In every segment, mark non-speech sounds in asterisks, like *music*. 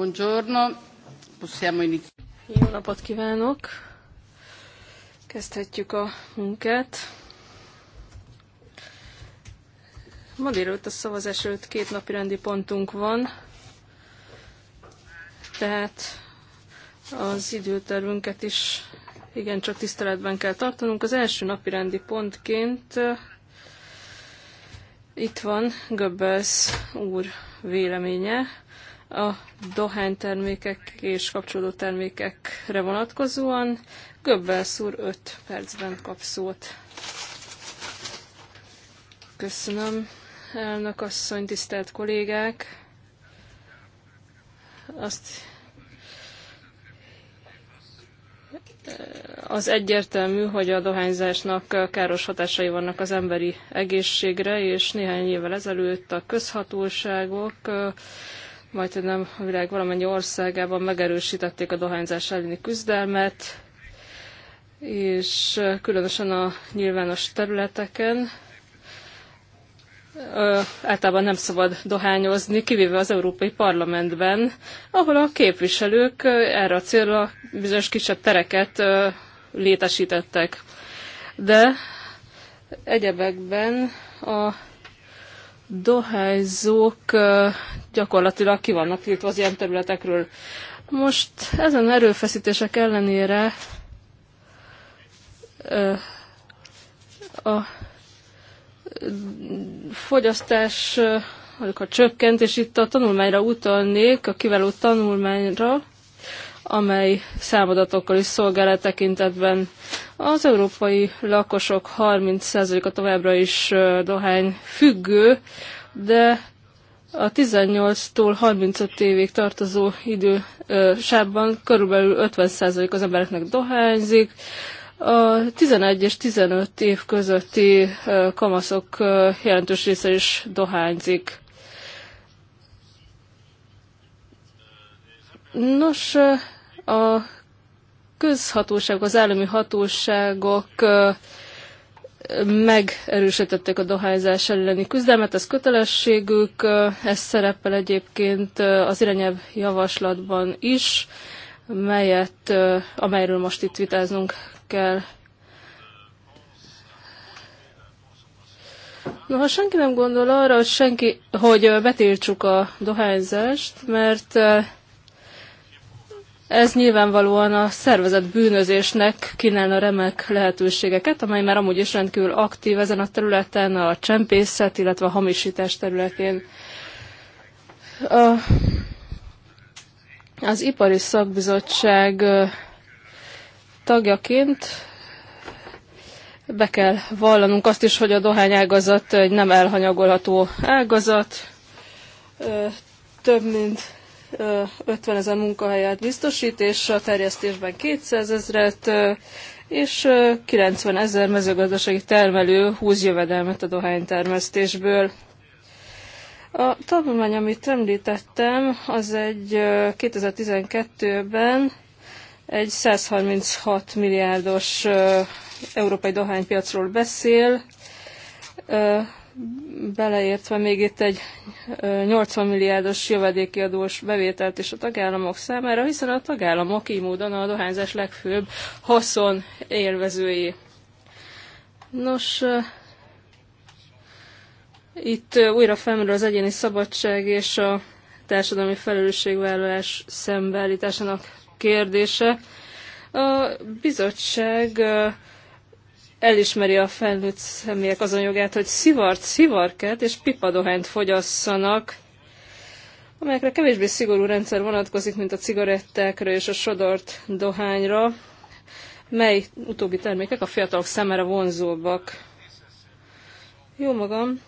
Buongiorno, possiamo iniziare. Jó napot kívánok! Kezdhetjük a munkát. Ma délőtt a szavazás előtt két napi rendi pontunk van, tehát az időtervünket is igencsak tiszteletben kell tartanunk. Az első napi rendi pontként eh, itt van Göbbels úr véleménye a dohánytermékek és kapcsolódó termékekre vonatkozóan. Göbbelsz úr 5 percben kap szót. Köszönöm, elnök asszony, tisztelt kollégák! Azt az egyértelmű, hogy a dohányzásnak káros hatásai vannak az emberi egészségre, és néhány évvel ezelőtt a közhatóságok majdnem a világ valamennyi országában megerősítették a dohányzás elleni küzdelmet, és különösen a nyilvános területeken. Ö, általában nem szabad dohányozni, kivéve az Európai Parlamentben, ahol a képviselők erre a célra bizonyos kisebb tereket ö, létesítettek. De egyebekben a dohányzók gyakorlatilag ki vannak tiltva az ilyen területekről. Most ezen erőfeszítések ellenére a fogyasztás a csökkent, és itt a tanulmányra utalnék, a kiváló tanulmányra, amely számadatokkal is szolgál a e tekintetben. Az európai lakosok 30%-a továbbra is dohány függő, de a 18-tól 35 évig tartozó idősában körülbelül 50% az embereknek dohányzik, a 11 és 15 év közötti kamaszok jelentős része is dohányzik. Nos, a közhatóságok, az állami hatóságok megerősítették a dohányzás elleni küzdelmet, ez kötelességük, ez szerepel egyébként az irányelv javaslatban is, melyet, amelyről most itt vitáznunk kell. Na, ha senki nem gondol arra, hogy, senki, hogy betiltsuk a dohányzást, mert ez nyilvánvalóan a szervezet bűnözésnek kínálna remek lehetőségeket, amely már amúgy is rendkívül aktív ezen a területen, a csempészet, illetve a hamisítás területén. A, az Ipari Szakbizottság tagjaként be kell vallanunk azt is, hogy a dohányágazat egy nem elhanyagolható ágazat. Több mint 50 ezer munkahelyet biztosít, és a terjesztésben 200 ezeret, és 90 ezer mezőgazdasági termelő húz jövedelmet a dohánytermesztésből. A tanulmány, amit említettem, az egy 2012-ben egy 136 milliárdos európai dohánypiacról beszél, beleértve még itt egy 80 milliárdos jövedéki adós bevételt is a tagállamok számára, hiszen a tagállamok így módon a dohányzás legfőbb haszon élvezői. Nos, itt újra felmerül az egyéni szabadság és a társadalmi felelősségvállalás szembeállításának kérdése. A bizottság elismeri a felnőtt személyek azon jogát, hogy szivart, szivarket és pipadohányt fogyasszanak, amelyekre kevésbé szigorú rendszer vonatkozik, mint a cigarettákra és a sodort dohányra, mely utóbbi termékek a fiatalok szemére vonzóbbak. Jó magam,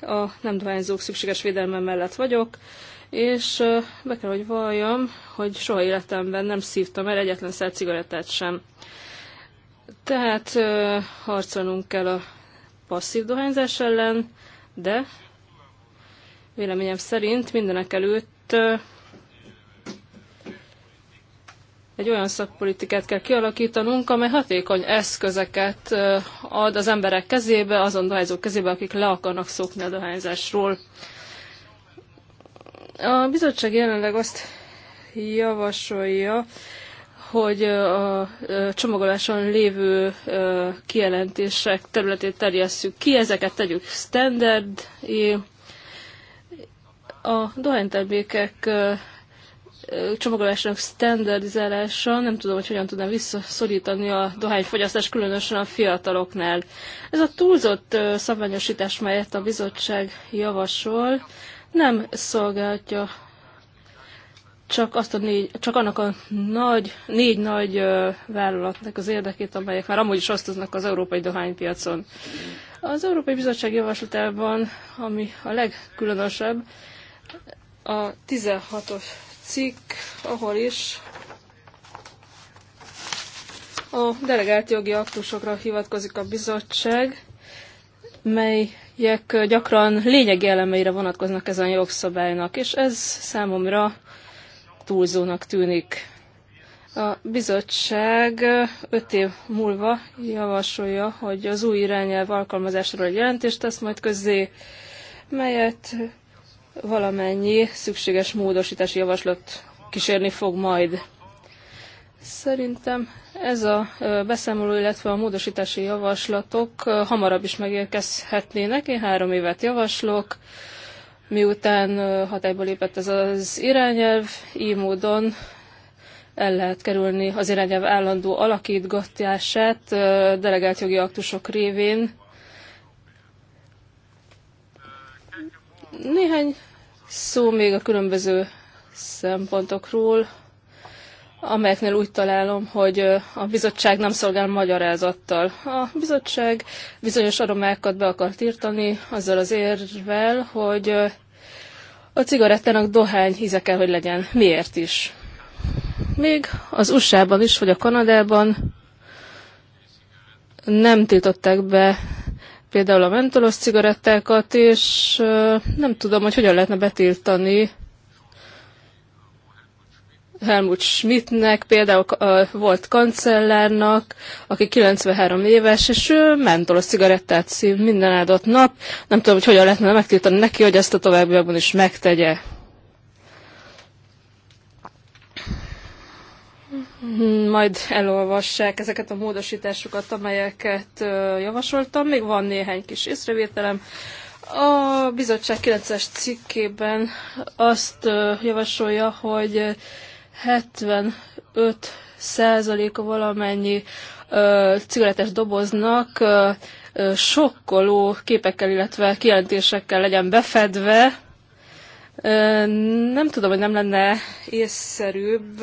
a nem dohányzók szükséges védelme mellett vagyok, és be kell, hogy valljam, hogy soha életemben nem szívtam el egyetlen szer cigarettát sem. Tehát harcolnunk kell a passzív dohányzás ellen, de véleményem szerint mindenek előtt egy olyan szakpolitikát kell kialakítanunk, amely hatékony eszközeket ad az emberek kezébe, azon dohányzók kezébe, akik le akarnak szokni a dohányzásról. A bizottság jelenleg azt javasolja, hogy a csomagoláson lévő kijelentések területét terjesszük ki, ezeket tegyük standard. A dohánytermékek csomagolásának standardizálása, nem tudom, hogy hogyan tudnám visszaszorítani a dohányfogyasztást, különösen a fiataloknál. Ez a túlzott szabványosítás, melyet a bizottság javasol, nem szolgálja csak, azt a négy, csak annak a nagy, négy nagy vállalatnak az érdekét, amelyek már amúgy is osztoznak az európai dohánypiacon. Az Európai Bizottság javaslatában, ami a legkülönösebb, a 16-os cikk, ahol is a delegált jogi aktusokra hivatkozik a bizottság, melyek gyakran lényegi elemeire vonatkoznak ezen a jogszabálynak, és ez számomra túlzónak tűnik. A bizottság öt év múlva javasolja, hogy az új irányelv alkalmazásról egy jelentést tesz majd közzé, melyet valamennyi szükséges módosítási javaslat kísérni fog majd. Szerintem ez a beszámoló, illetve a módosítási javaslatok hamarabb is megérkezhetnének. Én három évet javaslok, miután hatályba lépett ez az irányelv, így módon el lehet kerülni az irányelv állandó alakítgatását delegált jogi aktusok révén. Néhány szó még a különböző szempontokról, amelyeknél úgy találom, hogy a bizottság nem szolgál magyarázattal. A bizottság bizonyos aromákat be akar írtani azzal az érvel, hogy a cigarettának dohány íze kell, hogy legyen. Miért is? Még az USA-ban is, vagy a Kanadában nem tiltották be például a mentolos cigarettákat, és nem tudom, hogy hogyan lehetne betiltani Helmut Schmidtnek, például a volt kancellárnak, aki 93 éves, és ő a cigarettát szív minden áldott nap. Nem tudom, hogy hogyan lehetne megtiltani neki, hogy ezt a továbbiakban is megtegye. Hmm, majd elolvassák ezeket a módosításokat, amelyeket javasoltam. Még van néhány kis észrevételem. A bizottság 9-es cikkében azt javasolja, hogy 75 százaléka valamennyi ö, doboznak ö, ö, sokkoló képekkel, illetve kijelentésekkel legyen befedve. Ö, nem tudom, hogy nem lenne észszerűbb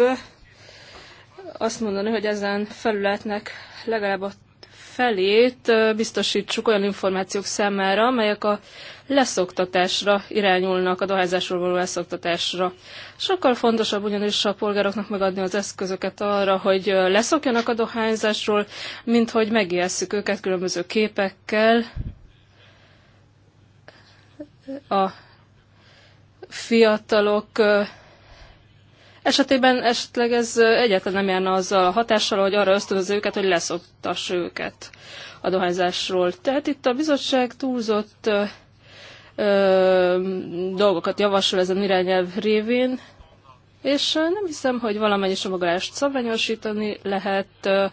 azt mondani, hogy ezen felületnek legalább a felét biztosítsuk olyan információk számára, amelyek a leszoktatásra irányulnak, a dohányzásról való leszoktatásra. Sokkal fontosabb ugyanis a polgároknak megadni az eszközöket arra, hogy leszokjanak a dohányzásról, mint hogy megijesszük őket különböző képekkel a fiatalok esetében esetleg ez egyáltalán nem járna azzal a hatással, hogy arra ösztönöz őket, hogy leszoktass őket a dohányzásról. Tehát itt a bizottság túlzott ö, dolgokat javasol ezen irányelv révén, és nem hiszem, hogy valamennyi csomagolást szabványosítani lehet, ö,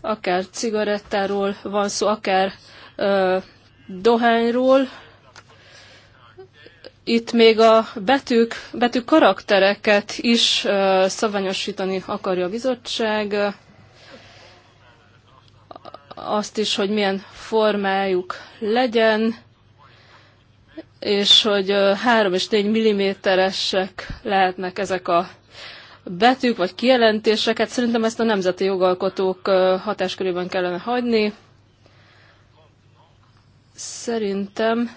akár cigarettáról van szó, akár ö, dohányról, itt még a betűk, betű karaktereket is szabványosítani akarja a bizottság, azt is, hogy milyen formájuk legyen, és hogy 3 és 4 milliméteresek lehetnek ezek a betűk vagy kijelentéseket. Szerintem ezt a nemzeti jogalkotók hatáskörében kellene hagyni. Szerintem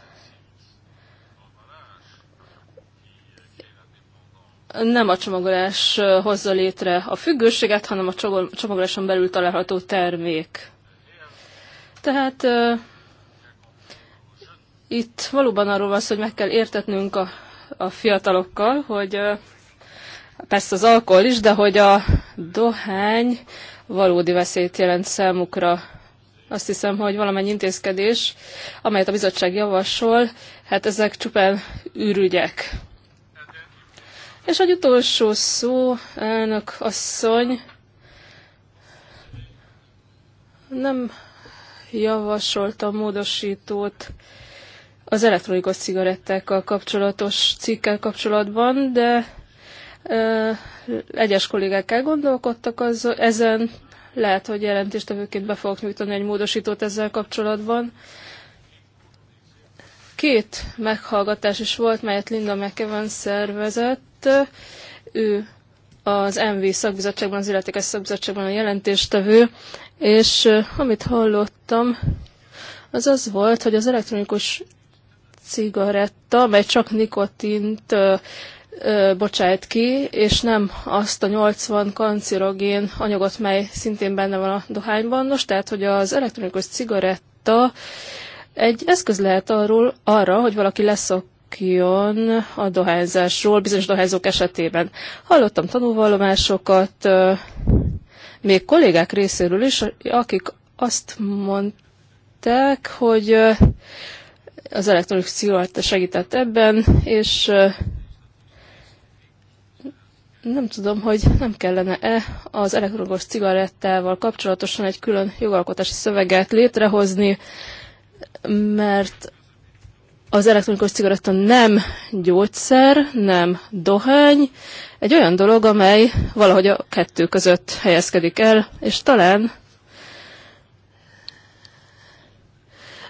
nem a csomagolás hozza létre a függőséget, hanem a csomagoláson belül található termék. Tehát uh, itt valóban arról van szó, hogy meg kell értetnünk a, a fiatalokkal, hogy uh, persze az alkohol is, de hogy a dohány valódi veszélyt jelent számukra. Azt hiszem, hogy valamennyi intézkedés, amelyet a bizottság javasol, hát ezek csupán űrügyek. És egy utolsó szó, elnök asszony, nem javasolta módosítót az elektronikus cigarettákkal kapcsolatos cikkel kapcsolatban, de e, egyes kollégák elgondolkodtak az, ezen, lehet, hogy jelentéstevőként be fogok nyújtani egy módosítót ezzel kapcsolatban. Két meghallgatás is volt, melyet Linda McEwan szervezett, Kállánt. Ő az MV szakbizottságban, az illetékes szakbizottságban a jelentéstevő, és amit hallottam, az az volt, hogy az elektronikus cigaretta, mely csak nikotint ö, ö, bocsájt ki, és nem azt a 80 kancerogén anyagot, mely szintén benne van a dohányban. Nos, tehát, hogy az elektronikus cigaretta egy eszköz lehet arról, arra, hogy valaki leszok kialakuljon a dohányzásról bizonyos dohányzók esetében. Hallottam tanúvallomásokat még kollégák részéről is, akik azt mondták, hogy az elektronikus cigaretta segített ebben, és nem tudom, hogy nem kellene-e az elektronikus cigarettával kapcsolatosan egy külön jogalkotási szöveget létrehozni, mert az elektronikus cigaretta nem gyógyszer, nem dohány, egy olyan dolog, amely valahogy a kettő között helyezkedik el, és talán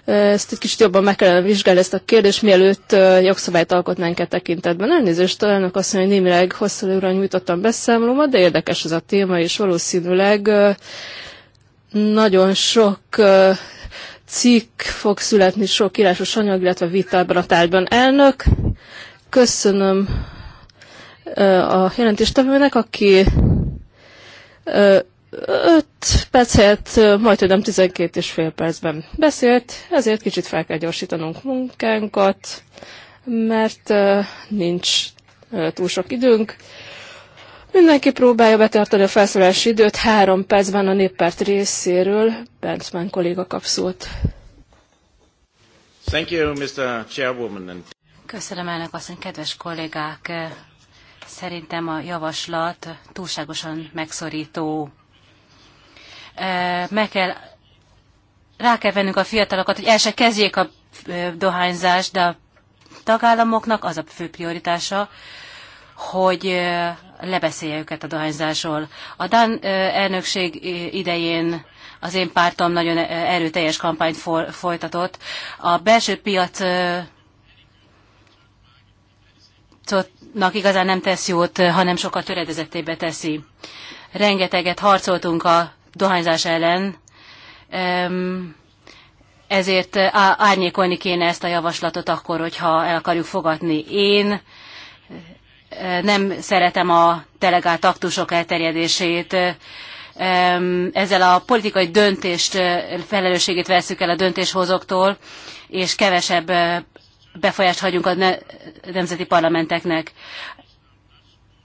ezt egy kicsit jobban meg kellene vizsgálni ezt a kérdést, mielőtt jogszabályt alkotnánk e tekintetben. Elnézést, elnök azt mondja, hogy némileg hosszú óra nyújtottam beszámolomat, de érdekes ez a téma, és valószínűleg nagyon sok cikk fog születni sok írásos anyag, illetve vita ebben a tárgyban. Elnök, köszönöm a jelentéstevőnek, aki 5 perc helyett majd nem 12 és fél percben beszélt, ezért kicsit fel kell gyorsítanunk munkánkat, mert nincs túl sok időnk. Mindenki próbálja betartani a felszólási időt. Három percben a néppárt részéről Bentman kolléga kap szót. Thank you, Mr. Chairwoman. Köszönöm elnök asszony, kedves kollégák! Szerintem a javaslat túlságosan megszorító. Meg kell, rá kell vennünk a fiatalokat, hogy el se kezdjék a dohányzást, de a tagállamoknak az a fő prioritása, hogy lebeszélje őket a dohányzásról. A Dán elnökség idején az én pártom nagyon erőteljes kampányt folytatott. A belső piac igazán nem tesz jót, hanem sokkal töredezettébe teszi. Rengeteget harcoltunk a dohányzás ellen, ezért árnyékolni kéne ezt a javaslatot akkor, hogyha el akarjuk fogadni. Én nem szeretem a delegált aktusok elterjedését. Ezzel a politikai döntést, felelősségét veszük el a döntéshozóktól, és kevesebb eh, befolyást hagyunk a nemzeti parlamenteknek.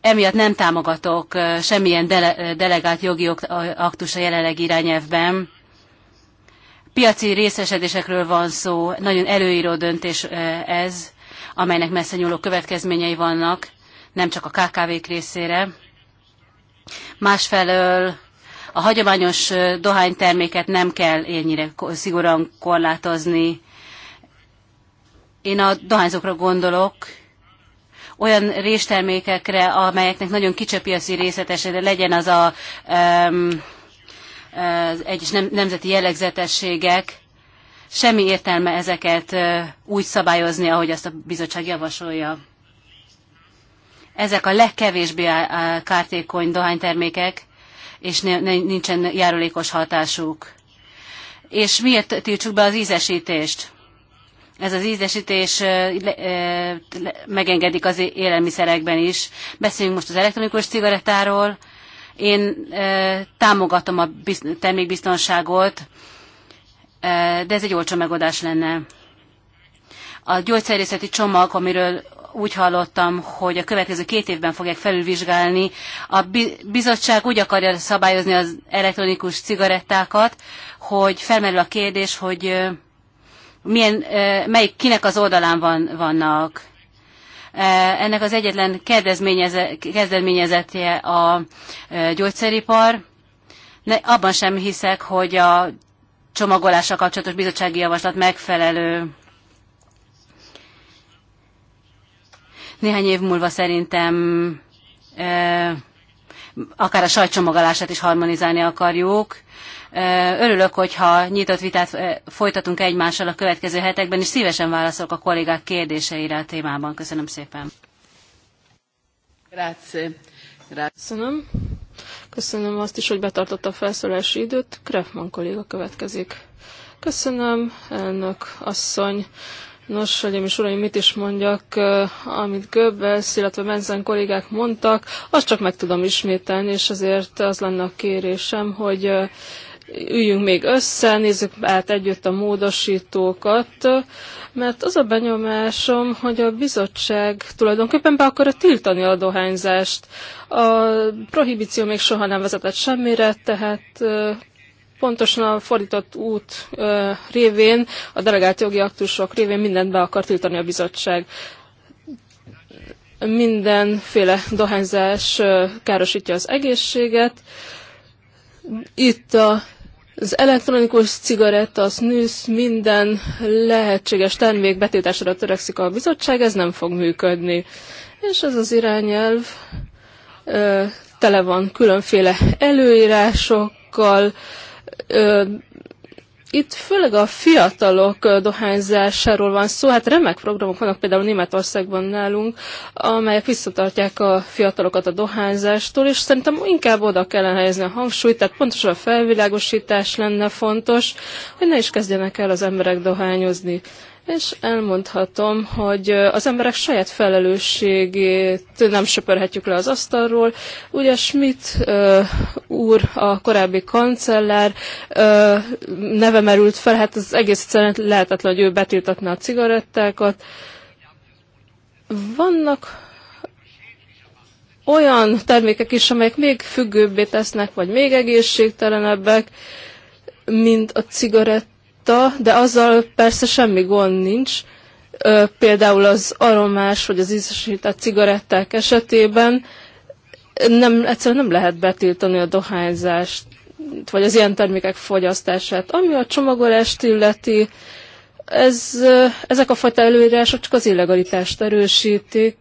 Emiatt nem támogatok eh, semmilyen dele, delegált jogi aktus a jelenleg irányelvben. Piaci részesedésekről van szó, nagyon előíró döntés eh, ez, amelynek messze nyúló következményei vannak, nem csak a KKV-k részére. Másfelől a hagyományos dohányterméket nem kell ennyire szigorúan korlátozni. Én a dohányzókra gondolok, olyan réstermékekre, amelyeknek nagyon kicsi a piaci részletese, de legyen az a um, az egyes nem, nemzeti jellegzetességek, semmi értelme ezeket úgy szabályozni, ahogy azt a bizottság javasolja ezek a legkevésbé kártékony dohánytermékek, és nincsen járulékos hatásuk. És miért tiltsuk be az ízesítést? Ez az ízesítés megengedik az élelmiszerekben is. Beszéljünk most az elektronikus cigarettáról. Én támogatom a termékbiztonságot, de ez egy olcsó megoldás lenne. A gyógyszerészeti csomag, amiről úgy hallottam, hogy a következő két évben fogják felülvizsgálni. A bizottság úgy akarja szabályozni az elektronikus cigarettákat, hogy felmerül a kérdés, hogy milyen, melyik, kinek az oldalán van, vannak. Ennek az egyetlen kezdeményezetje a gyógyszeripar. Abban sem hiszek, hogy a csomagolással kapcsolatos bizottsági javaslat megfelelő Néhány év múlva szerintem akár a sajtcsomagolását is harmonizálni akarjuk. Örülök, hogyha nyitott vitát folytatunk egymással a következő hetekben, és szívesen válaszolok a kollégák kérdéseire a témában. Köszönöm szépen. Grazie. Grazie. Köszönöm. Köszönöm azt is, hogy betartotta a felszólási időt. Krefman kolléga következik. Köszönöm, elnök asszony. Nos, hölgyeim és uraim, mit is mondjak, eh, amit Göbbels, illetve Benzen kollégák mondtak, azt csak meg tudom ismételni, és azért az lenne a kérésem, hogy eh, üljünk még össze, nézzük át együtt a módosítókat, mert az a benyomásom, hogy a bizottság tulajdonképpen be akarja tiltani a dohányzást. A prohibíció még soha nem vezetett semmire, tehát eh, pontosan a fordított út ö, révén, a delegált jogi aktusok révén mindent be akar tiltani a bizottság. Mindenféle dohányzás ö, károsítja az egészséget. Itt a az elektronikus cigaretta, az nősz, minden lehetséges termék betiltására törekszik a bizottság, ez nem fog működni. És ez az irányelv ö, tele van különféle előírásokkal, itt főleg a fiatalok dohányzásáról van szó, hát remek programok vannak például Németországban nálunk, amelyek visszatartják a fiatalokat a dohányzástól, és szerintem inkább oda kellene helyezni a hangsúlyt, tehát pontosan a felvilágosítás lenne fontos, hogy ne is kezdjenek el az emberek dohányozni és elmondhatom, hogy az emberek saját felelősségét nem söpörhetjük le az asztalról. Ugye Schmidt uh, úr, a korábbi kancellár uh, neve merült fel, hát az egész egyszerűen lehetetlen, hogy ő betiltatná a cigarettákat. Vannak olyan termékek is, amelyek még függőbbé tesznek, vagy még egészségtelenebbek, mint a cigarett vita, de azzal persze semmi gond nincs. Például az aromás vagy az ízesített cigaretták esetében nem, egyszerűen nem lehet betiltani a dohányzást, vagy az ilyen termékek fogyasztását. Ami a csomagolást illeti, ez, ezek a fajta előírások csak az illegalitást erősítik,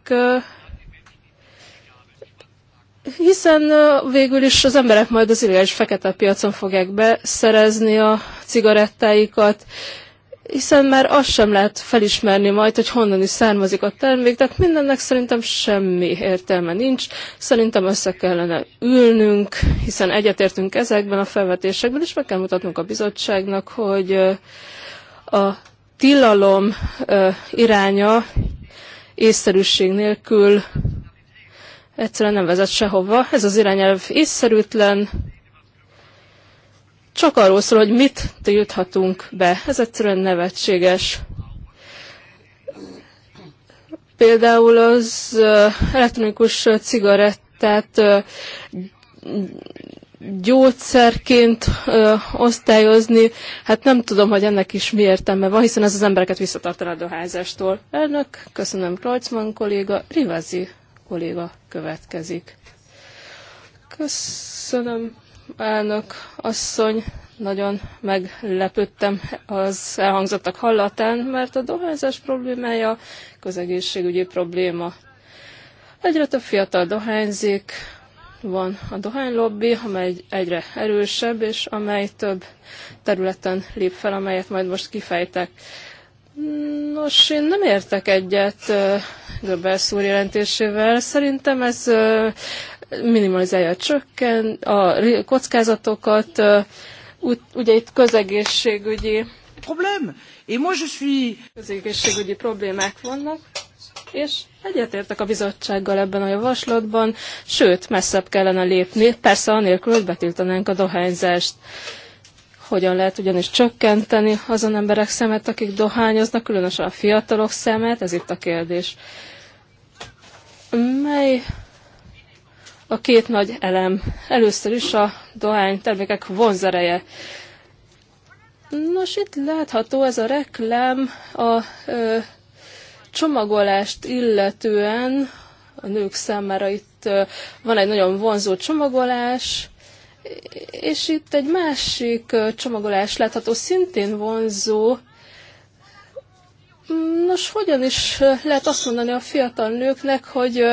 hiszen végül is az emberek majd az illegális fekete piacon fogják beszerezni a cigarettáikat, hiszen már azt sem lehet felismerni majd, hogy honnan is származik a termék, tehát mindennek szerintem semmi értelme nincs. Szerintem össze kellene ülnünk, hiszen egyetértünk ezekben a felvetésekben, és meg kell mutatnunk a bizottságnak, hogy a tilalom iránya észszerűség nélkül egyszerűen nem vezet sehova. Ez az irányelv észszerűtlen, csak arról szól, hogy mit tilthatunk be. Ez egyszerűen nevetséges. Például az elektronikus cigarettát gyógyszerként ö, osztályozni, hát nem tudom, hogy ennek is mi értelme van, hiszen ez az embereket visszatartaná a dohányzástól. Elnök, köszönöm Kreuzmann kolléga, Rivazi kolléga következik. Köszönöm, elnök asszony. Nagyon meglepődtem az elhangzottak hallatán, mert a dohányzás problémája közegészségügyi probléma. Egyre több fiatal dohányzik, van a dohánylobbi, amely egyre erősebb, és amely több területen lép fel, amelyet majd most kifejtek. Nos, én nem értek egyet Göbbels úr jelentésével. Szerintem ez minimalizálja a csökken, a kockázatokat, ugye itt közegészségügyi problém. Én most is Közegészségügyi problémák vannak, és egyetértek a bizottsággal ebben a javaslatban, sőt, messzebb kellene lépni, persze anélkül, hogy betiltanánk a dohányzást. Hogyan lehet ugyanis csökkenteni azon emberek szemet, akik dohányoznak, különösen a fiatalok szemet? Ez itt a kérdés. Mely a két nagy elem? Először is a dohány termékek vonzereje. Nos, itt látható ez a reklám a ö, csomagolást illetően a nők számára itt ö, van egy nagyon vonzó csomagolás, és itt egy másik csomagolás látható, szintén vonzó. Nos, hogyan is lehet azt mondani a fiatal nőknek, hogy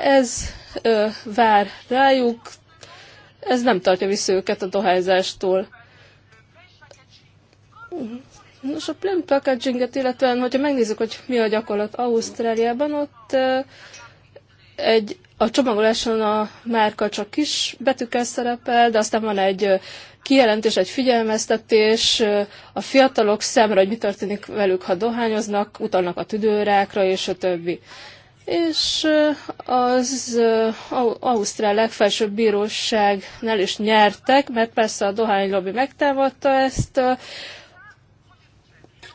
ez vár rájuk, ez nem tartja vissza őket a dohányzástól. Nos, a plain packaging-et illetően, hogyha megnézzük, hogy mi a gyakorlat Ausztráliában, ott egy a csomagoláson a márka csak kis betűkkel szerepel, de aztán van egy kijelentés, egy figyelmeztetés a fiatalok szemre, hogy mi történik velük, ha dohányoznak, utalnak a tüdőrákra és a többi. És az Ausztrál legfelsőbb bíróságnál is nyertek, mert persze a dohánylobbi megtámadta ezt.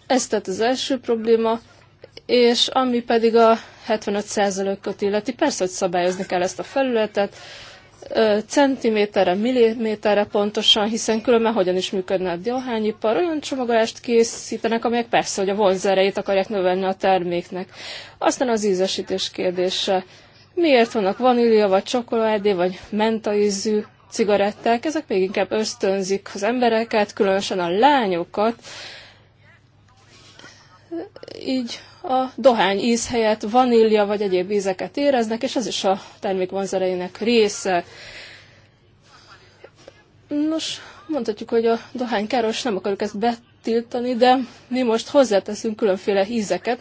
Ez tehát az első probléma és ami pedig a 75%-ot illeti, persze, hogy szabályozni kell ezt a felületet, centiméterre, milliméterre pontosan, hiszen különben hogyan is működne a dohányipar, olyan csomagolást készítenek, amelyek persze, hogy a vonzerejét akarják növelni a terméknek. Aztán az ízesítés kérdése. Miért vannak vanília, vagy csokoládé, vagy menta ízű cigaretták? Ezek még inkább ösztönzik az embereket, különösen a lányokat. Így a dohány íz helyett vanília vagy egyéb ízeket éreznek, és ez is a termék vonzerejének része. Nos, mondhatjuk, hogy a dohány káros, nem akarjuk ezt betiltani, de mi most hozzáteszünk különféle ízeket,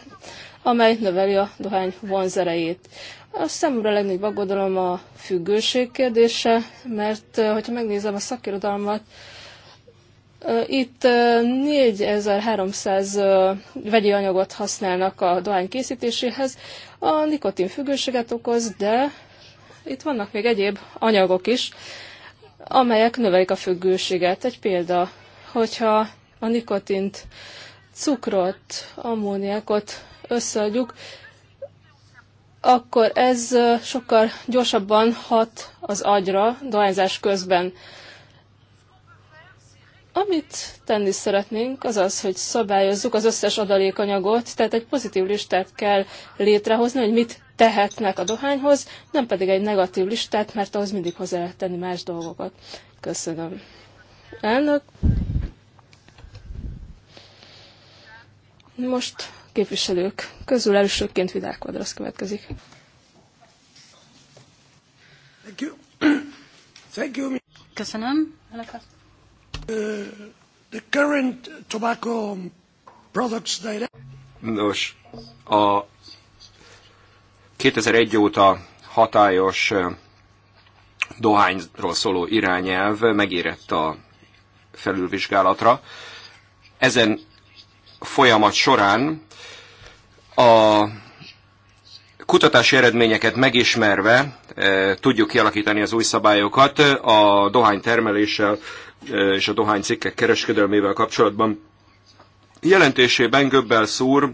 amely növeli a dohány vonzerejét. A számomra legnagyobb aggodalom a függőség kérdése, mert hogyha megnézem a szakirodalmat, itt 4300 vegyi anyagot használnak a dohány készítéséhez. A nikotin függőséget okoz, de itt vannak még egyéb anyagok is, amelyek növelik a függőséget. Egy példa, hogyha a nikotint, cukrot, ammóniákot összeadjuk, akkor ez sokkal gyorsabban hat az agyra dohányzás közben. Amit tenni szeretnénk, az az, hogy szabályozzuk az összes adalékanyagot, tehát egy pozitív listát kell létrehozni, hogy mit tehetnek a dohányhoz, nem pedig egy negatív listát, mert ahhoz mindig hozzá lehet tenni más dolgokat. Köszönöm. Elnök. Most képviselők közül elsőként Vidák Vadrasz következik. *coughs* Köszönöm. Köszönöm. Uh, Nos, a 2001 óta hatályos uh, dohányról szóló irányelv megérett a felülvizsgálatra. Ezen folyamat során a kutatási eredményeket megismerve uh, tudjuk kialakítani az új szabályokat a dohány termeléssel és a Dohány cikkek kereskedelmével kapcsolatban. Jelentésében göbbel szúr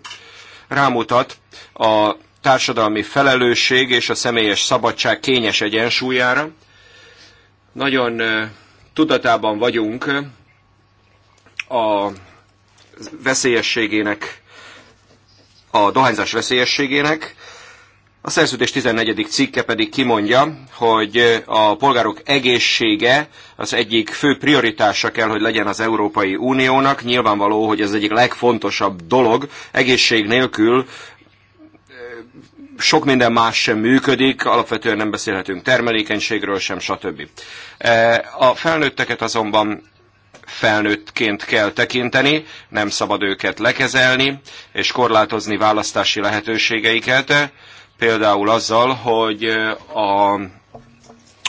rámutat a társadalmi felelősség és a személyes szabadság kényes egyensúlyára. Nagyon tudatában vagyunk a veszélyességének, a dohányzás veszélyességének, a szerződés 14. cikke pedig kimondja, hogy a polgárok egészsége az egyik fő prioritása kell, hogy legyen az Európai Uniónak. Nyilvánvaló, hogy ez egyik legfontosabb dolog. Egészség nélkül eh, sok minden más sem működik, alapvetően nem beszélhetünk termelékenységről sem, stb. Eh, a felnőtteket azonban felnőttként kell tekinteni, nem szabad őket lekezelni, és korlátozni választási lehetőségeiket például azzal, hogy a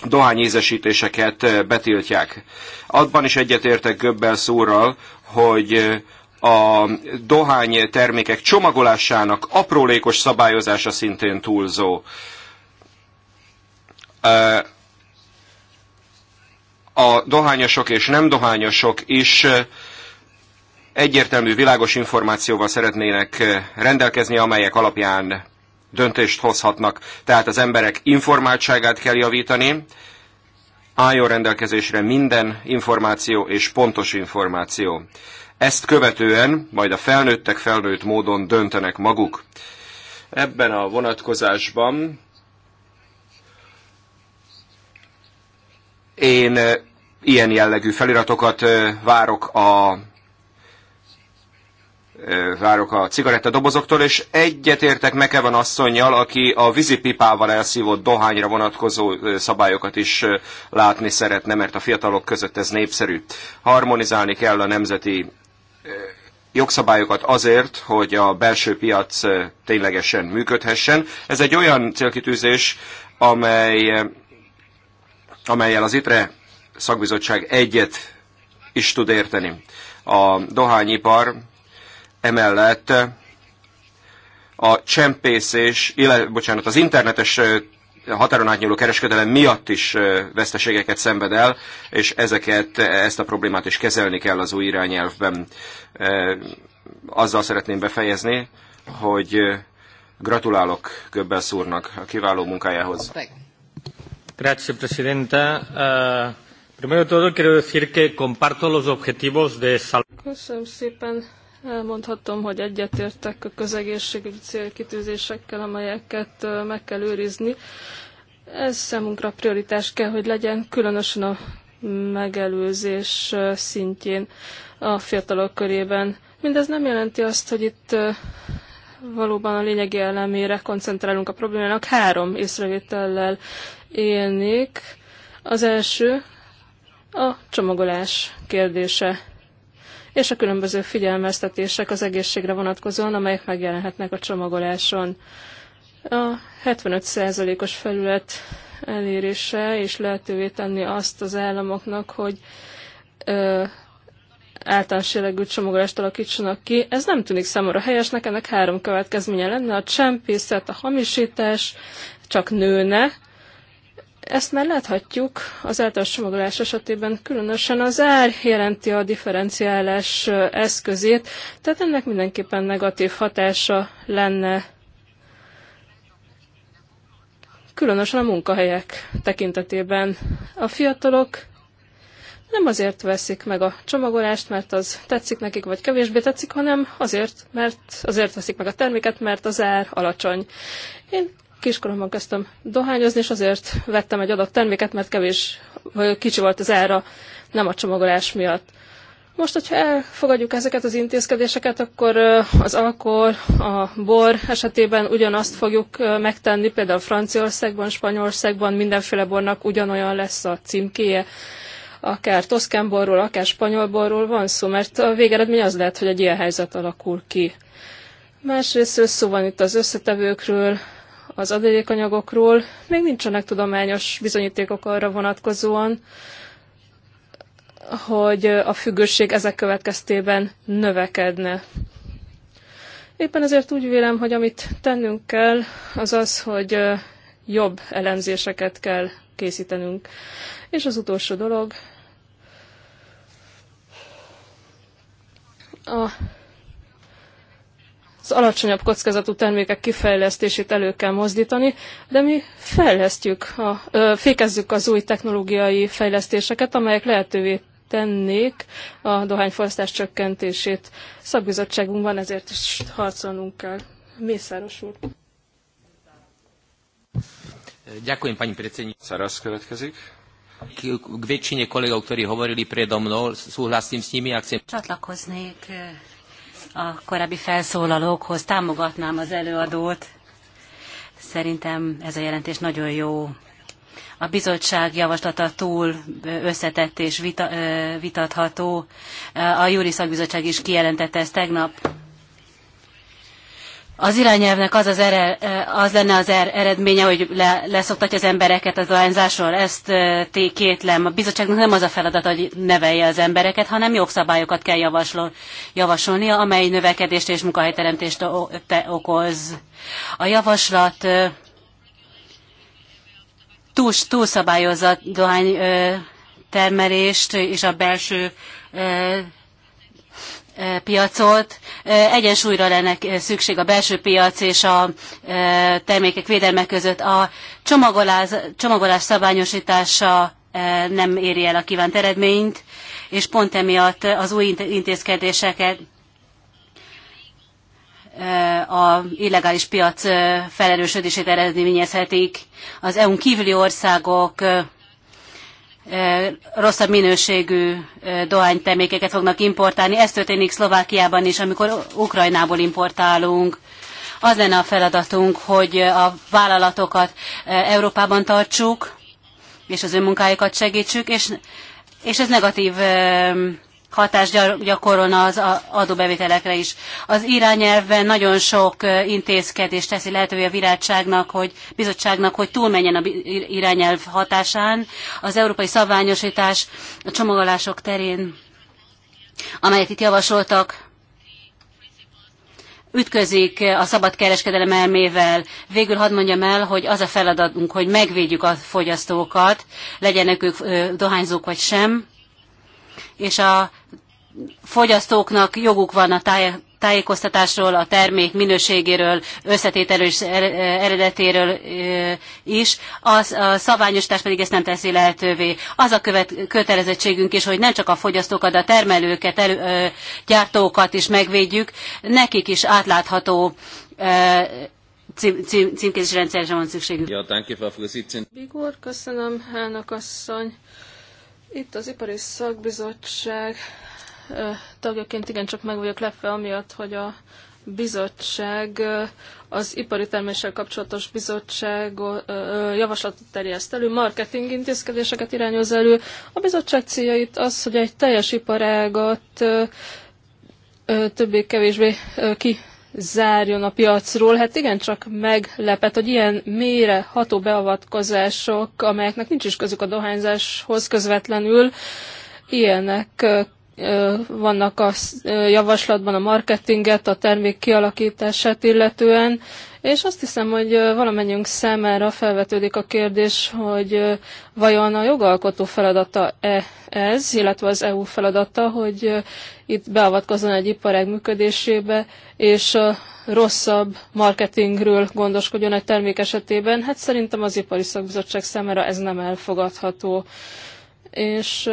dohányézesítéseket betiltják. Abban is egyetértek göbbel úrral, hogy a dohány termékek csomagolásának aprólékos szabályozása szintén túlzó. A dohányosok és nem dohányosok is egyértelmű, világos információval szeretnének rendelkezni, amelyek alapján döntést hozhatnak. Tehát az emberek informáltságát kell javítani, álljon rendelkezésre minden információ és pontos információ. Ezt követően majd a felnőttek felnőtt módon döntenek maguk. Ebben a vonatkozásban én eh, ilyen jellegű feliratokat eh, várok a várok a cigarettadobozoktól, és egyetértek Mekevan asszonynal, aki a vízipipával elszívott dohányra vonatkozó szabályokat is látni szeretne, mert a fiatalok között ez népszerű. Harmonizálni kell a nemzeti jogszabályokat azért, hogy a belső piac ténylegesen működhessen. Ez egy olyan célkitűzés, amely, amelyel az ITRE szakbizottság egyet is tud érteni. A dohányipar Emellett a csempészés, illetve, bocsánat, az internetes határon átnyúló kereskedelem miatt is veszteségeket szenved el, és ezeket, ezt a problémát is kezelni kell az új irányelvben. Azzal szeretném befejezni, hogy gratulálok Göbbel szúrnak a kiváló munkájához. Grazie, Presidenta. Uh, primero todo quiero decir que comparto los objetivos de Köszönöm szépen, Elmondhatom, hogy egyetértek a közegészségügyi célkitűzésekkel, amelyeket meg kell őrizni. Ez számunkra prioritás kell, hogy legyen, különösen a megelőzés szintjén a fiatalok körében. Mindez nem jelenti azt, hogy itt valóban a lényegi elemére koncentrálunk a problémának. Három észrevétellel élnék. Az első a csomagolás kérdése és a különböző figyelmeztetések az egészségre vonatkozóan, amelyek megjelenhetnek a csomagoláson. A 75%-os felület elérése és lehetővé tenni azt az államoknak, hogy ö, általános jellegű csomagolást alakítsanak ki. Ez nem tűnik számomra helyesnek, ennek három következménye lenne. A csempészet, a hamisítás csak nőne, ezt már láthatjuk az általános csomagolás esetében, különösen az ár jelenti a differenciálás eszközét, tehát ennek mindenképpen negatív hatása lenne, különösen a munkahelyek tekintetében. A fiatalok nem azért veszik meg a csomagolást, mert az tetszik nekik, vagy kevésbé tetszik, hanem azért, mert azért veszik meg a terméket, mert az ár alacsony. Én kiskoromban kezdtem dohányozni, és azért vettem egy adag terméket, mert kevés, kicsi volt az ára, nem a csomagolás miatt. Most, hogyha elfogadjuk ezeket az intézkedéseket, akkor az alkohol, a bor esetében ugyanazt fogjuk megtenni, például Franciaországban, Spanyolországban mindenféle bornak ugyanolyan lesz a címkéje, akár toszkán borról, akár spanyol borról van szó, mert a végeredmény az lehet, hogy egy ilyen helyzet alakul ki. Másrészt szó van itt az összetevőkről, az adalékanyagokról Még nincsenek tudományos bizonyítékok arra vonatkozóan, hogy a függőség ezek következtében növekedne. Éppen ezért úgy vélem, hogy amit tennünk kell, az az, hogy jobb elemzéseket kell készítenünk. És az utolsó dolog, a az alacsonyabb kockázatú termékek kifejlesztését elő kell mozdítani, de mi fejlesztjük, a, ö, fékezzük az új technológiai fejlesztéseket, amelyek lehetővé tennék a dohányfogyasztás csökkentését. Szakbizottságunkban ezért is harcolnunk kell. Mészáros úr. Ďakujem, pani predsedníčka. Saras következik. K väčšine kolegov, ktorí hovorili predo mnou, súhlasím s nimi a chcem... Csatlakoznék a korábbi felszólalókhoz, támogatnám az előadót. Szerintem ez a jelentés nagyon jó. A bizottság javaslata túl összetett és vita, vitatható. A Júri Szakbizottság is kijelentette ezt tegnap az irányelvnek az, az, ere, e, az lenne az er, eredménye, hogy le, leszoktatja az embereket az dohányzásról, ezt e, té kétlem. A bizottságnak nem az a feladat, hogy nevelje az embereket, hanem jogszabályokat kell javaslol, javasolnia, amely növekedést és munkahelyteremtést okoz. A javaslat e, túl, túlszabályozza dohánytermelést és a belső piacot. Egyensúlyra lenne szükség a belső piac és a termékek védelme között. A csomagolás, csomagolás szabályosítása nem éri el a kívánt eredményt, és pont emiatt az új intézkedéseket a illegális piac felerősödését eredményezhetik. Az EU-n kívüli országok E, rosszabb minőségű e, dohánytermékeket fognak importálni. Ez történik Szlovákiában is, amikor Ukrajnából importálunk. Az lenne a feladatunk, hogy a vállalatokat e, Európában tartsuk, és az önmunkájukat segítsük, és, és ez negatív hatást gyakorolna az adóbevételekre is. Az irányelvben nagyon sok intézkedés teszi lehetővé a virágságnak, hogy bizottságnak, hogy túlmenjen a irányelv hatásán. Az európai szabványosítás a csomagolások terén, amelyet itt javasoltak, ütközik a szabad kereskedelem elmével. Végül hadd mondjam el, hogy az a feladatunk, hogy megvédjük a fogyasztókat, legyenek ők dohányzók vagy sem, és a fogyasztóknak joguk van a táj, tájékoztatásról, a termék minőségéről, összetételről és er, eredetéről is, az, a szabványosítás pedig ezt nem teszi lehetővé. Az a követ, kötelezettségünk is, hogy nem csak a fogyasztókat, de a termelőket, elő, gyártókat is megvédjük, nekik is átlátható cím, cím, címkézési rendszerre van szükségük. Ja, danke, Frau köszönöm, elnök asszony. Itt az Ipari Szakbizottság tagjaként igencsak meg vagyok lepve, amiatt, hogy a bizottság, az ipari terméssel kapcsolatos bizottság javaslatot terjeszt elő, marketing intézkedéseket irányoz elő. A bizottság célja itt az, hogy egy teljes iparágat többé-kevésbé ki zárjon a piacról. Hát igen, csak meglepet, hogy ilyen mélyre ható beavatkozások, amelyeknek nincs is közük a dohányzáshoz közvetlenül, ilyenek vannak a javaslatban a marketinget, a termék kialakítását illetően, és azt hiszem, hogy valamennyünk számára felvetődik a kérdés, hogy vajon a jogalkotó feladata-e ez, illetve az EU feladata, hogy itt beavatkozzon egy iparág működésébe, és a rosszabb marketingről gondoskodjon egy termék esetében. Hát szerintem az Ipari Szakbizottság számára ez nem elfogadható. És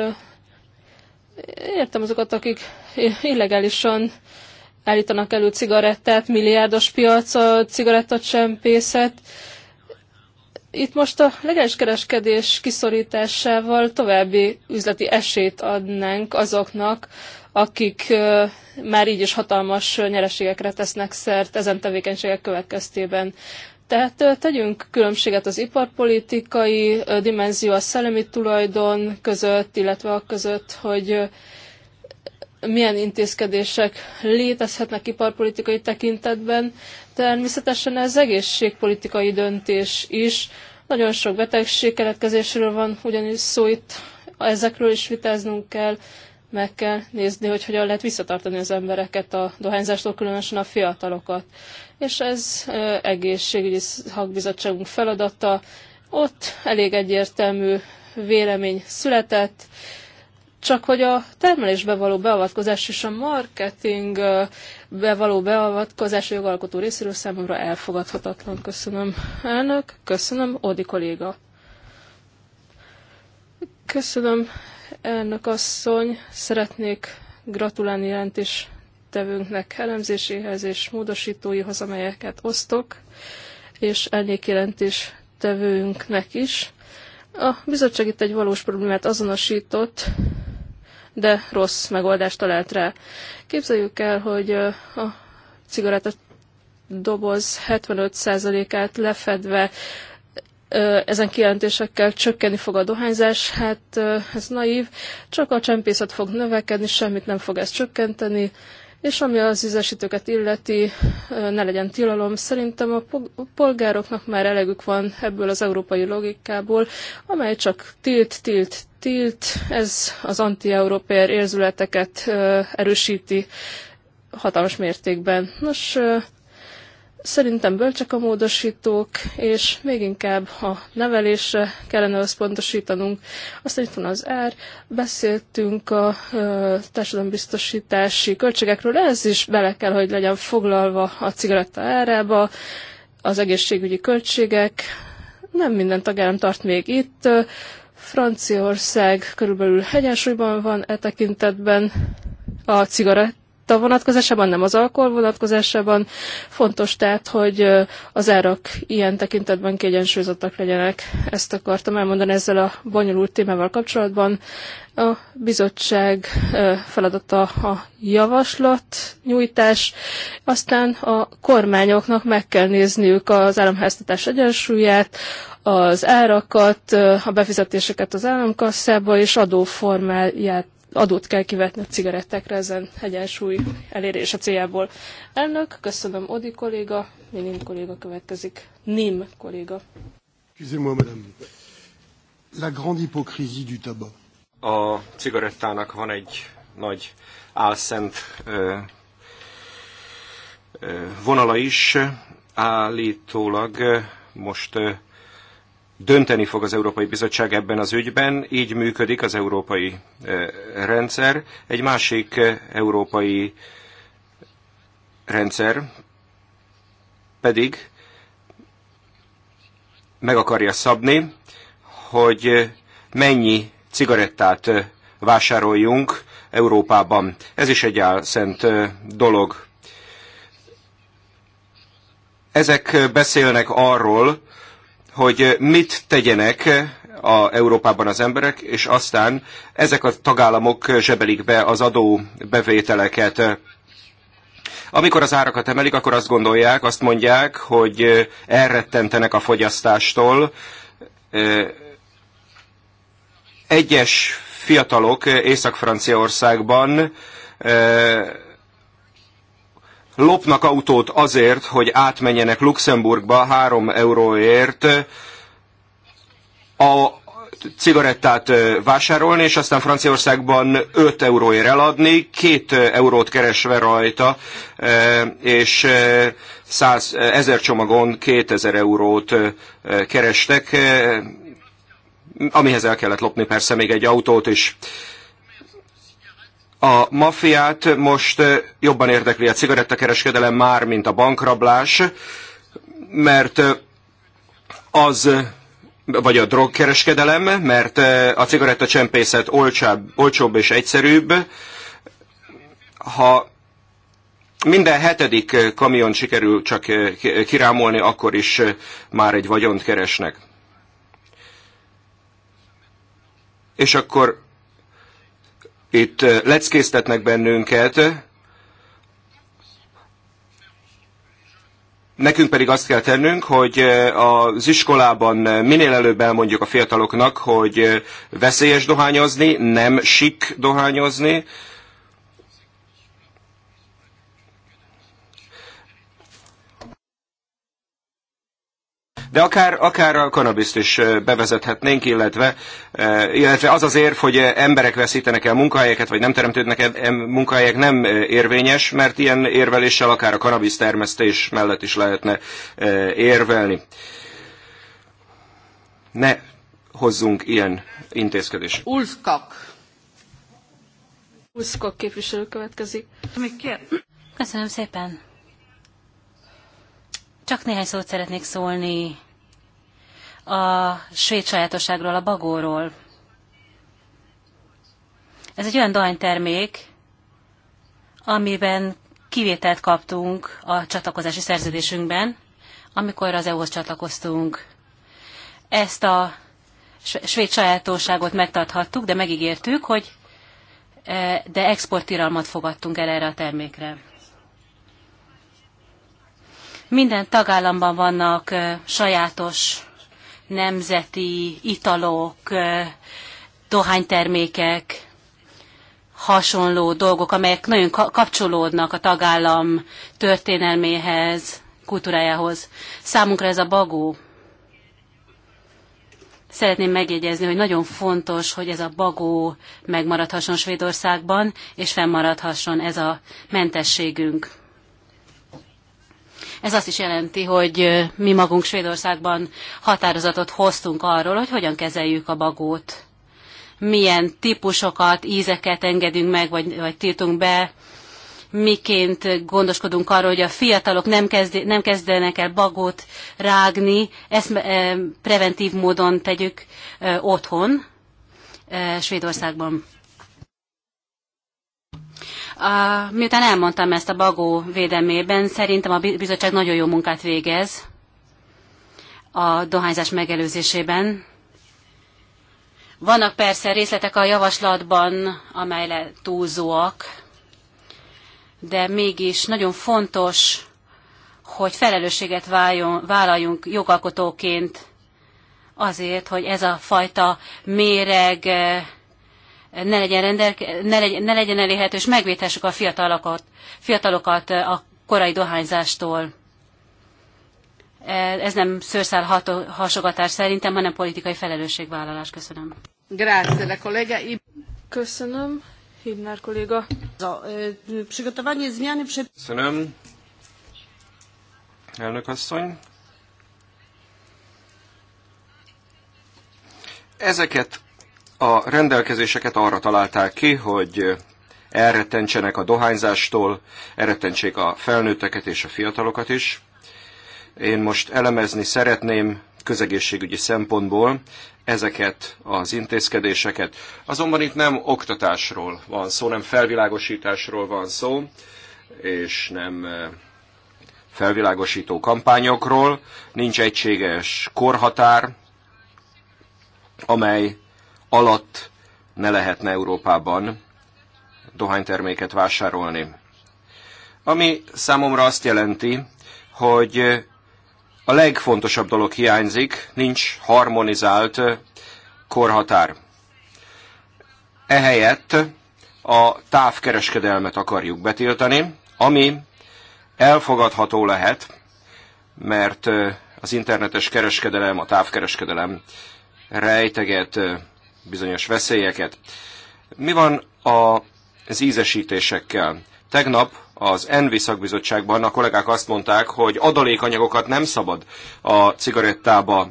értem azokat, akik illegálisan állítanak elő cigarettát, milliárdos piac a cigarettacsempészet. Itt most a legális kereskedés kiszorításával további üzleti esélyt adnánk azoknak, akik már így is hatalmas nyereségekre tesznek szert ezen tevékenységek következtében. Tehát tegyünk különbséget az iparpolitikai dimenzió, a szellemi tulajdon között, illetve a között, hogy milyen intézkedések létezhetnek iparpolitikai tekintetben. Természetesen ez egészségpolitikai döntés is. Nagyon sok betegség keletkezésről van ugyanis szó itt, ezekről is vitáznunk kell, meg kell nézni, hogy hogyan lehet visszatartani az embereket a dohányzástól, különösen a fiatalokat. És ez egészségügyi szakbizottságunk feladata. Ott elég egyértelmű vélemény született, csak hogy a termelésbe való beavatkozás és a marketingbe való beavatkozás a jogalkotó részéről számomra elfogadhatatlan. Köszönöm, elnök, köszönöm, Odi kolléga. Köszönöm, elnök asszony, szeretnék gratulálni jelentés tevőnknek elemzéséhez és módosítóihoz, amelyeket osztok, és elnék jelentés tevőnknek is. A bizottság itt egy valós problémát azonosított, de rossz megoldást talált rá. Képzeljük el, hogy a doboz 75%-át lefedve ezen kijelentésekkel csökkenni fog a dohányzás, hát ez naív, csak a csempészet fog növekedni, semmit nem fog ez csökkenteni, és ami az üzesítőket illeti, ne legyen tilalom. Szerintem a polgároknak már elegük van ebből az európai logikából, amely csak tilt, tilt, tilt. Ez az anti-európér érzületeket erősíti hatalmas mértékben. Nos, Szerintem bölcsek a módosítók, és még inkább a nevelésre kellene összpontosítanunk. Aztán itt van az ár, beszéltünk a társadalombiztosítási költségekről, ez is bele kell, hogy legyen foglalva a cigaretta árába, az egészségügyi költségek, nem minden tagállam tart még itt. Franciaország körülbelül egyensúlyban van e tekintetben a cigarett cigaretta vonatkozásában, nem az alkohol vonatkozásában. Fontos tehát, hogy az árak ilyen tekintetben kiegyensúlyozottak legyenek. Ezt akartam elmondani ezzel a bonyolult témával kapcsolatban. A bizottság feladata a javaslat nyújtás, aztán a kormányoknak meg kell nézniük az államháztatás egyensúlyát, az árakat, a befizetéseket az államkasszába és adóformáját adót kell kivetni a cigarettákra ezen egyensúly elérése céljából. Elnök, köszönöm Odi kolléga, Minim kolléga következik. Nim kolléga. Excusez-moi, madame. La grande hypocrisie du tabac. A cigarettának van egy nagy álszent ö, ö, vonala is, állítólag most dönteni fog az Európai Bizottság ebben az ügyben, így működik az európai eh, rendszer. Egy másik eh, európai eh, rendszer pedig meg akarja szabni, hogy mennyi cigarettát vásároljunk Európában. Ez is egy álszent dolog. Ezek beszélnek arról, hogy mit tegyenek a Európában az emberek, és aztán ezek a tagállamok zsebelik be az adó bevételeket. Amikor az árakat emelik, akkor azt gondolják, azt mondják, hogy elrettentenek a fogyasztástól. Egyes fiatalok Észak-Franciaországban lopnak autót azért, hogy átmenjenek Luxemburgba 3 euróért a cigarettát vásárolni, és aztán Franciaországban 5 euróért eladni, 2 eurót keresve rajta, és 100, 1000 csomagon 2000 eurót kerestek, amihez el kellett lopni persze még egy autót is. És a mafiát most jobban érdekli a cigarettakereskedelem már, mint a bankrablás, mert az vagy a drogkereskedelem, mert a cigarettacsempészet olcsább, olcsóbb és egyszerűbb. Ha minden hetedik kamion sikerül csak kirámolni, akkor is már egy vagyont keresnek. És akkor itt leckésztetnek bennünket, Nekünk pedig azt kell tennünk, hogy az iskolában minél előbb elmondjuk a fiataloknak, hogy veszélyes dohányozni, nem sik dohányozni, De akár, akár a kanabiszt is bevezethetnénk, illetve, illetve az az érv, hogy emberek veszítenek el munkahelyeket, vagy nem teremtődnek el munkahelyek nem érvényes, mert ilyen érveléssel akár a kanabiszt termesztés mellett is lehetne érvelni. Ne hozzunk ilyen intézkedést. Ulfkak. Ulfkak képviselő következik. Köszönöm szépen. Csak néhány szót szeretnék szólni a svéd sajátosságról, a bagóról. Ez egy olyan dohánytermék, amiben kivételt kaptunk a csatlakozási szerződésünkben, amikor az EU-hoz csatlakoztunk. Ezt a svéd sajátosságot megtarthattuk, de megígértük, hogy eh, de exportiralmat fogadtunk el erre a termékre. Minden tagállamban vannak sajátos nemzeti italok, dohánytermékek, hasonló dolgok, amelyek nagyon kapcsolódnak a tagállam történelméhez, kultúrájához. Számunkra ez a bagó. Szeretném megjegyezni, hogy nagyon fontos, hogy ez a bagó megmaradhasson Svédországban, és fennmaradhasson ez a mentességünk. Ez azt is jelenti, hogy mi magunk Svédországban határozatot hoztunk arról, hogy hogyan kezeljük a bagót, milyen típusokat, ízeket engedünk meg, vagy, vagy tiltunk be, miként gondoskodunk arról, hogy a fiatalok nem, kezd, nem kezdenek el bagót rágni, ezt e, preventív módon tegyük e, otthon, e, Svédországban. A, miután elmondtam ezt a bagó védelmében, szerintem a bizottság nagyon jó munkát végez a dohányzás megelőzésében. Vannak persze részletek a javaslatban, amelyre túlzóak, de mégis nagyon fontos, hogy felelősséget váljon, vállaljunk jogalkotóként azért, hogy ez a fajta méreg eh, ne legyen, rendelke, ne legyen, ne legyen elérhető, és megvédhessük a fiatalokat, fiatalokat a korai dohányzástól. E, ez nem szőrszál hasogatás szerintem, hanem politikai felelősségvállalás. Köszönöm. Grazie, la kollega. Köszönöm, Hibnár kolléga. E, przygotowanie zmiany... Köszönöm, elnök asszony. Ezeket a rendelkezéseket arra találták ki, hogy elrettentsenek a dohányzástól, elrettentsék a felnőtteket és a fiatalokat is. Én most elemezni szeretném közegészségügyi szempontból ezeket az intézkedéseket. Azonban itt nem oktatásról van szó, nem felvilágosításról van szó, és nem eh, felvilágosító kampányokról, nincs egységes korhatár, amely alatt ne lehetne Európában dohányterméket vásárolni. Ami számomra azt jelenti, hogy a legfontosabb dolog hiányzik, nincs harmonizált korhatár. Ehelyett a távkereskedelmet akarjuk betiltani, ami elfogadható lehet, mert az internetes kereskedelem, a távkereskedelem rejteget bizonyos veszélyeket. Mi van az ízesítésekkel? Tegnap az Envi szakbizottságban a kollégák azt mondták, hogy adalékanyagokat nem szabad a cigarettába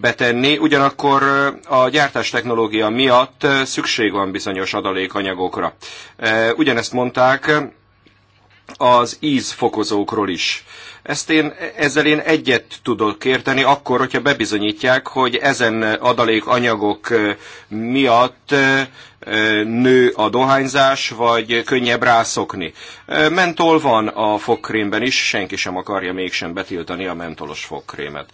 betenni, ugyanakkor a gyártás technológia miatt szükség van bizonyos adalékanyagokra. Ugyanezt mondták az ízfokozókról is. Ezt én, ezzel én egyet tudok érteni, akkor, hogyha bebizonyítják, hogy ezen adalékanyagok miatt nő a dohányzás, vagy könnyebb rászokni. Mentol van a fogkrémben is, senki sem akarja mégsem betiltani a mentolos fogkrémet.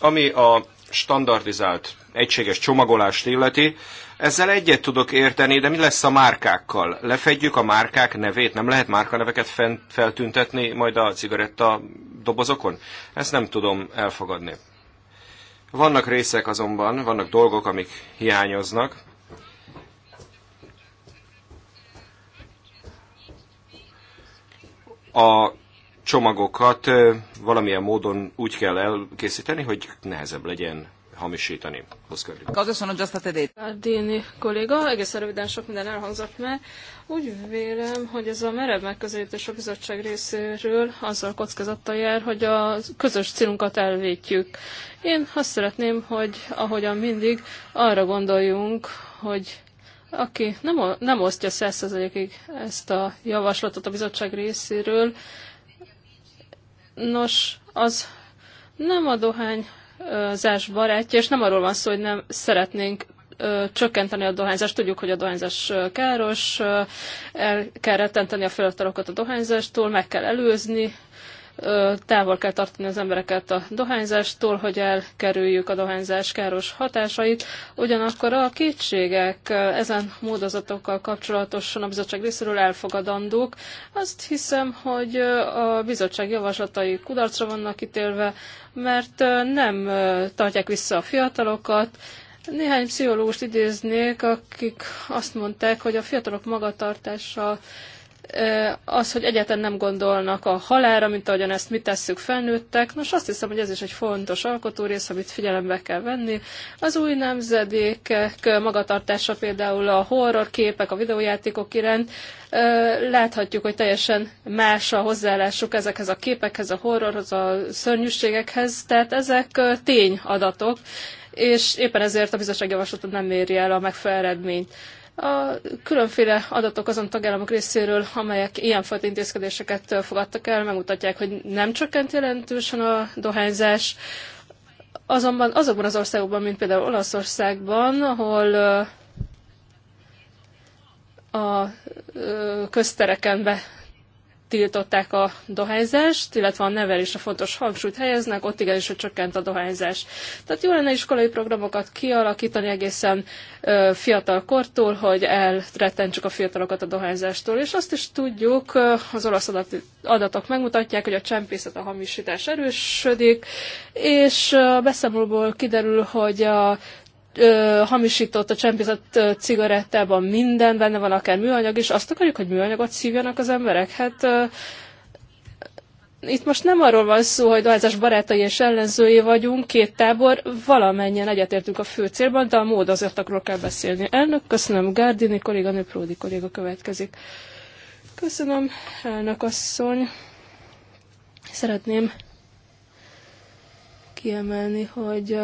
Ami a standardizált egységes csomagolást illeti, ezzel egyet tudok érteni, de mi lesz a márkákkal? Lefedjük a márkák nevét? Nem lehet márkaneveket fent, feltüntetni majd a cigaretta dobozokon? Ezt nem tudom elfogadni. Vannak részek azonban, vannak dolgok, amik hiányoznak. A csomagokat valamilyen módon úgy kell elkészíteni, hogy nehezebb legyen hamisítani. Dini kolléga, egész röviden sok minden elhangzott már. Úgy vélem, hogy ez a merev megközelítés a bizottság részéről azzal kockázattal jár, hogy a közös célunkat elvétjük. Én azt szeretném, hogy ahogyan mindig arra gondoljunk, hogy aki nem, nem osztja 100%-ig ezt a javaslatot a bizottság részéről, nos, az nem a dohány dohányzás barátja, és nem arról van szó, hogy nem szeretnénk csökkenteni a dohányzást. Tudjuk, hogy a dohányzás káros, el kell rettenteni a fiatalokat a dohányzástól, meg kell előzni távol kell tartani az embereket a dohányzástól, hogy elkerüljük a dohányzás káros hatásait. Ugyanakkor a kétségek ezen módozatokkal kapcsolatosan a bizottság részéről elfogadandók. Azt hiszem, hogy a bizottság javaslatai kudarcra vannak ítélve, mert nem tartják vissza a fiatalokat, néhány pszichológust idéznék, akik azt mondták, hogy a fiatalok magatartása az, hogy egyáltalán nem gondolnak a halára, mint ahogyan ezt mi tesszük felnőttek. Nos, azt hiszem, hogy ez is egy fontos alkotórész, amit figyelembe kell venni. Az új nemzedékek magatartása például a horror képek, a videójátékok iránt, láthatjuk, hogy teljesen más a hozzáállásuk ezekhez a képekhez, a horrorhoz, a szörnyűségekhez, tehát ezek tényadatok, és éppen ezért a javaslatot nem éri el a megfelelő eredményt. A különféle adatok azon tagállamok részéről, amelyek ilyenfajta intézkedéseket fogadtak el, megmutatják, hogy nem csökkent jelentősen a dohányzás. Azonban azokban az országokban, mint például Olaszországban, ahol a köztereken be tiltották a dohányzást, illetve a nevelésre fontos hangsúlyt helyeznek, ott igenis, hogy csökkent a dohányzás. Tehát jó lenne iskolai programokat kialakítani egészen ö, fiatal kortól, hogy elrettentsük a fiatalokat a dohányzástól. És azt is tudjuk, az olasz adatok megmutatják, hogy a csempészet, a hamisítás erősödik, és a beszámolóból kiderül, hogy a ö, hamisított, a csempészett cigarettában minden benne van, akár műanyag, és azt akarjuk, hogy műanyagot szívjanak az emberek. Hát ö, itt most nem arról van szó, hogy dohányzás barátai és ellenzői vagyunk, két tábor, valamennyien egyetértünk a fő célban, de a módozatokról kell beszélni. Elnök, köszönöm, Gárdini kolléganő, Pródi kolléga következik. Köszönöm, elnök asszony. Szeretném kiemelni, hogy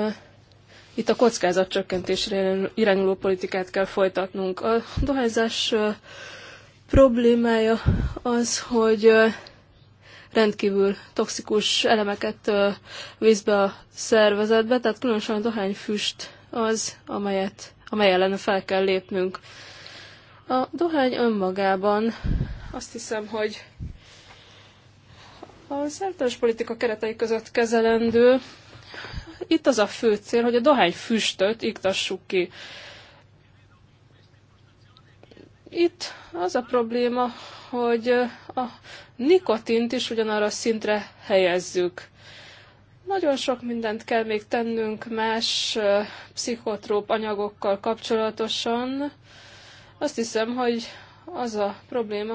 itt a kockázatcsökkentésre irányuló politikát kell folytatnunk. A dohányzás problémája az, hogy rendkívül toxikus elemeket vízbe a szervezetbe, tehát különösen a dohányfüst az, amelyet, amely ellen fel kell lépnünk. A dohány önmagában azt hiszem, hogy a szertős politika keretei között kezelendő, itt az a fő cél, hogy a dohány füstöt iktassuk ki. Itt az a probléma, hogy a nikotint is ugyanarra a szintre helyezzük. Nagyon sok mindent kell még tennünk más pszichotróp anyagokkal kapcsolatosan. Azt hiszem, hogy az a probléma,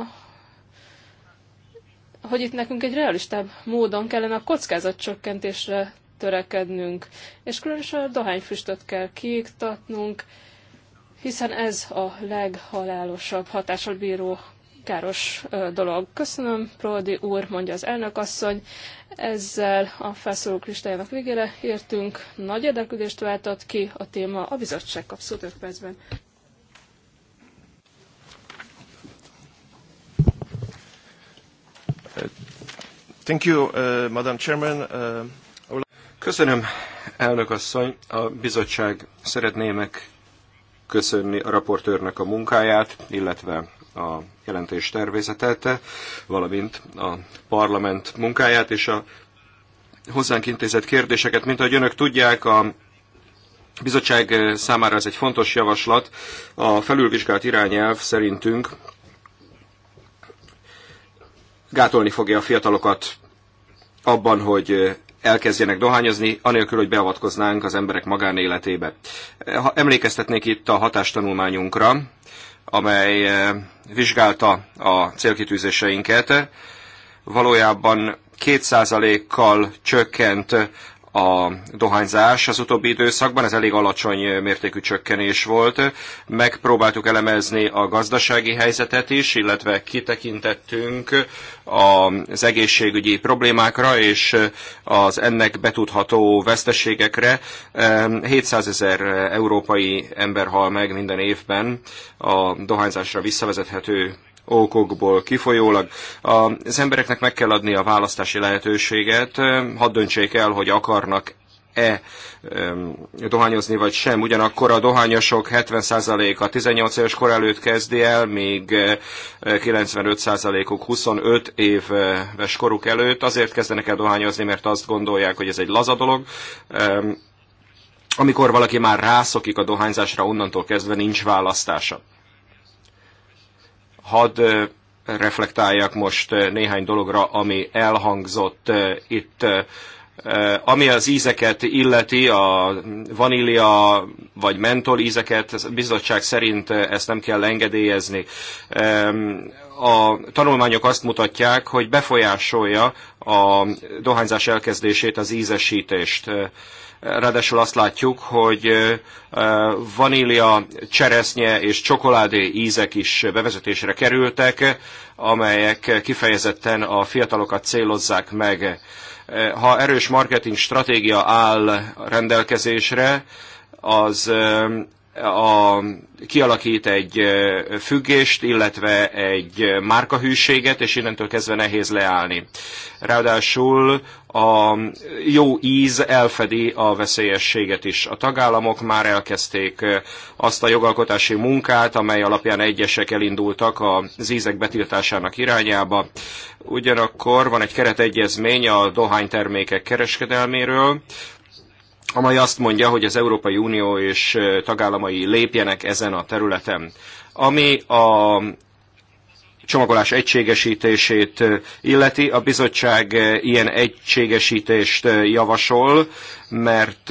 hogy itt nekünk egy realistább módon kellene a kockázatcsökkentésre törekednünk, és különösen a dohányfüstöt kell kiiktatnunk, hiszen ez a leghalálosabb hatással bíró káros dolog. Köszönöm, Prodi úr, mondja az elnökasszony. Ezzel a felszóló kristályának végére értünk. Nagy érdeklődést váltott ki a téma a bizottság kapszót percben. Thank you, uh, Madam Chairman. Uh... Köszönöm, elnök asszony. A bizottság szeretné megköszönni a raportőrnek a munkáját, illetve a jelentés tervezetet, valamint a parlament munkáját és a hozzánk intézett kérdéseket. Mint ahogy önök tudják, a bizottság számára ez egy fontos javaslat. A felülvizsgált irányelv szerintünk gátolni fogja a fiatalokat abban, hogy elkezdjenek dohányozni, anélkül, hogy beavatkoznánk az emberek magánéletébe. Emlékeztetnék itt a hatástanulmányunkra, amely eh, vizsgálta a célkitűzéseinket. Valójában 2%-kal csökkent a dohányzás az utóbbi időszakban, ez elég alacsony mértékű csökkenés volt. Megpróbáltuk elemezni a gazdasági helyzetet is, illetve kitekintettünk az egészségügyi problémákra és az ennek betudható veszteségekre. 700 ezer európai ember hal meg minden évben a dohányzásra visszavezethető okokból kifolyólag. Az embereknek meg kell adni a választási lehetőséget, hadd döntsék el, hogy akarnak e dohányozni vagy sem. Ugyanakkor a dohányosok 70%-a 18 éves kor előtt kezdi el, míg 95%-uk eh, 25 éves koruk előtt. Azért kezdenek el dohányozni, mert azt gondolják, hogy ez egy laza dolog. Amikor valaki már rászokik a dohányzásra, onnantól kezdve nincs választása. Hadd reflektáljak most néhány dologra, ami elhangzott itt ami az ízeket illeti, a vanília vagy mentol ízeket, a bizottság szerint ezt nem kell engedélyezni. A tanulmányok azt mutatják, hogy befolyásolja a dohányzás elkezdését az ízesítést. Ráadásul azt látjuk, hogy vanília, cseresznye és csokoládé ízek is bevezetésre kerültek, amelyek kifejezetten a fiatalokat célozzák meg. Ha erős marketing stratégia áll rendelkezésre, az a, kialakít egy függést, illetve egy márkahűséget, és innentől kezdve nehéz leállni. Ráadásul a jó íz elfedi a veszélyességet is. A tagállamok már elkezdték azt a jogalkotási munkát, amely alapján egyesek elindultak az ízek betiltásának irányába. Ugyanakkor van egy keretegyezmény a dohánytermékek kereskedelméről, amely azt mondja, hogy az Európai Unió és tagállamai lépjenek ezen a területen. Ami a csomagolás egységesítését illeti. A bizottság ilyen egységesítést javasol, mert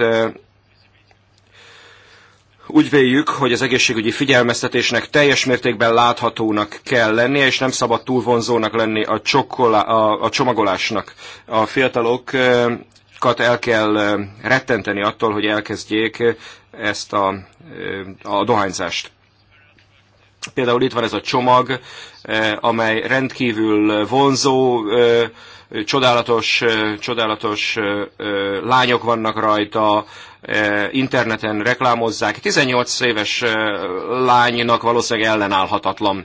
úgy véljük, hogy az egészségügyi figyelmeztetésnek teljes mértékben láthatónak kell lennie, és nem szabad túlvonzónak lenni a, csokolá- a, a csomagolásnak. A fiatalok bankokat el kell rettenteni attól, hogy elkezdjék ezt a, a dohányzást. Például itt van ez a csomag, amely rendkívül vonzó, csodálatos, csodálatos lányok vannak rajta, interneten reklámozzák. 18 éves lánynak valószínűleg ellenállhatatlan.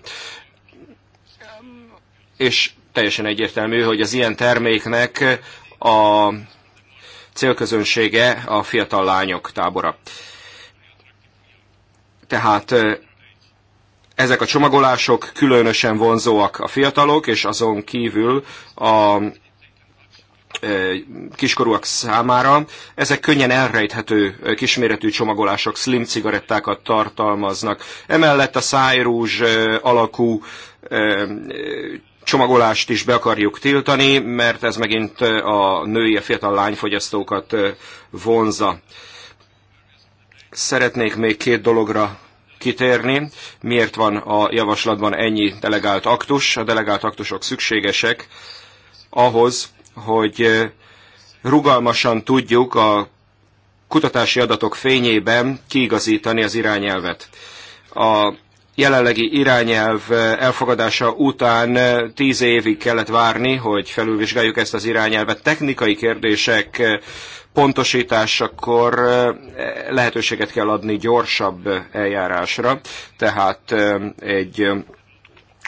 És teljesen egyértelmű, hogy az ilyen terméknek a célközönsége a fiatal lányok tábora. Tehát ezek a csomagolások különösen vonzóak a fiatalok, és azon kívül a kiskorúak számára. Ezek könnyen elrejthető kisméretű csomagolások, slim cigarettákat tartalmaznak. Emellett a szájrúzs alakú csomagolást is be akarjuk tiltani, mert ez megint a női, a fiatal lányfogyasztókat vonza. Szeretnék még két dologra kitérni, miért van a javaslatban ennyi delegált aktus. A delegált aktusok szükségesek ahhoz, hogy rugalmasan tudjuk a kutatási adatok fényében kiigazítani az irányelvet. A jelenlegi irányelv elfogadása után eh, tíz évig kellett várni, hogy felülvizsgáljuk ezt az irányelvet. Technikai kérdések eh, pontosításakor eh, lehetőséget kell adni gyorsabb eljárásra, tehát egy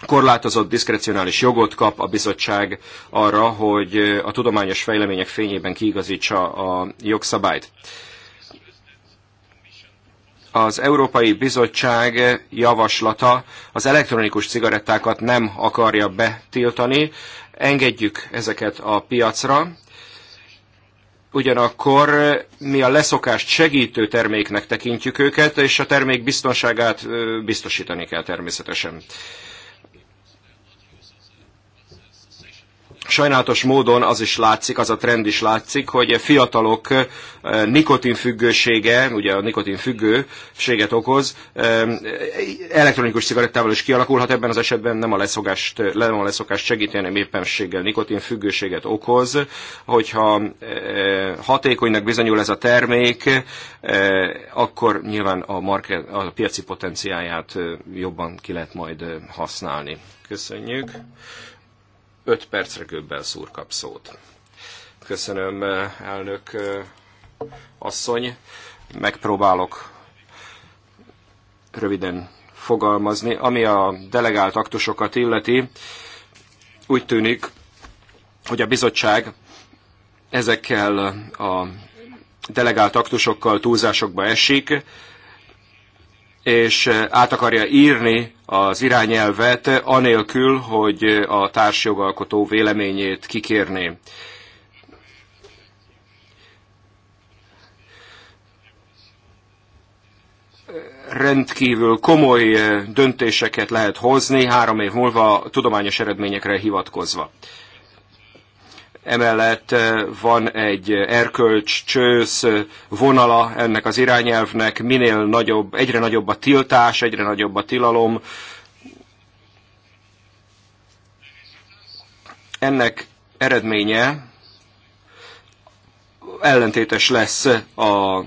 korlátozott diszkrecionális jogot kap a bizottság arra, hogy a tudományos fejlemények fényében kiigazítsa a jogszabályt az Európai Bizottság javaslata az elektronikus cigarettákat nem akarja betiltani, engedjük ezeket a piacra, ugyanakkor mi a leszokást segítő terméknek tekintjük őket, és a termék biztonságát biztosítani kell természetesen. Sajnálatos módon az is látszik, az a trend is látszik, hogy a fiatalok nikotinfüggősége, ugye a nikotinfüggőséget okoz, elektronikus cigarettával is kialakulhat, ebben az esetben nem a leszokást, nem a leszokást segíti, hanem éppenséggel nikotinfüggőséget okoz. Hogyha hatékonynak bizonyul ez a termék, akkor nyilván a, market, a piaci potenciáját jobban ki lehet majd használni. Köszönjük. 5 percre köbben szúr kap szót. Köszönöm, elnök asszony. Megpróbálok röviden fogalmazni. Ami a delegált aktusokat illeti, úgy tűnik, hogy a bizottság ezekkel a delegált aktusokkal túlzásokba esik, és eh, át akarja írni az irányelvet, anélkül, hogy eh, a társjogalkotó véleményét kikérné. rendkívül komoly eh, döntéseket lehet hozni három év múlva tudományos eredményekre hivatkozva. Emellett eh, van egy erkölcs, csősz vonala ennek az irányelvnek, minél nagyobb, egyre nagyobb a tiltás, egyre nagyobb a tilalom. Ennek eredménye ellentétes lesz a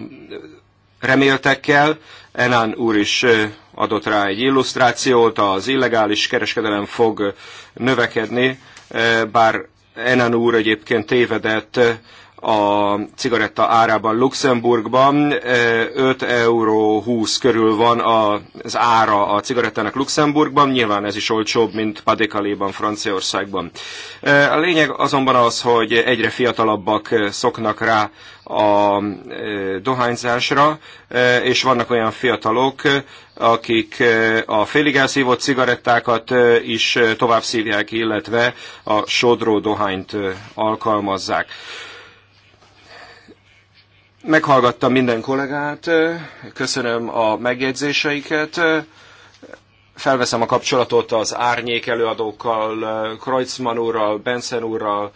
reméltekkel. Enán úr is eh, adott rá egy illusztrációt, az illegális kereskedelem fog növekedni, eh, bár Enan úr egyébként tévedett a cigaretta árában Luxemburgban. 5 euró 20 körül van az ára a cigarettának Luxemburgban, nyilván ez is olcsóbb, mint Padekaléban, Franciaországban. A lényeg azonban az, hogy egyre fiatalabbak szoknak rá a dohányzásra, és vannak olyan fiatalok, akik a félig elszívott cigarettákat is tovább szívják, illetve a sodró dohányt alkalmazzák. Meghallgattam minden kollégát, köszönöm a megjegyzéseiket, felveszem a kapcsolatot az árnyék előadókkal, Kreuzmann úrral, Benson úrral,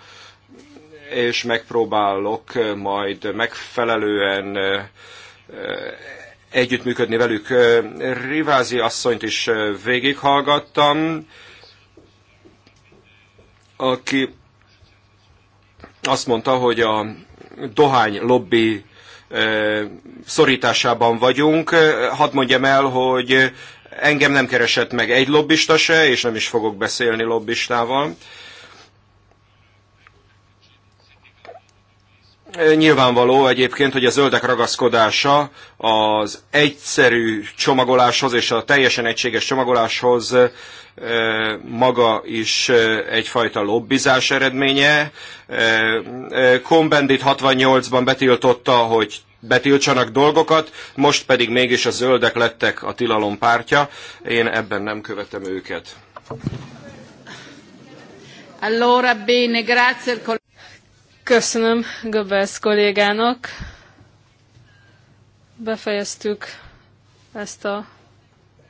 és megpróbálok majd megfelelően együttműködni velük. Rivázi asszonyt is végighallgattam, aki azt mondta, hogy a dohány lobby szorításában vagyunk. Hadd mondjam el, hogy engem nem keresett meg egy lobbista se, és nem is fogok beszélni lobbistával. Nyilvánvaló egyébként, hogy a zöldek ragaszkodása az egyszerű csomagoláshoz és a teljesen egységes csomagoláshoz maga is egyfajta lobbizás eredménye. Kombendit 68-ban betiltotta, hogy betiltsanak dolgokat, most pedig mégis a zöldek lettek a tilalom pártja. Én ebben nem követem őket. Allora bene, grazie. Köszönöm Göbbelsz kollégának. Befejeztük ezt a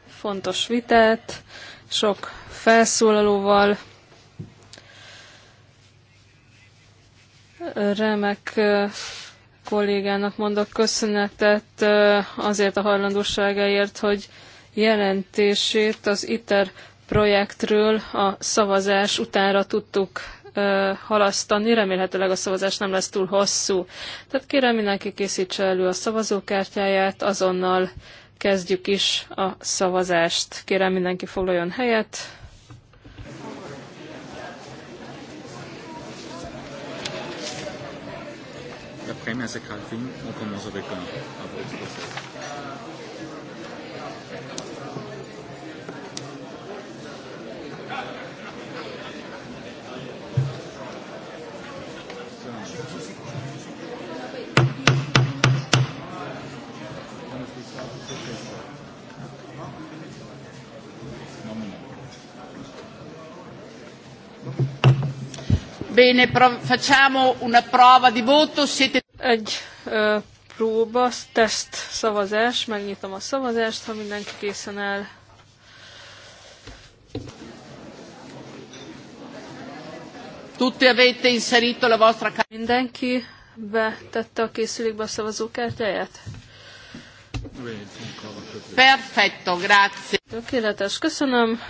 fontos vitát, sok felszólalóval. Remek kollégának mondok köszönetet azért a hajlandóságáért, hogy jelentését az ITER projektről a szavazás utánra tudtuk halasztani, remélhetőleg a szavazás nem lesz túl hosszú. Tehát kérem mindenki készítse elő a szavazókártyáját, azonnal kezdjük is a szavazást. Kérem mindenki foglaljon helyet. Après, mais c'est Calvin, on commence avec un, un Bene, prov- facciamo una prova di voto. Siete... Egy uh, próba, teszt, szavazás, megnyitom a szavazást, ha mindenki készen áll. Tutti avete inserito la vostra carta. Mindenki betette a készülékbe a szavazókártyáját? Perfetto, grazie. Tökéletes, köszönöm.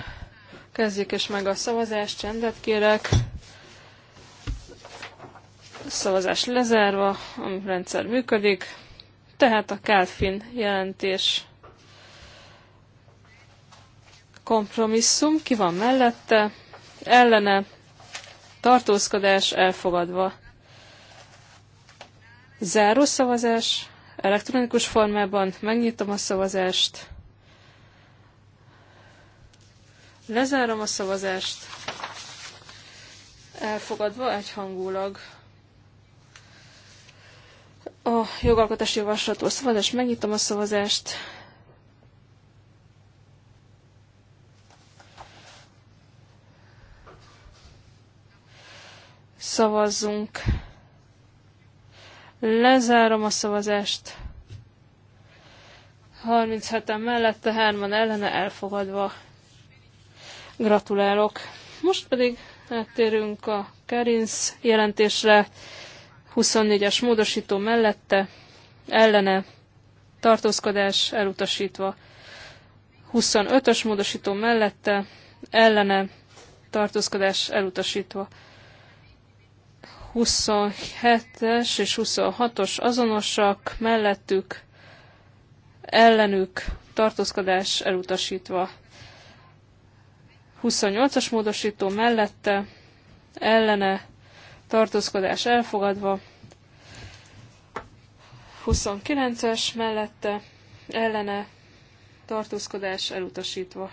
Kezdjük is meg a szavazást, csendet kérek. Szavazás lezárva, a rendszer működik. Tehát a Kálfin jelentés kompromisszum, ki van mellette, ellene, tartózkodás elfogadva. Záró szavazás, elektronikus formában megnyitom a szavazást, lezárom a szavazást, elfogadva egyhangulag a jogalkotási javaslatról szavazás. Megnyitom a szavazást. Szavazzunk. Lezárom a szavazást. 37-en mellette, 3-an ellene elfogadva. Gratulálok! Most pedig áttérünk a Kerinsz jelentésre. 24-es módosító mellette, ellene, tartózkodás elutasítva. 25-ös módosító mellette, ellene, tartózkodás elutasítva. 27-es és 26-os azonosak, mellettük, ellenük, tartózkodás elutasítva. 28-as módosító mellette, ellene, tartózkodás elfogadva, 29-es mellette ellene tartózkodás elutasítva,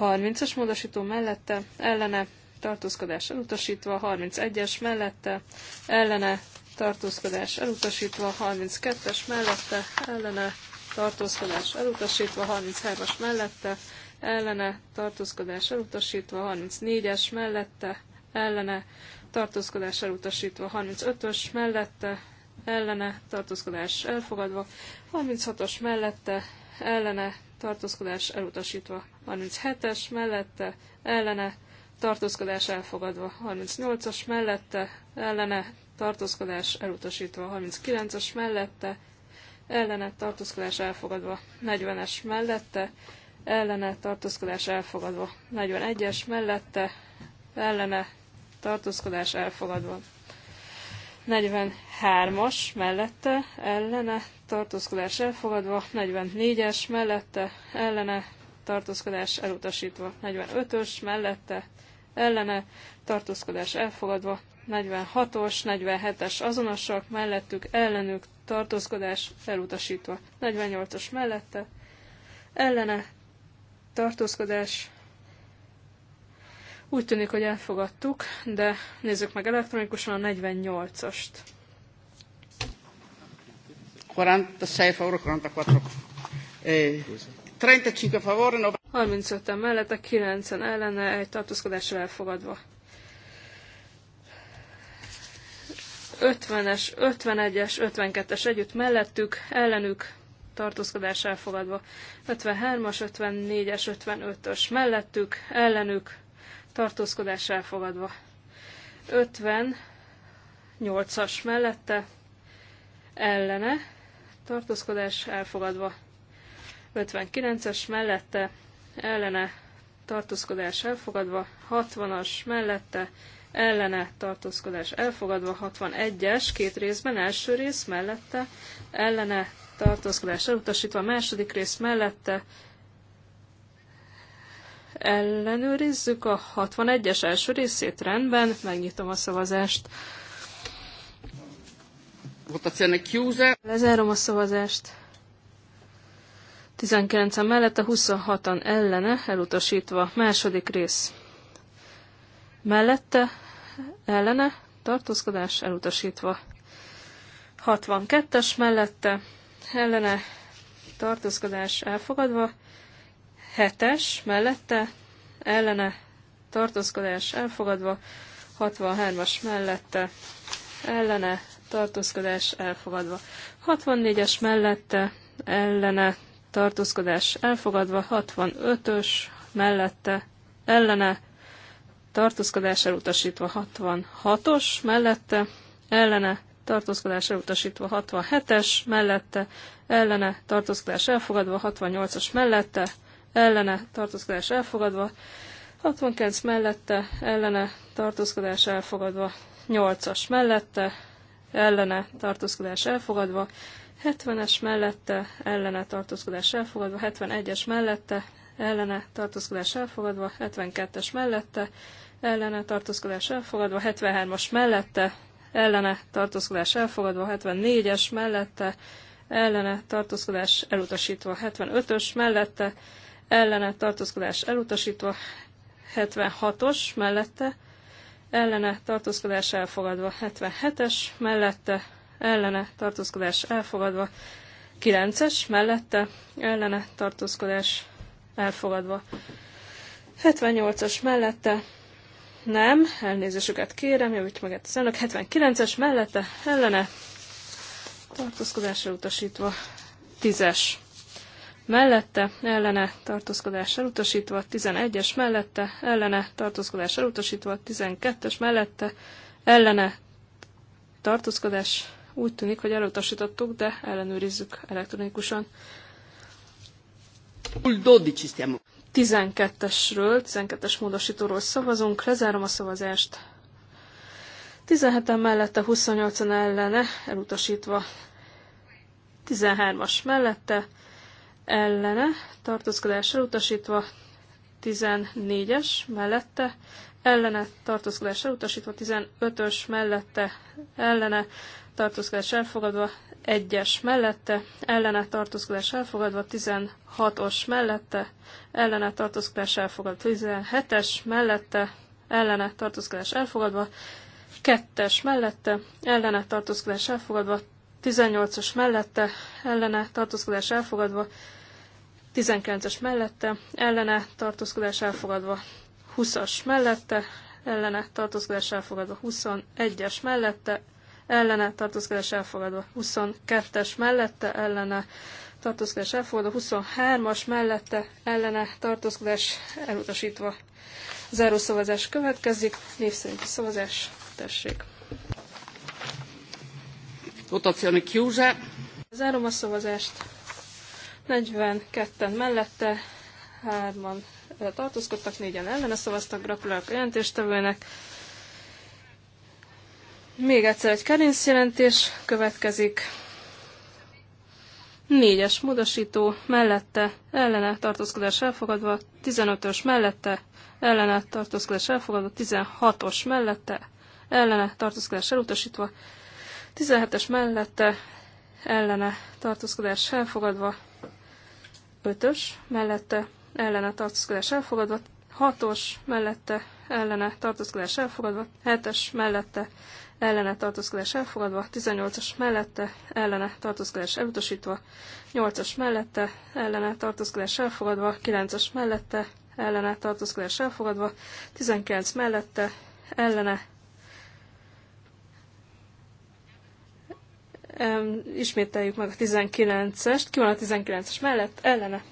30-as módosító mellette ellene tartózkodás elutasítva, 31-es mellette ellene tartózkodás elutasítva, 32-es mellette ellene tartózkodás elutasítva, 33-as mellette ellene tartózkodás elutasítva, 34-es mellette ellene tartózkodás elutasítva, 35-ös mellette, ellene, tartózkodás elfogadva, 36-os mellette, ellene, tartózkodás elutasítva, 37-es mellette, ellene, tartózkodás elfogadva, 38-as mellette, ellene, tartózkodás elutasítva, 39-as mellette, ellene, tartózkodás elfogadva, 40-es mellette, ellene, tartózkodás elfogadva, 41-es mellette, ellene, tartózkodás elfogadva. 43-as mellette ellene tartózkodás elfogadva, 44-es mellette ellene tartózkodás elutasítva, 45-ös mellette ellene tartózkodás elfogadva, 46-os, 47-es azonosak mellettük ellenük tartózkodás elutasítva, 48-os mellette ellene tartózkodás úgy tűnik, hogy elfogadtuk, de nézzük meg elektronikusan a 48-ast. 46 favor, 44. Eh, 35 favor, 35-en mellette, 9-en ellene, egy tartózkodással elfogadva. 50-es, 51-es, 52-es együtt mellettük, ellenük, tartózkodás elfogadva. 53-as, 54-es, 55-ös mellettük, ellenük, tartózkodás elfogadva. 50 as mellette ellene tartózkodás elfogadva. 59-es mellette ellene tartózkodás elfogadva, 60-as mellette ellene tartózkodás elfogadva, 61-es két részben, első rész mellette ellene tartózkodás elutasítva, második rész mellette ellenőrizzük a 61-es első részét rendben, megnyitom a szavazást. Votazione chiusa. Lezárom a szavazást. 19 mellett a 26-an ellene, elutasítva. Második rész. Mellette, ellene, tartózkodás, elutasítva. 62-es mellette, ellene, tartózkodás, elfogadva. 7-es mellette ellene tartózkodás elfogadva, 63-as mellette ellene tartózkodás elfogadva, 64-es mellette ellene tartózkodás elfogadva, 65-ös mellette ellene tartózkodás elutasítva, 66-os mellette ellene tartózkodás elutasítva 67-es, mellette ellene tartózkodás elfogadva 68-as mellette, ellene tartózkodás elfogadva, 69 mellette ellene tartózkodás elfogadva, 8-as mellette ellene tartózkodás elfogadva, 70-es mellette ellene tartózkodás elfogadva, 71-es mellette ellene tartózkodás elfogadva, 72-es mellette ellene tartózkodás elfogadva, 73-as mellette ellene tartózkodás elfogadva, 74-es mellette ellene tartózkodás elutasítva, 75-ös mellette ellene tartózkodás elutasítva, 76-os mellette, ellene tartózkodás elfogadva, 77-es mellette, ellene tartózkodás elfogadva, 9-es mellette, ellene tartózkodás elfogadva, 78-as mellette, nem, elnézésüket kérem, javít meg ezt elnök, 79-es mellette, ellene, tartózkodásra utasítva, 10-es mellette, ellene tartózkodás elutasítva, 11-es mellette, ellene tartózkodás elutasítva, 12-es mellette, ellene tartózkodás úgy tűnik, hogy elutasítottuk, de ellenőrizzük elektronikusan. 12-esről, 12-es módosítóról szavazunk, lezárom a szavazást. 17-en mellette, 28-an ellene, elutasítva. 13-as mellette, ellene, tartózkodás utasítva 14-es mellette, ellene, tartózkodás utasítva 15-ös mellette, ellene, tartózkodás elfogadva, 1-es mellette, ellene tartózkodás elfogadva, 16-os mellette, ellene tartózkodás elfogadva, 17-es mellette, ellene tartózkodás elfogadva, 2-es mellette, ellene tartózkodás elfogadva, 18-os mellette, ellene tartózkodás elfogadva, 19-es mellette, ellene tartózkodás elfogadva 20-as mellette, ellene tartózkodás elfogadva 21-es mellette, ellene tartózkodás elfogadva 22-es mellette, ellene tartózkodás elfogadva 23-as mellette, ellene tartózkodás elutasítva. Záró szavazás következik, név szerinti szavazás, tessék. Votazione chiusa. Zárom a szavazást. 42-en mellette, 3-an tartózkodtak, 4-en ellene szavaztak, gratulálok a jelentéstevőnek. Még egyszer egy Kerinsz jelentés következik. Négyes módosító mellette ellene tartózkodás elfogadva, 15-ös mellette ellene tartózkodás elfogadva, 16-os mellette ellene tartózkodás elutasítva, 17-es mellette ellene tartózkodás elfogadva, 5-ös mellette ellene tartózkodás elfogadva, 6-os mellette ellene tartózkodás elfogadva, 7-es mellette ellene tartózkodás elfogadva, 18-as mellette ellene tartózkodás elutasítva, 8-as mellette ellene tartózkodás elfogadva, 9-as mellette ellene tartózkodás elfogadva, 19 mellette ellene ismételjük meg a 19-est, ki van a 19-es mellett, ellene,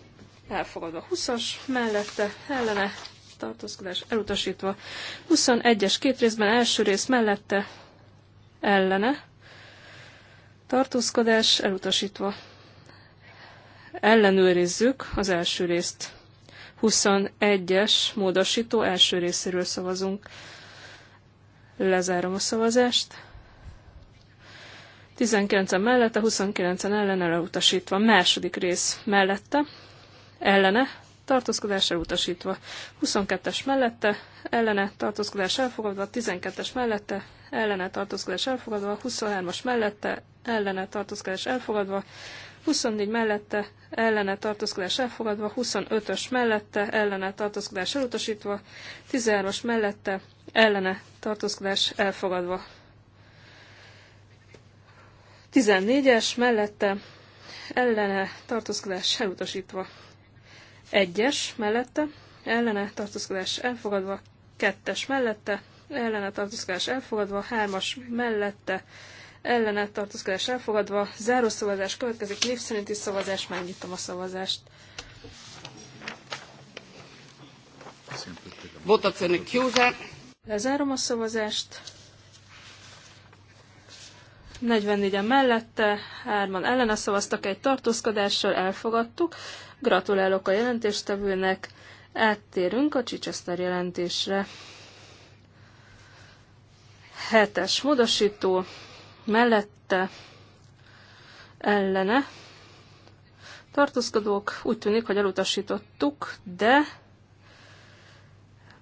elfogadva 20-as, mellette, ellene, tartózkodás elutasítva, 21-es két részben, első rész mellette, ellene, tartózkodás elutasítva. Ellenőrizzük az első részt. 21-es módosító első részéről szavazunk. Lezárom a szavazást. 19 mellette, 29 ellen elutasítva. Második rész mellette, ellene, tartózkodás elutasítva. 22-es mellette, ellene, tartózkodás elfogadva. 12-es mellette, ellene, tartózkodás elfogadva. 23-as mellette, ellene, tartózkodás elfogadva. 24 mellette, ellene tartózkodás elfogadva, 25-ös mellette, ellene tartózkodás elutasítva, 13-as mellette, ellene tartózkodás elfogadva. 14-es mellette ellene tartózkodás elutasítva. 1-es mellette ellene tartózkodás elfogadva. 2-es mellette ellene tartózkodás elfogadva. 3-as mellette ellene tartózkodás elfogadva. Záró szavazás következik. Név szerinti szavazás. Megnyitom a szavazást. Votazione chiusa. Lezárom a szavazást. 44-en mellette, 3-an ellene szavaztak egy tartózkodással, elfogadtuk. Gratulálok a jelentéstevőnek, áttérünk a Csicseszter jelentésre. Hetes módosító, mellette, ellene. Tartózkodók úgy tűnik, hogy elutasítottuk, de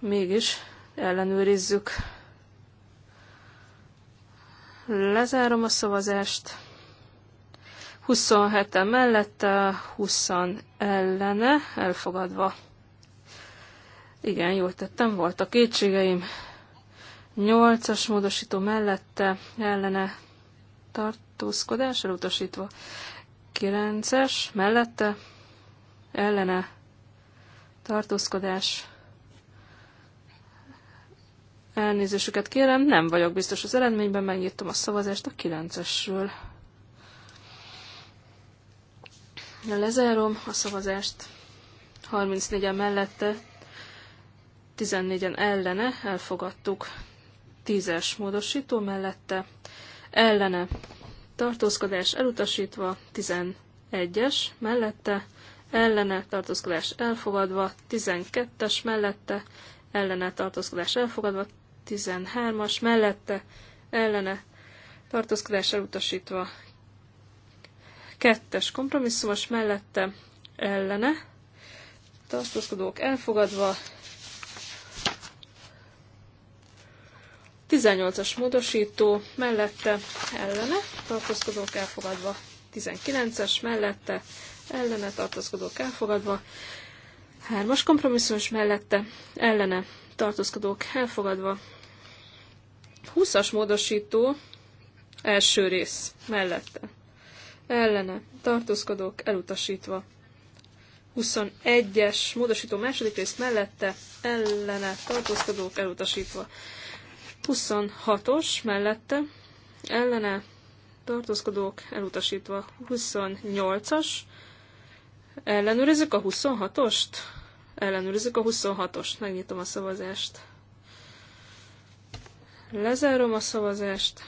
mégis ellenőrizzük. Lezárom a szavazást. 27 mellette, 20 ellene, elfogadva. Igen, jól tettem, a kétségeim. 8-as módosító mellette, ellene, tartózkodás elutasítva. 9-es mellette, ellene, tartózkodás Elnézésüket kérem, nem vagyok biztos az eredményben, megnyitom a szavazást a 9-esről. Lezárom a szavazást. 34-en mellette, 14-en ellene, elfogadtuk. 10-es módosító mellette, ellene, tartózkodás elutasítva, 11-es mellette, ellene, tartózkodás elfogadva, 12-es mellette, ellene tartózkodás elfogadva, 13-as mellette ellene utasítva elutasítva. es kompromisszumos mellette ellene tartózkodók elfogadva. 18-as módosító mellette ellene tartózkodók elfogadva. 19-es mellette ellene tartózkodók elfogadva. 3-as kompromisszumos mellette ellene tartózkodók elfogadva. 20-as módosító első rész mellette. Ellene tartózkodók elutasítva. 21-es módosító második rész mellette. Ellene tartózkodók elutasítva. 26-os mellette. Ellene tartózkodók elutasítva. 28-as. Ellenőrizzük a 26-ost? Ellenőrizzük a 26-ost. Megnyitom a szavazást. Lezárom a szavazást.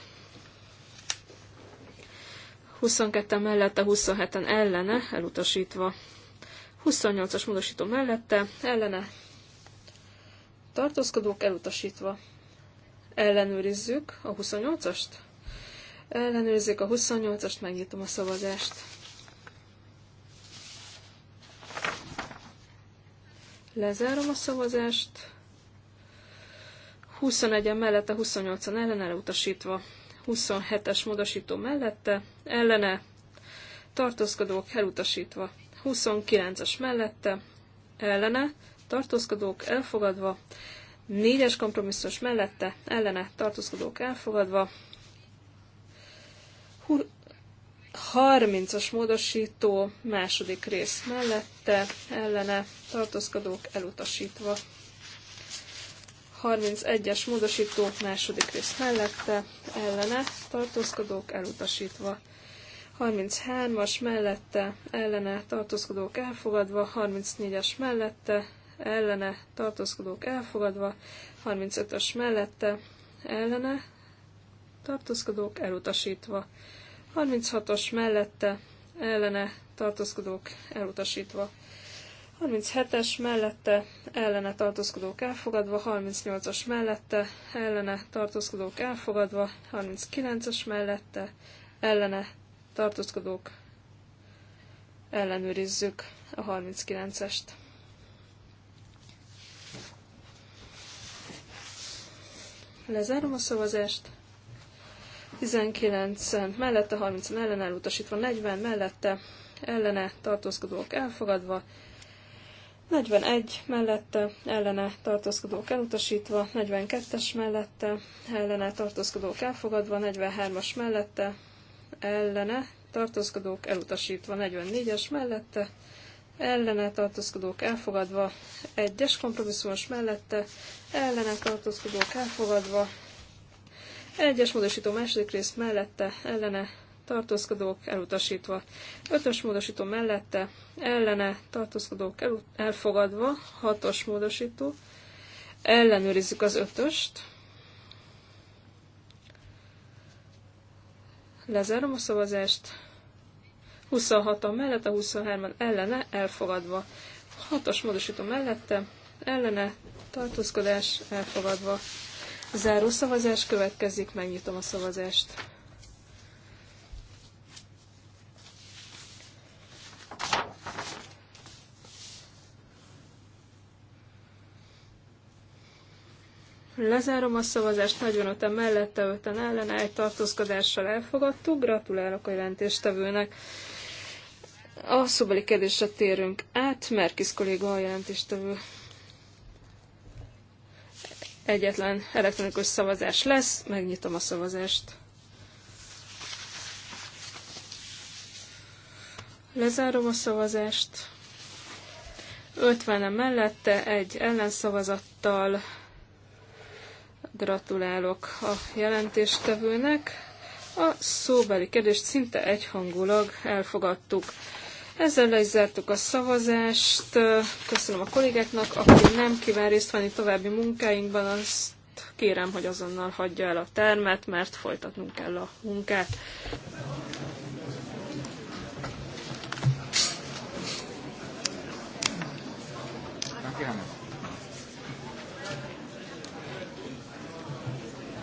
22 mellette, 27-en ellene, elutasítva. 28-as módosító mellette, ellene. Tartózkodók elutasítva. Ellenőrizzük a 28-ast. Ellenőrizzük a 28-ast, megnyitom a szavazást. Lezárom a szavazást. 21-en mellette, 28-an ellene utasítva, 27-es módosító mellette, ellene tartózkodók elutasítva, 29-es mellette, ellene tartózkodók elfogadva, 4-es kompromisszus mellette, ellene tartózkodók elfogadva, 30-as módosító második rész mellette, ellene tartózkodók elutasítva. 31-es módosító második rész mellette, ellene, tartózkodók elutasítva. 33-as mellette, ellene, tartózkodók elfogadva, 34-es mellette, ellene, tartózkodók elfogadva, 35-ös mellette, ellene, tartózkodók elutasítva. 36-os mellette, ellene, tartózkodók elutasítva. 37-es mellette, ellene tartózkodók elfogadva, 38-as mellette, ellene tartózkodók elfogadva, 39-es mellette, ellene tartózkodók ellenőrizzük a 39-est. Lezárom a szavazást. 19 mellette, 30 ellen elutasítva, 40 mellette, ellene tartózkodók elfogadva, 41 mellette ellene tartózkodók elutasítva, 42-es mellette ellene tartózkodók elfogadva, 43-as mellette ellene tartózkodók elutasítva, 44-es mellette ellene tartózkodók elfogadva, 1-es kompromisszumos mellette ellene tartózkodók elfogadva, 1-es módosító második rész mellette ellene tartózkodók elutasítva. Ötös módosító mellette, ellene, tartózkodók elfogadva, hatos módosító, ellenőrizzük az ötöst, lezárom a szavazást, 26 mellett, mellette, 23-an ellene, elfogadva. hatos módosító mellette, ellene, tartózkodás, elfogadva. Záró szavazás következik, megnyitom a szavazást. Lezárom a szavazást, 45-en mellette, 50 en ellene, egy tartózkodással elfogadtuk. Gratulálok a jelentéstevőnek. A szóbeli kérdésre térünk át. Merkis kolléga a jelentéstevő. Egyetlen elektronikus szavazás lesz. Megnyitom a szavazást. Lezárom a szavazást. 50 mellette, egy ellenszavazattal Gratulálok a jelentéstevőnek. A szóbeli kérdést szinte egyhangulag elfogadtuk. Ezzel le is zártuk a szavazást. Köszönöm a kollégáknak, aki nem kíván részt venni további munkáinkban, azt kérem, hogy azonnal hagyja el a termet, mert folytatnunk kell a munkát. Köszönöm.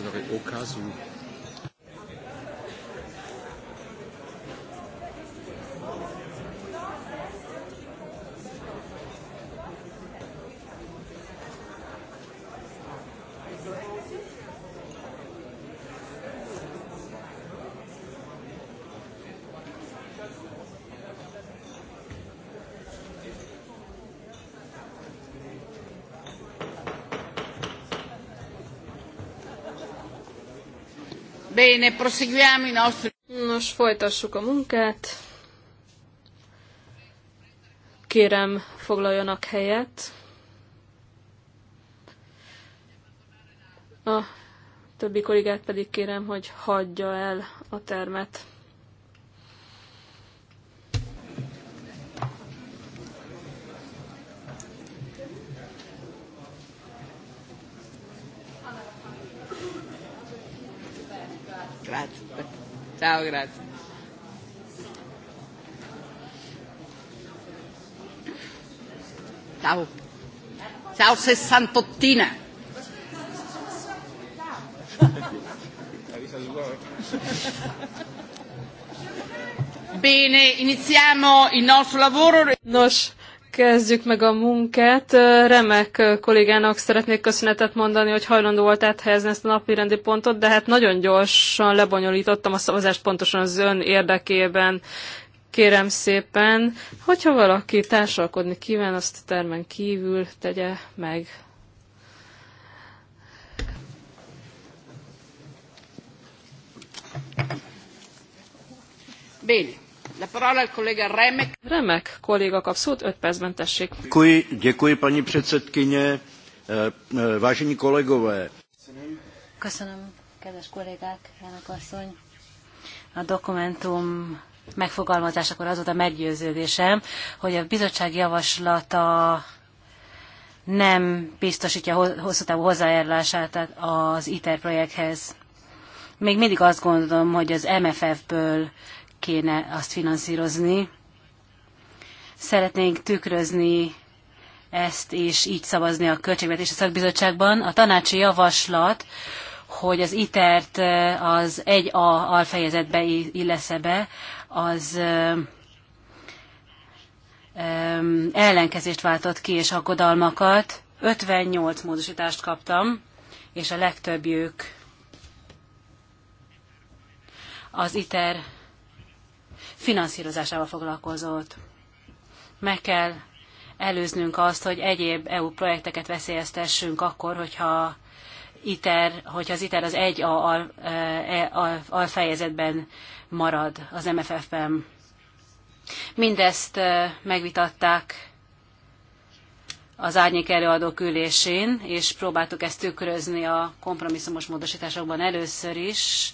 réservé au cas où. Bene, proseguiamo i nostri... Nos, folytassuk a munkát. Kérem, foglaljanak helyet. A többi kollégát pedig kérem, hogy hagyja el a termet. Ciao, grazie. Ciao. Ciao sessantottina. Bene, iniziamo il nostro lavoro. Nos, Kezdjük meg a munkát. Remek kollégának szeretnék köszönetet mondani, hogy hajlandó volt áthelyezni ezt a napi rendi pontot, de hát nagyon gyorsan lebonyolítottam a szavazást pontosan az ön érdekében. Kérem szépen, hogyha valaki társalkodni kíván, azt a termen kívül tegye meg. Béli. La parola al collega Remek. Remek kolléga kap szót, 5 percben tessék. Děkuji, děkuji paní předsedkyně, eh, eh, vážení kolegové. Köszönöm. Köszönöm, kedves kollégák, elnök asszony. A dokumentum megfogalmazásakor az volt a meggyőződésem, hogy a bizottság javaslata nem biztosítja hosszú távú hozzájárulását az ITER projekthez. Még mindig azt gondolom, hogy az MFF-ből kéne azt finanszírozni. Szeretnénk tükrözni ezt, és így szavazni a Költségvetési Szakbizottságban. A tanácsi javaslat, hogy az ITER-t az 1A alfejezetbe illesze be, az ellenkezést váltott ki, és aggodalmakat. 58 módosítást kaptam, és a legtöbbjük az ITER finanszírozásával foglalkozott. Meg kell előznünk azt, hogy egyéb EU projekteket veszélyeztessünk akkor, hogyha ITER, hogyha az ITER az egy a e, fejezetben marad az MFF-ben. Mindezt megvitatták az árnyék előadó ülésén, és próbáltuk ezt tükrözni a kompromisszumos módosításokban először is,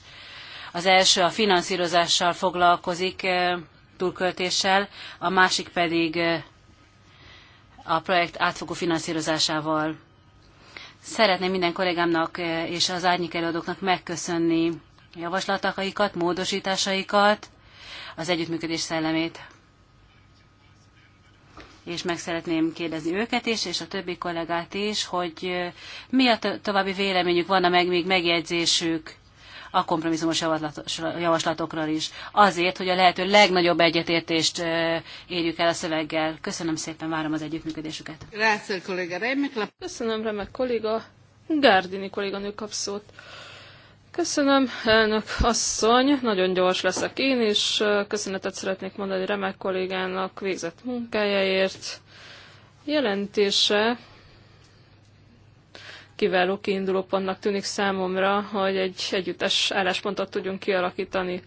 az első a finanszírozással foglalkozik, túlköltéssel, a másik pedig a projekt átfogó finanszírozásával. Szeretném minden kollégámnak és az árnyék előadóknak megköszönni javaslataikat, módosításaikat, az együttműködés szellemét. És meg szeretném kérdezni őket is, és a többi kollégát is, hogy mi a további véleményük, van-e meg még megjegyzésük a kompromisszumos javaslatokról is, azért, hogy a lehető legnagyobb egyetértést érjük el a szöveggel. Köszönöm szépen, várom az együttműködésüket. Köszönöm, remek kolléga. Gárdini kolléganő kap szót. Köszönöm, elnök asszony, nagyon gyors leszek én is. Köszönetet szeretnék mondani remek kollégának végzett munkájáért. Jelentése kiváló kiindulópontnak tűnik számomra, hogy egy együttes álláspontot tudjunk kialakítani.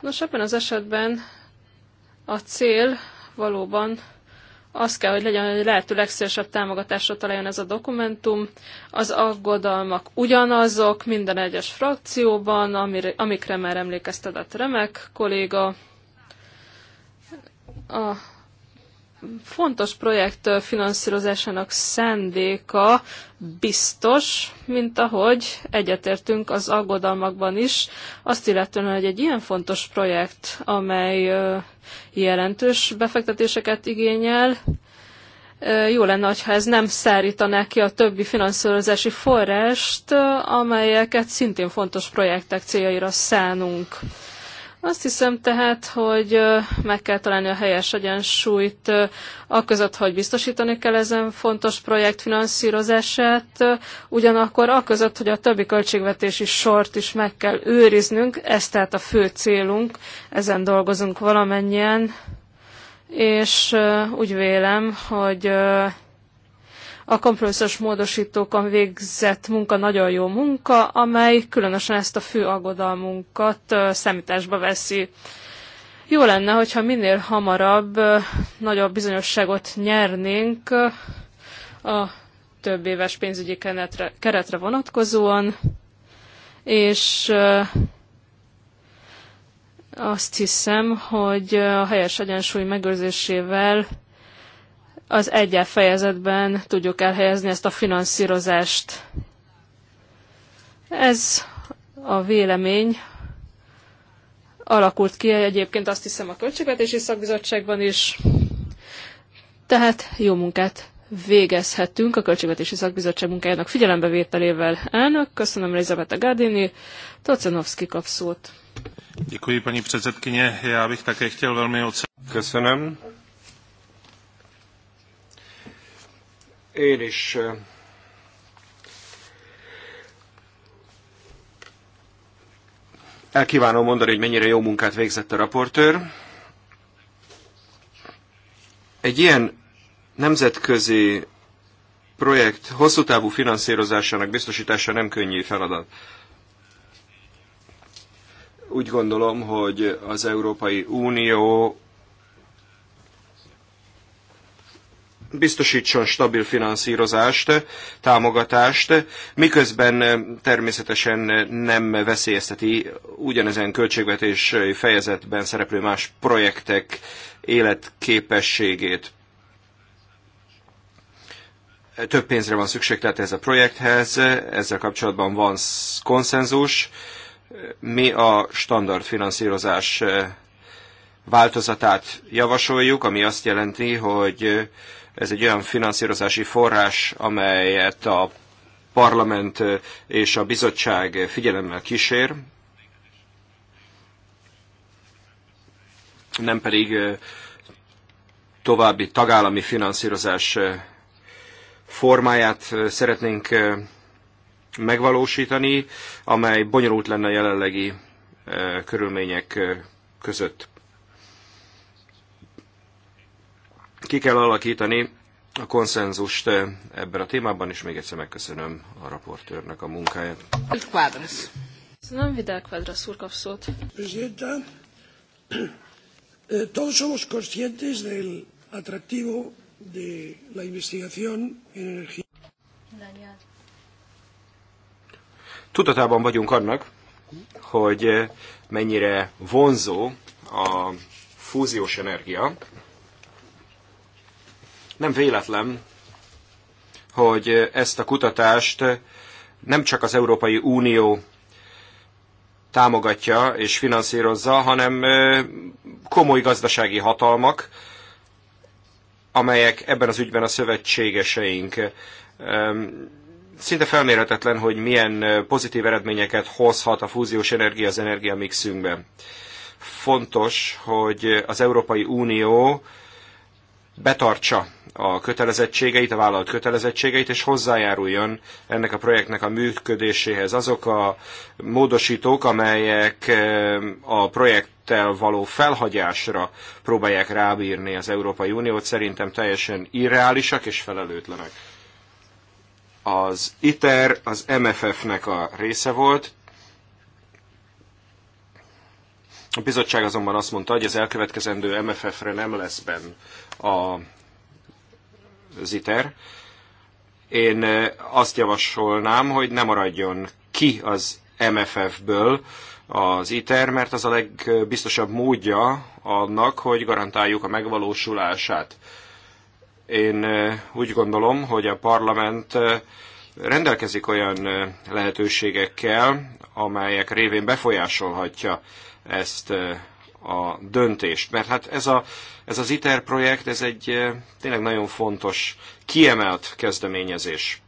Nos, ebben az esetben a cél valóban az kell, hogy legyen, hogy lehető legszélesebb támogatásra találjon ez a dokumentum. Az aggodalmak ugyanazok minden egyes frakcióban, amire, amikre már emlékeztetett remek kolléga. A fontos projekt finanszírozásának szándéka biztos, mint ahogy egyetértünk az aggodalmakban is, azt illetően, hogy egy ilyen fontos projekt, amely jelentős befektetéseket igényel, jó lenne, ha ez nem szárítaná ki a többi finanszírozási forrást, amelyeket szintén fontos projektek céljaira szánunk. Azt hiszem tehát, hogy meg kell találni a helyes egyensúlyt, aközött, hogy biztosítani kell ezen fontos projekt finanszírozását, ugyanakkor aközött, hogy a többi költségvetési sort is meg kell őriznünk, ez tehát a fő célunk, ezen dolgozunk valamennyien, és úgy vélem, hogy a kompromisszus módosítókon végzett munka nagyon jó munka, amely különösen ezt a fő aggodalmunkat számításba veszi. Jó lenne, hogyha minél hamarabb nagyobb bizonyosságot nyernénk a több éves pénzügyi keretre vonatkozóan, és azt hiszem, hogy a helyes egyensúly megőrzésével az egyes fejezetben tudjuk elhelyezni ezt a finanszírozást. Ez a vélemény alakult ki egyébként azt hiszem a Költségvetési Szakbizottságban is, tehát jó munkát végezhetünk a Költségvetési Szakbizottság munkájának figyelembevételével. Elnök, köszönöm a Gardini, Tocenovszki kap szót. Děkuji, paní předsedkyně. Já bych také chtěl velmi ocenit. Köszönöm. Én is el kívánom mondani, hogy mennyire jó munkát végzett a raportőr. Egy ilyen nemzetközi projekt hosszú távú finanszírozásának biztosítása nem könnyű feladat. Úgy gondolom, hogy az Európai Unió biztosítson stabil finanszírozást, támogatást, miközben eh, természetesen eh, nem veszélyezteti ugyanezen költségvetés fejezetben szereplő más projektek életképességét. Több pénzre van szükség, tehát ez a projekthez, ezzel kapcsolatban van konszenzus. Mi a standard finanszírozás eh, változatát javasoljuk, ami azt jelenti, hogy ez egy olyan finanszírozási forrás, amelyet a parlament és a bizottság figyelemmel kísér, nem pedig további tagállami finanszírozás formáját szeretnénk megvalósítani, amely bonyolult lenne a jelenlegi körülmények között. Ki kell alakítani a konszenzust eh, ebben a témában, és még egyszer megköszönöm a raportőrnek a munkáját. Quadras. Köszönöm, Vidal Quadras úr kap szót. Presidenta, eh, todos somos conscientes del atractivo de la investigación en energía. Tudatában vagyunk annak, hogy eh, mennyire vonzó a fúziós energia, nem véletlen, hogy ezt a kutatást nem csak az Európai Unió támogatja és finanszírozza, hanem komoly gazdasági hatalmak, amelyek ebben az ügyben a szövetségeseink. Szinte felmérhetetlen, hogy milyen pozitív eredményeket hozhat a fúziós energia az energiamixünkbe. Fontos, hogy az Európai Unió betartsa a kötelezettségeit, a vállalat kötelezettségeit, és hozzájáruljon ennek a projektnek a működéséhez. Azok a módosítók, amelyek eh, a projekttel való felhagyásra próbálják rábírni az Európai Uniót, szerintem teljesen irreálisak és felelőtlenek. Az ITER az MFF-nek a része volt, a bizottság azonban azt mondta, hogy az elkövetkezendő MFF-re nem lesz benne a Ziter. Én azt javasolnám, hogy ne maradjon ki az MFF-ből az ITER, mert az a legbiztosabb módja annak, hogy garantáljuk a megvalósulását. Én úgy gondolom, hogy a parlament rendelkezik olyan lehetőségekkel, amelyek révén befolyásolhatja ezt a döntést. Mert hát ez, a, ez az ITER projekt, ez egy eh, tényleg nagyon fontos, kiemelt kezdeményezés.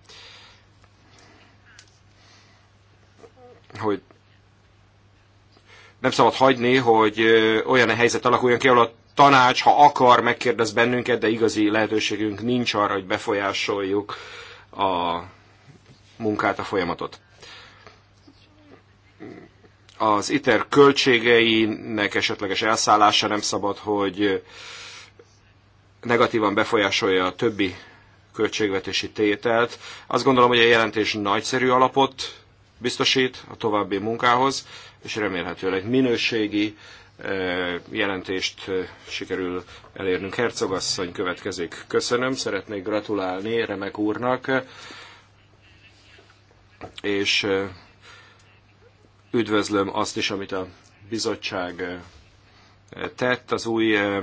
Hogy nem szabad hagyni, hogy eh, olyan a helyzet alakuljon ki, ahol a tanács, ha akar, megkérdez bennünket, de igazi lehetőségünk nincs arra, hogy befolyásoljuk a munkát, a folyamatot az ITER költségeinek esetleges elszállása nem szabad, hogy negatívan befolyásolja a többi költségvetési tételt. Azt gondolom, hogy a jelentés nagyszerű alapot biztosít a további munkához, és remélhetőleg minőségi eh, jelentést eh, sikerül elérnünk. Hercogasszony következik. Köszönöm, szeretnék gratulálni Remek úrnak, és eh, Üdvözlöm azt is, amit a bizottság eh, tett, az új eh,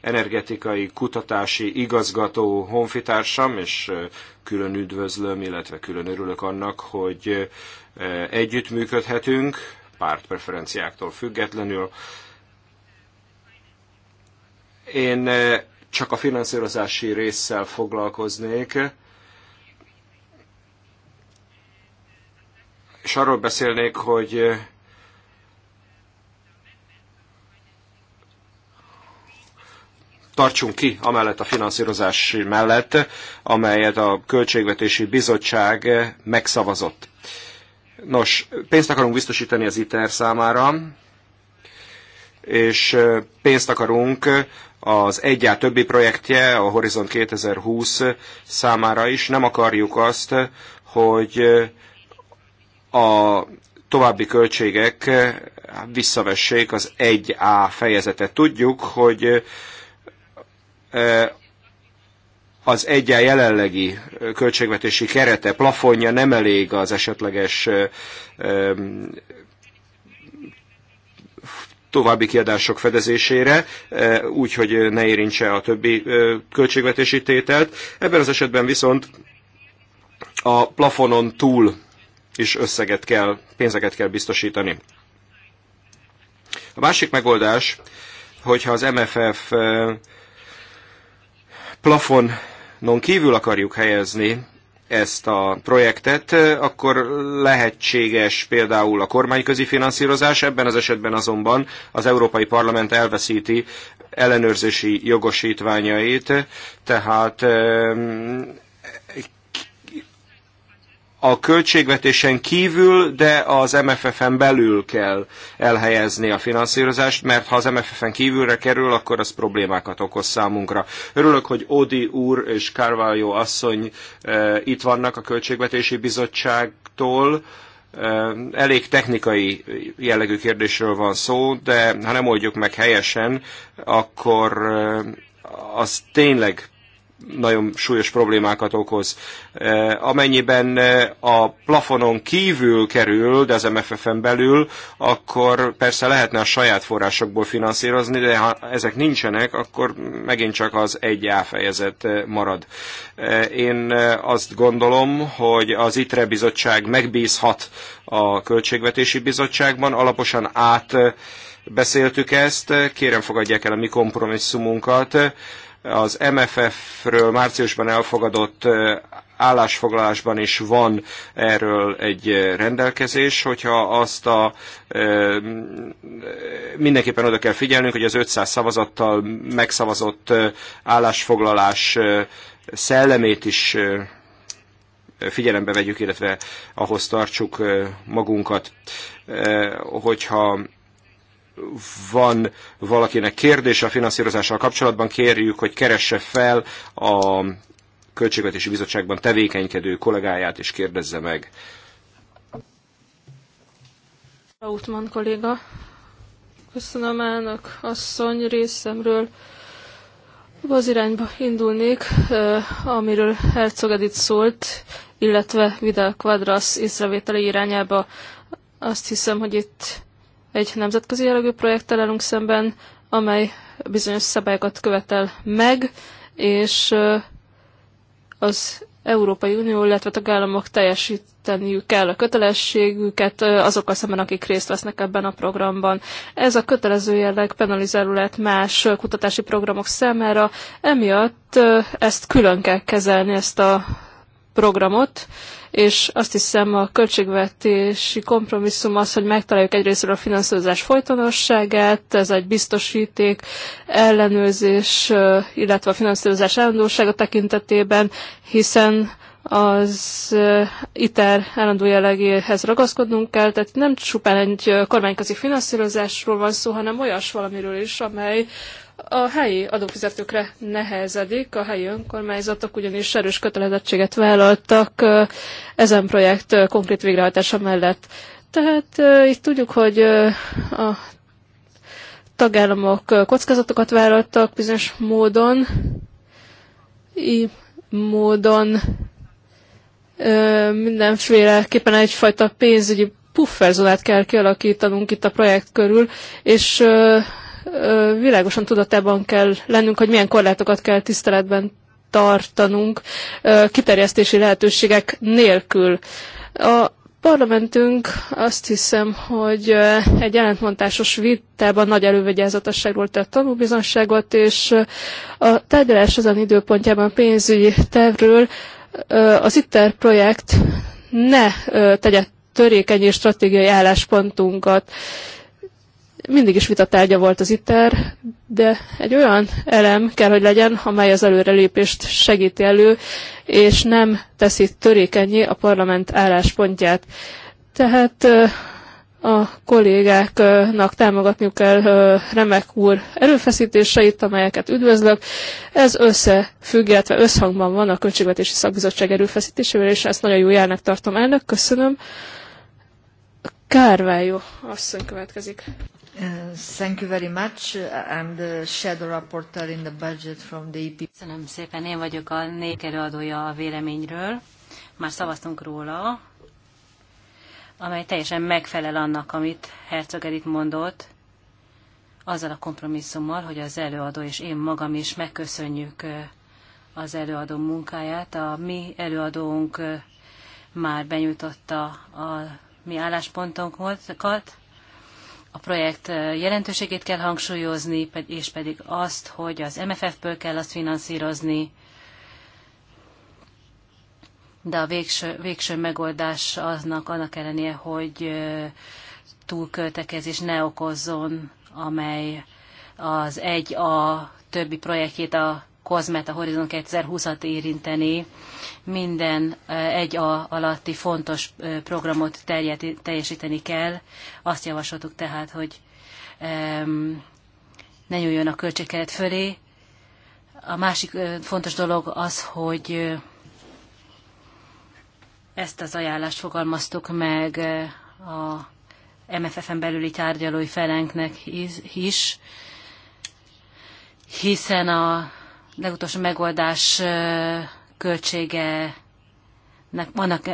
energetikai kutatási igazgató honfitársam, és eh, külön üdvözlöm, illetve külön örülök annak, hogy együttműködhetünk, pártpreferenciáktól függetlenül. Én csak a finanszírozási résszel foglalkoznék, és arról beszélnék, hogy tartsunk ki amellett a finanszírozás mellett, amelyet a Költségvetési Bizottság megszavazott. Nos, pénzt akarunk biztosítani az ITER számára, és pénzt akarunk az egyá többi projektje, a Horizon 2020 számára is. Nem akarjuk azt, hogy a további költségek eh, visszavessék az 1A fejezetet. Tudjuk, hogy eh, az 1A jelenlegi eh, költségvetési kerete, plafonja nem elég az esetleges további kiadások fedezésére, úgy, hogy ne érintse a többi költségvetési tételt. Ebben az esetben viszont a plafonon túl is összeget kell, pénzeket kell biztosítani. A másik megoldás, hogyha az MFF plafonon kívül akarjuk helyezni ezt a projektet, akkor lehetséges például a kormányközi finanszírozás, ebben az esetben azonban az Európai Parlament elveszíti ellenőrzési jogosítványait, tehát a költségvetésen kívül, de az MFF-en belül kell elhelyezni a finanszírozást, mert ha az MFF-en kívülre kerül, akkor az problémákat okoz számunkra. Örülök, hogy Odi úr és Carvalho asszony e, itt vannak a Költségvetési Bizottságtól. E, elég technikai jellegű kérdésről van szó, de ha nem oldjuk meg helyesen, akkor e, az tényleg nagyon súlyos problémákat okoz. E, amennyiben e, a plafonon kívül kerül, de az MFF-en belül, akkor persze lehetne a saját forrásokból finanszírozni, de ha ezek nincsenek, akkor megint csak az egy A fejezet e, marad. Én azt gondolom, hogy az ITRE bizottság megbízhat a Költségvetési Bizottságban, alaposan át beszéltük ezt, kérem fogadják el a mi kompromisszumunkat, az MFF-ről márciusban elfogadott állásfoglalásban is van erről egy rendelkezés, hogyha azt a mindenképpen oda kell figyelnünk, hogy az 500 szavazattal megszavazott állásfoglalás szellemét is figyelembe vegyük, illetve ahhoz tartsuk magunkat, hogyha van valakinek kérdése a finanszírozással kapcsolatban, kérjük, hogy keresse fel a Költségvetési Bizottságban tevékenykedő kollégáját, és kérdezze meg. Rautman kolléga, köszönöm elnök asszony részemről. az irányba indulnék, amiről Herzog Edith szólt, illetve Vidal Quadras észrevételi irányába. Azt hiszem, hogy itt egy nemzetközi jellegű projekttel elünk szemben, amely bizonyos szabályokat követel meg, és az Európai Unió, illetve a államok teljesíteniük kell a kötelességüket azokkal szemben, akik részt vesznek ebben a programban. Ez a kötelező jelleg penalizáló lehet más kutatási programok számára, emiatt ezt külön kell kezelni, ezt a programot, és azt hiszem a költségvetési kompromisszum az, hogy megtaláljuk egyrészt a finanszírozás folytonosságát, ez egy biztosíték, ellenőrzés, illetve a finanszírozás állandósága tekintetében, hiszen az ITER állandó jellegéhez ragaszkodnunk kell, tehát nem csupán egy kormányközi finanszírozásról van szó, hanem olyas valamiről is, amely a helyi adófizetőkre nehezedik, a helyi önkormányzatok ugyanis erős kötelezettséget vállaltak ezen projekt konkrét végrehajtása mellett. Tehát itt tudjuk, hogy a tagállamok kockázatokat vállaltak bizonyos módon, így módon mindenféleképpen egyfajta pénzügyi pufferzónát kell kialakítanunk itt a projekt körül, és világosan tudatában kell lennünk, hogy milyen korlátokat kell tiszteletben tartanunk kiterjesztési lehetőségek nélkül. A parlamentünk azt hiszem, hogy egy ellentmondásos vitában nagy elővigyázatosságról tett tanúbizonságot, és a tárgyalás ezen időpontjában pénzügyi tervről az ITER projekt ne tegye törékeny és stratégiai álláspontunkat mindig is vitatárgya volt az ITER, de egy olyan elem kell, hogy legyen, amely az előrelépést segíti elő, és nem teszi törékenyé a parlament álláspontját. Tehát a kollégáknak támogatniuk kell remek úr erőfeszítéseit, amelyeket üdvözlök. Ez összefügg, illetve összhangban van a Költségvetési Szakbizottság erőfeszítésével, és ezt nagyon jó járnak tartom elnök. Köszönöm. Kárvályó asszony következik. Köszönöm szépen, én vagyok a nékerőadója a véleményről. Már szavaztunk róla, amely teljesen megfelel annak, amit Herzog Edith mondott, azzal a kompromisszummal, hogy az előadó és én magam is megköszönjük uh, az előadó munkáját. A mi előadónk uh, már benyújtotta a mi álláspontunkat, a projekt jelentőségét kell hangsúlyozni, és pedig azt, hogy az MFF-ből kell azt finanszírozni, de a végső, végső megoldás aznak, annak ellenére, hogy túlköltekezés ne okozzon, amely az egy a többi projektjét a COSMET, a Horizon 2020-at érinteni, minden egy A alatti fontos programot terjeti, teljesíteni kell. Azt javasoltuk tehát, hogy ne nyúljon a költségkeret fölé. A másik fontos dolog az, hogy ezt az ajánlást fogalmaztuk meg a MFF-en belüli tárgyalói felenknek is, hiszen a legutolsó megoldás költsége annak,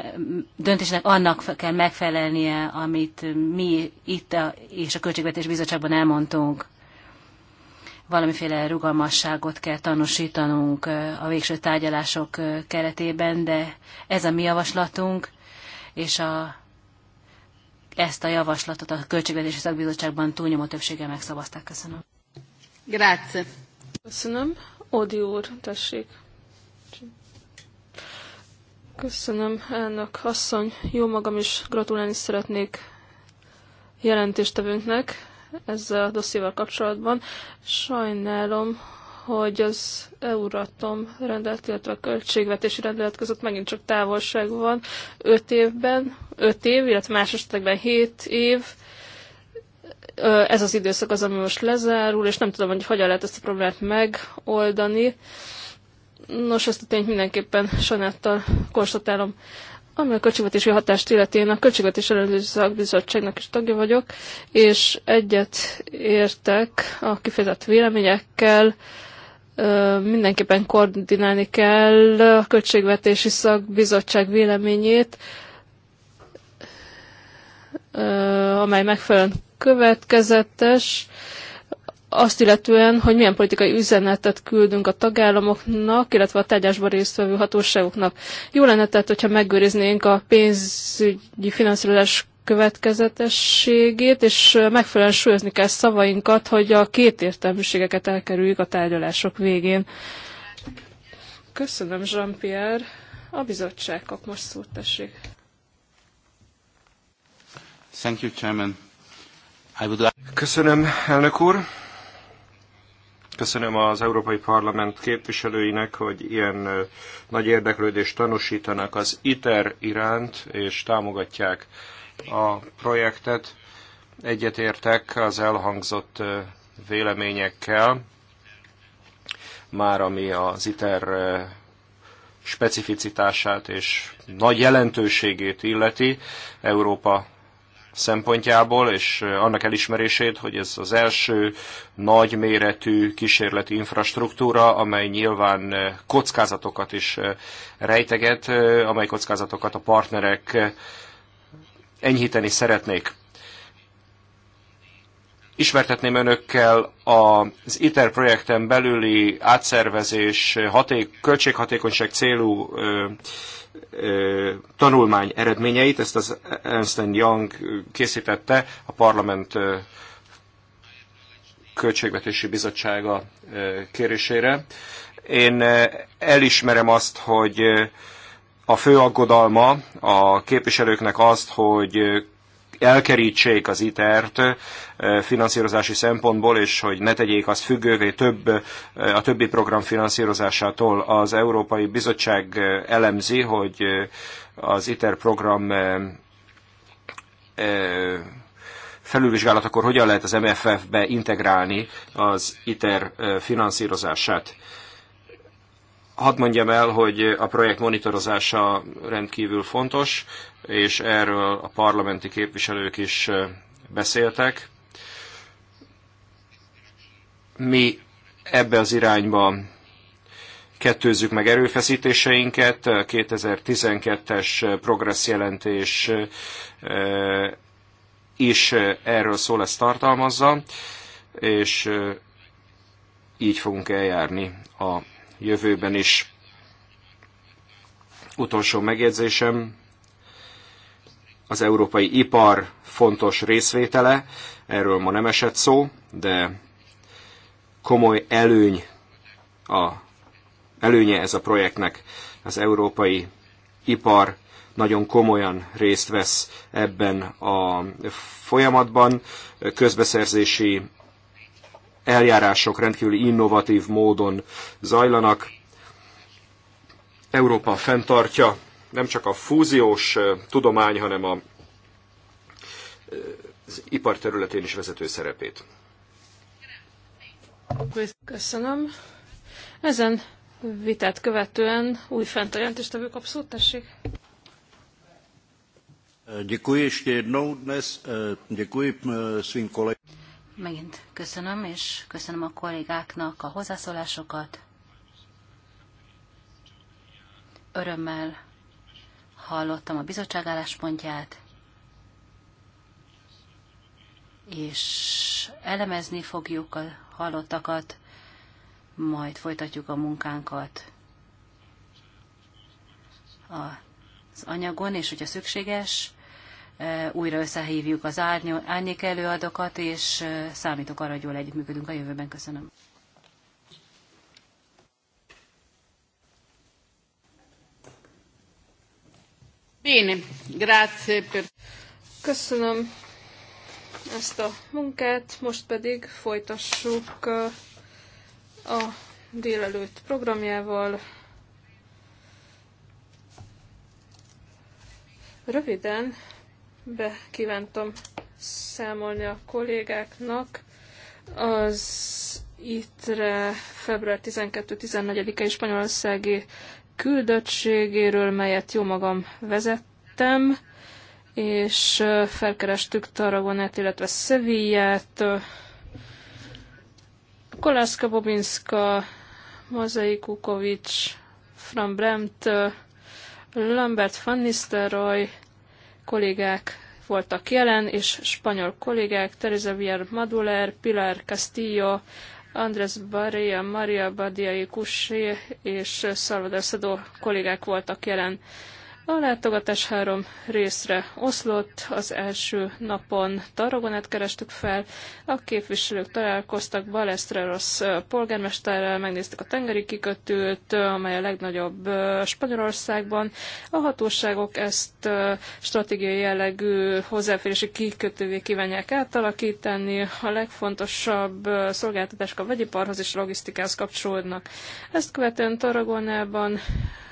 döntésnek annak kell megfelelnie, amit mi itt a, és a Költségvetés Bizottságban elmondtunk. Valamiféle rugalmasságot kell tanúsítanunk a végső tárgyalások keretében, de ez a mi javaslatunk, és a, ezt a javaslatot a Költségvetési Szakbizottságban túlnyomó többséggel megszavazták. Köszönöm. Grazie. Köszönöm. Odi úr, tessék. Köszönöm, elnök asszony. Jó magam is gratulálni szeretnék jelentéstevőnknek ezzel a dossziéval kapcsolatban. Sajnálom, hogy az Euratom rendelet, illetve a költségvetési rendelet között megint csak távolság van 5 évben, 5 év, illetve más esetekben 7 év. Ez az időszak az, ami most lezárul, és nem tudom, hogy hogyan lehet ezt a problémát megoldani. Nos, ezt a tényt mindenképpen sajnálattal konstatálom. Ami a költségvetési hatást illeti, én a költségvetési Előző Szakbizottságnak is tagja vagyok, és egyet értek a kifejezett véleményekkel, mindenképpen koordinálni kell a Költségvetési Szakbizottság véleményét, amely megfelelően következetes, azt illetően, hogy milyen politikai üzenetet küldünk a tagállamoknak, illetve a tárgyásban résztvevő hatóságoknak. Jó lenne tehát, hogyha megőriznénk a pénzügyi finanszírozás következetességét, és megfelelően súlyozni kell szavainkat, hogy a két elkerüljük a tárgyalások végén. Köszönöm, Jean-Pierre. A bizottság kap most szót, tessék. Thank you, Chairman. I would like... Köszönöm, elnök úr. Köszönöm az Európai Parlament képviselőinek, hogy ilyen nagy érdeklődést tanúsítanak az ITER iránt, és támogatják a projektet. Egyetértek az elhangzott véleményekkel, már ami az ITER specificitását és nagy jelentőségét illeti Európa szempontjából, és annak elismerését, hogy ez az első nagyméretű kísérleti infrastruktúra, amely nyilván kockázatokat is rejteget, amely kockázatokat a partnerek enyhíteni szeretnék. Ismertetném önökkel az ITER projekten belüli átszervezés, haték, költséghatékonyság célú tanulmány eredményeit, ezt az Ernst Young készítette, a parlament költségvetési bizottsága kérésére. Én elismerem azt, hogy a fő aggodalma a képviselőknek azt, hogy elkerítsék az ITER-t e finanszírozási szempontból, és hogy ne tegyék azt függővé több, a többi program finanszírozásától. Az Európai Bizottság elemzi, hogy az ITER program felülvizsgálatakor hogyan lehet az MFF-be integrálni az ITER finanszírozását. Hadd mondjam el, hogy a projekt monitorozása rendkívül fontos, és erről a parlamenti képviselők is beszéltek. Mi ebbe az irányba kettőzzük meg erőfeszítéseinket. 2012-es progressz jelentés is erről szól, ezt tartalmazza, és így fogunk eljárni a jövőben is. Utolsó megjegyzésem, az európai ipar fontos részvétele, erről ma nem esett szó, de komoly előny a, előnye ez a projektnek. Az európai ipar nagyon komolyan részt vesz ebben a folyamatban, közbeszerzési eljárások rendkívül innovatív módon zajlanak. Európa fenntartja nem csak a fúziós tudomány, hanem a, az ipar területén is vezető szerepét. Köszönöm. Ezen vitát követően új fent a jelentéstevő kap szót, tessék. Děkuji ještě jednou dnes, děkuji svým kolegům. Megint köszönöm, és köszönöm a kollégáknak a hozzászólásokat. Örömmel hallottam a bizottság álláspontját, és elemezni fogjuk a hallottakat, majd folytatjuk a munkánkat az anyagon, és hogyha szükséges, újra összehívjuk az árnyék előadókat, és számítok arra, hogy jól együttműködünk a jövőben. Köszönöm. Bene, grazie per... Köszönöm ezt a munkát, most pedig folytassuk a délelőtt programjával. Röviden be kívántam számolni a kollégáknak. Az ITRE február 12-14-i spanyolországi küldöttségéről, melyet jó magam vezettem, és felkerestük taragonát illetve Szevillát, Kolászka Bobinska, Mazai Kukovics, Fran Bremt, Lambert van Nistelrooy, kollégák voltak jelen, és spanyol kollégák Teresa Villar Maduler, Pilar Castillo, Andrés Barria, Maria Badiai Kussé és Salvador Szedó kollégák voltak jelen. A látogatás három részre oszlott. Az első napon Tarragonát kerestük fel, a képviselők találkoztak Balestreros polgármesterrel, megnéztük a tengeri kikötőt, amely a legnagyobb Spanyolországban. A hatóságok ezt stratégiai jellegű hozzáférési kikötővé kívánják átalakítani. A legfontosabb szolgáltatások a vegyiparhoz és logisztikához kapcsolódnak. Ezt követően Tarragonában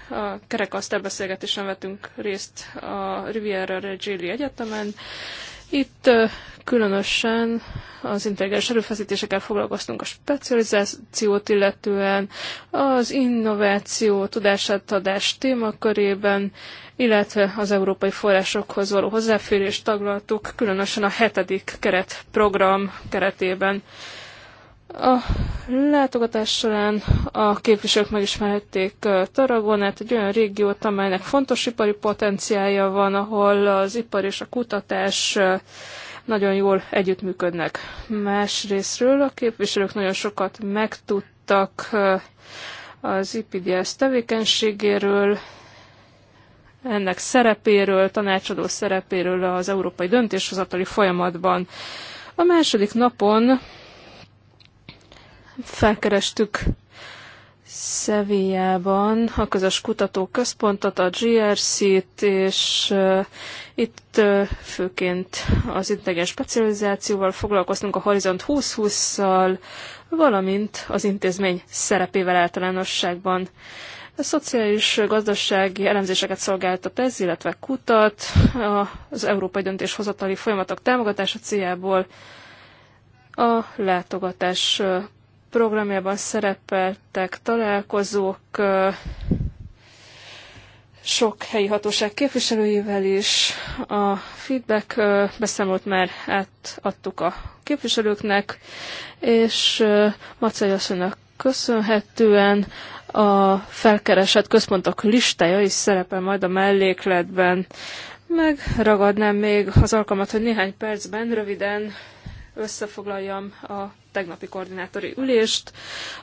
a kerekasztal beszélgetésen vettünk részt a Riviera Reggeli Egyetemen. Itt különösen az integrális erőfeszítésekkel foglalkoztunk a specializációt, illetően az innováció tudásátadás témakörében, illetve az európai forrásokhoz való hozzáférést taglaltuk, különösen a hetedik keretprogram keretében. A látogatás során a képviselők megismerhették Taragonát, egy olyan régiót, amelynek fontos ipari potenciálja van, ahol az ipar és a kutatás nagyon jól együttműködnek. Másrésztről a képviselők nagyon sokat megtudtak az IPDS tevékenységéről, ennek szerepéről, tanácsadó szerepéről az európai döntéshozatali folyamatban. A második napon Felkerestük Szevélyában a közös kutatóközpontot, a GRC-t, és uh, itt uh, főként az integrális specializációval foglalkoztunk a Horizont 2020-szal, valamint az intézmény szerepével általánosságban. A szociális gazdasági elemzéseket szolgáltat ez, illetve kutat az európai döntéshozatali folyamatok támogatása céljából. A látogatás uh, programjában szerepeltek találkozók sok helyi hatóság képviselőjével is. A feedback beszámolt már átadtuk a képviselőknek, és Macai asszonynak köszönhetően a felkeresett központok listája is szerepel majd a mellékletben. Megragadnám még az alkalmat, hogy néhány percben röviden összefoglaljam a tegnapi koordinátori ülést,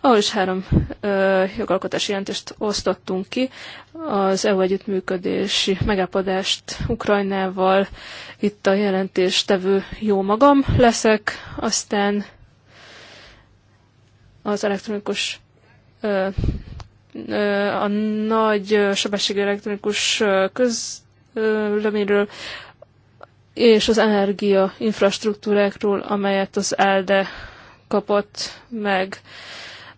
ahol is három ö, jogalkotási jelentést osztottunk ki. Az EU együttműködési megállapodást Ukrajnával itt a jelentéstevő jó magam leszek, aztán az elektronikus ö, a nagy sebességű elektronikus közleményről és az energia infrastruktúrákról, amelyet az ELDE kapott meg.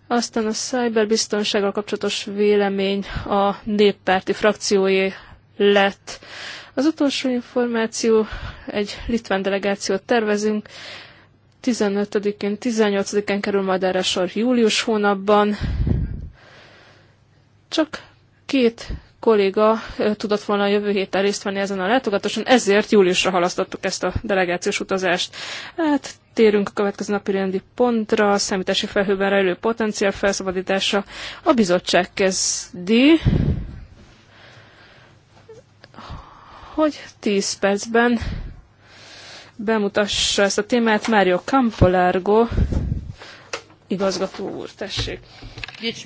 Aztán a cyberbiztonsággal kapcsolatos vélemény a néppárti frakciói lett. Az utolsó információ, egy litván delegációt tervezünk, 15-én, 18 én kerül majd erre sor július hónapban. Csak két kolléga tudott volna a jövő héten részt venni ezen a látogatáson, ezért júliusra halasztottuk ezt a delegációs utazást. Hát térünk a következő napi rendi pontra, a számítási felhőben rejlő potenciál felszabadítása. A bizottság kezdi, hogy 10 percben bemutassa ezt a témát Mário Campolargo, igazgató úr, tessék. 10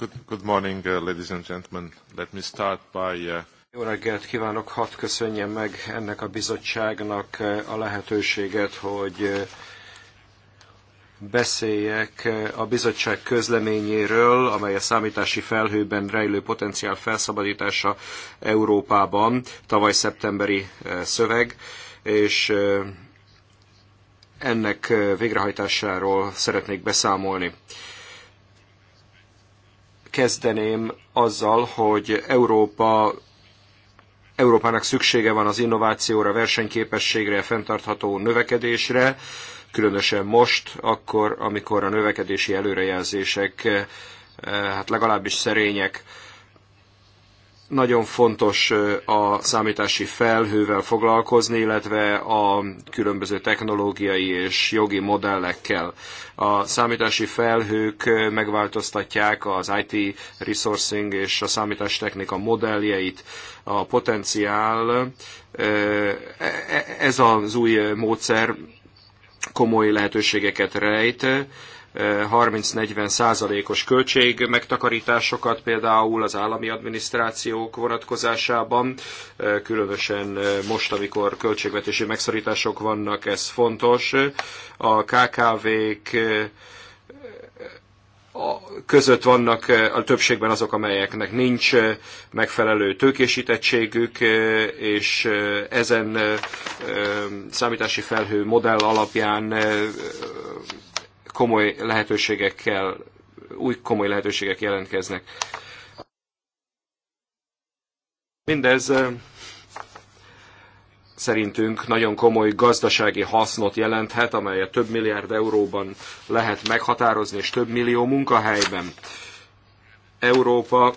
Good, morning, uh, ladies and gentlemen. Let me start by... Uh, Jó reggelt kívánok, hadd köszönjem meg ennek a bizottságnak uh, a lehetőséget, hogy beszéljek a bizottság közleményéről, amely a számítási felhőben rejlő potenciál felszabadítása Európában, tavaly szeptemberi szöveg, és ennek végrehajtásáról szeretnék beszámolni kezdeném azzal, hogy Európa Európának szüksége van az innovációra, versenyképességre, fenntartható növekedésre, különösen most, akkor, amikor a növekedési előrejelzések eh, hát legalábbis szerények nagyon fontos a számítási felhővel foglalkozni, illetve a különböző technológiai és jogi modellekkel. A számítási felhők megváltoztatják az IT resourcing és a számítástechnika modelljeit. A potenciál, e, e, ez az új módszer komoly lehetőségeket rejt, 30-40 százalékos költség megtakarításokat például az állami adminisztrációk vonatkozásában, eh, különösen eh, most, amikor költségvetési megszorítások vannak, ez fontos. A KKV-k eh, között vannak a többségben azok, amelyeknek nincs megfelelő tőkésítettségük, és ezen számítási felhő modell alapján komoly lehetőségekkel, új komoly lehetőségek jelentkeznek. Mindez szerintünk nagyon komoly gazdasági hasznot jelenthet, amelyet több milliárd euróban lehet meghatározni, és több millió munkahelyben. Európa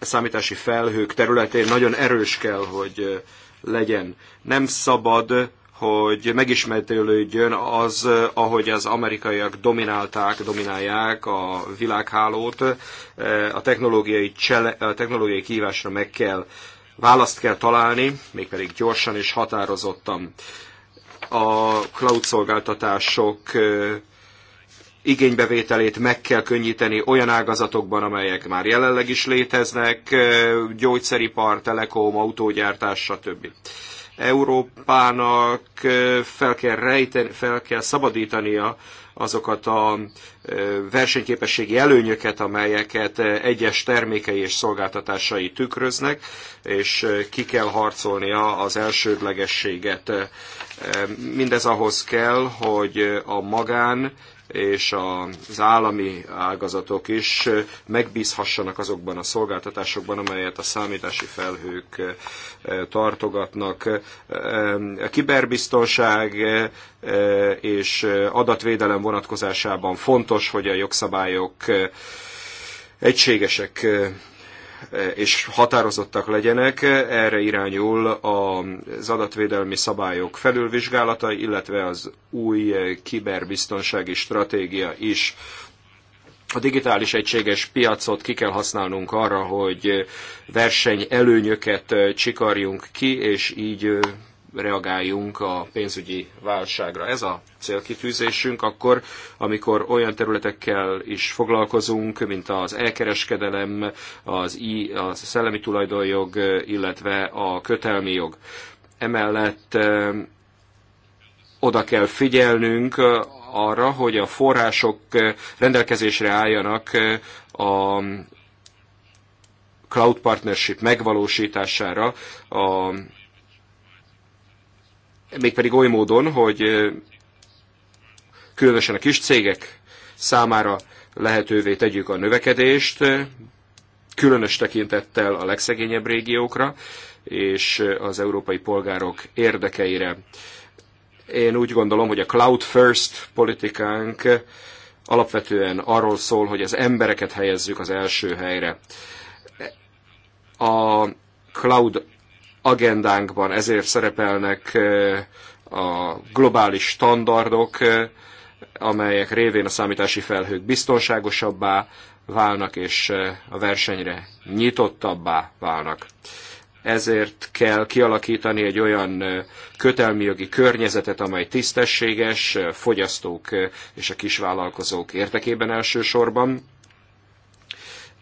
számítási felhők területén nagyon erős kell, hogy legyen. Nem szabad hogy megismételődjön az, ahogy az amerikaiak dominálták, dominálják a világhálót. A technológiai, csele, a technológiai kihívásra meg kell, választ kell találni, mégpedig gyorsan és határozottan. A cloud szolgáltatások igénybevételét meg kell könnyíteni olyan ágazatokban, amelyek már jelenleg is léteznek, gyógyszeripar, telekom, autógyártás, stb. Európának fel kell, rejteni, fel kell szabadítania azokat a versenyképességi előnyöket, amelyeket egyes termékei és szolgáltatásai tükröznek, és ki kell harcolnia az elsődlegességet. Mindez ahhoz kell, hogy a magán és az állami ágazatok is megbízhassanak azokban a szolgáltatásokban, amelyet a számítási felhők eh, tartogatnak. Eh, a kiberbiztonság eh, és adatvédelem vonatkozásában fontos, hogy a jogszabályok egységesek és határozottak legyenek, erre irányul az adatvédelmi szabályok felülvizsgálata, illetve az új kiberbiztonsági stratégia is a digitális egységes piacot ki kell használnunk arra, hogy verseny előnyöket csikarjunk ki, és így reagáljunk a pénzügyi válságra. Ez a célkitűzésünk akkor, amikor olyan területekkel is foglalkozunk, mint az elkereskedelem, az i, a szellemi tulajdonjog, illetve a kötelmi jog. Emellett oda kell figyelnünk arra, hogy a források rendelkezésre álljanak a cloud partnership megvalósítására a mégpedig oly módon, hogy különösen a kis cégek számára lehetővé tegyük a növekedést, különös tekintettel a legszegényebb régiókra és az európai polgárok érdekeire. Én úgy gondolom, hogy a cloud first politikánk alapvetően arról szól, hogy az embereket helyezzük az első helyre. A cloud agendánkban, ezért szerepelnek a globális standardok, amelyek révén a számítási felhők biztonságosabbá válnak, és a versenyre nyitottabbá válnak. Ezért kell kialakítani egy olyan kötelmi jogi környezetet, amely tisztességes fogyasztók és a kisvállalkozók érdekében elsősorban,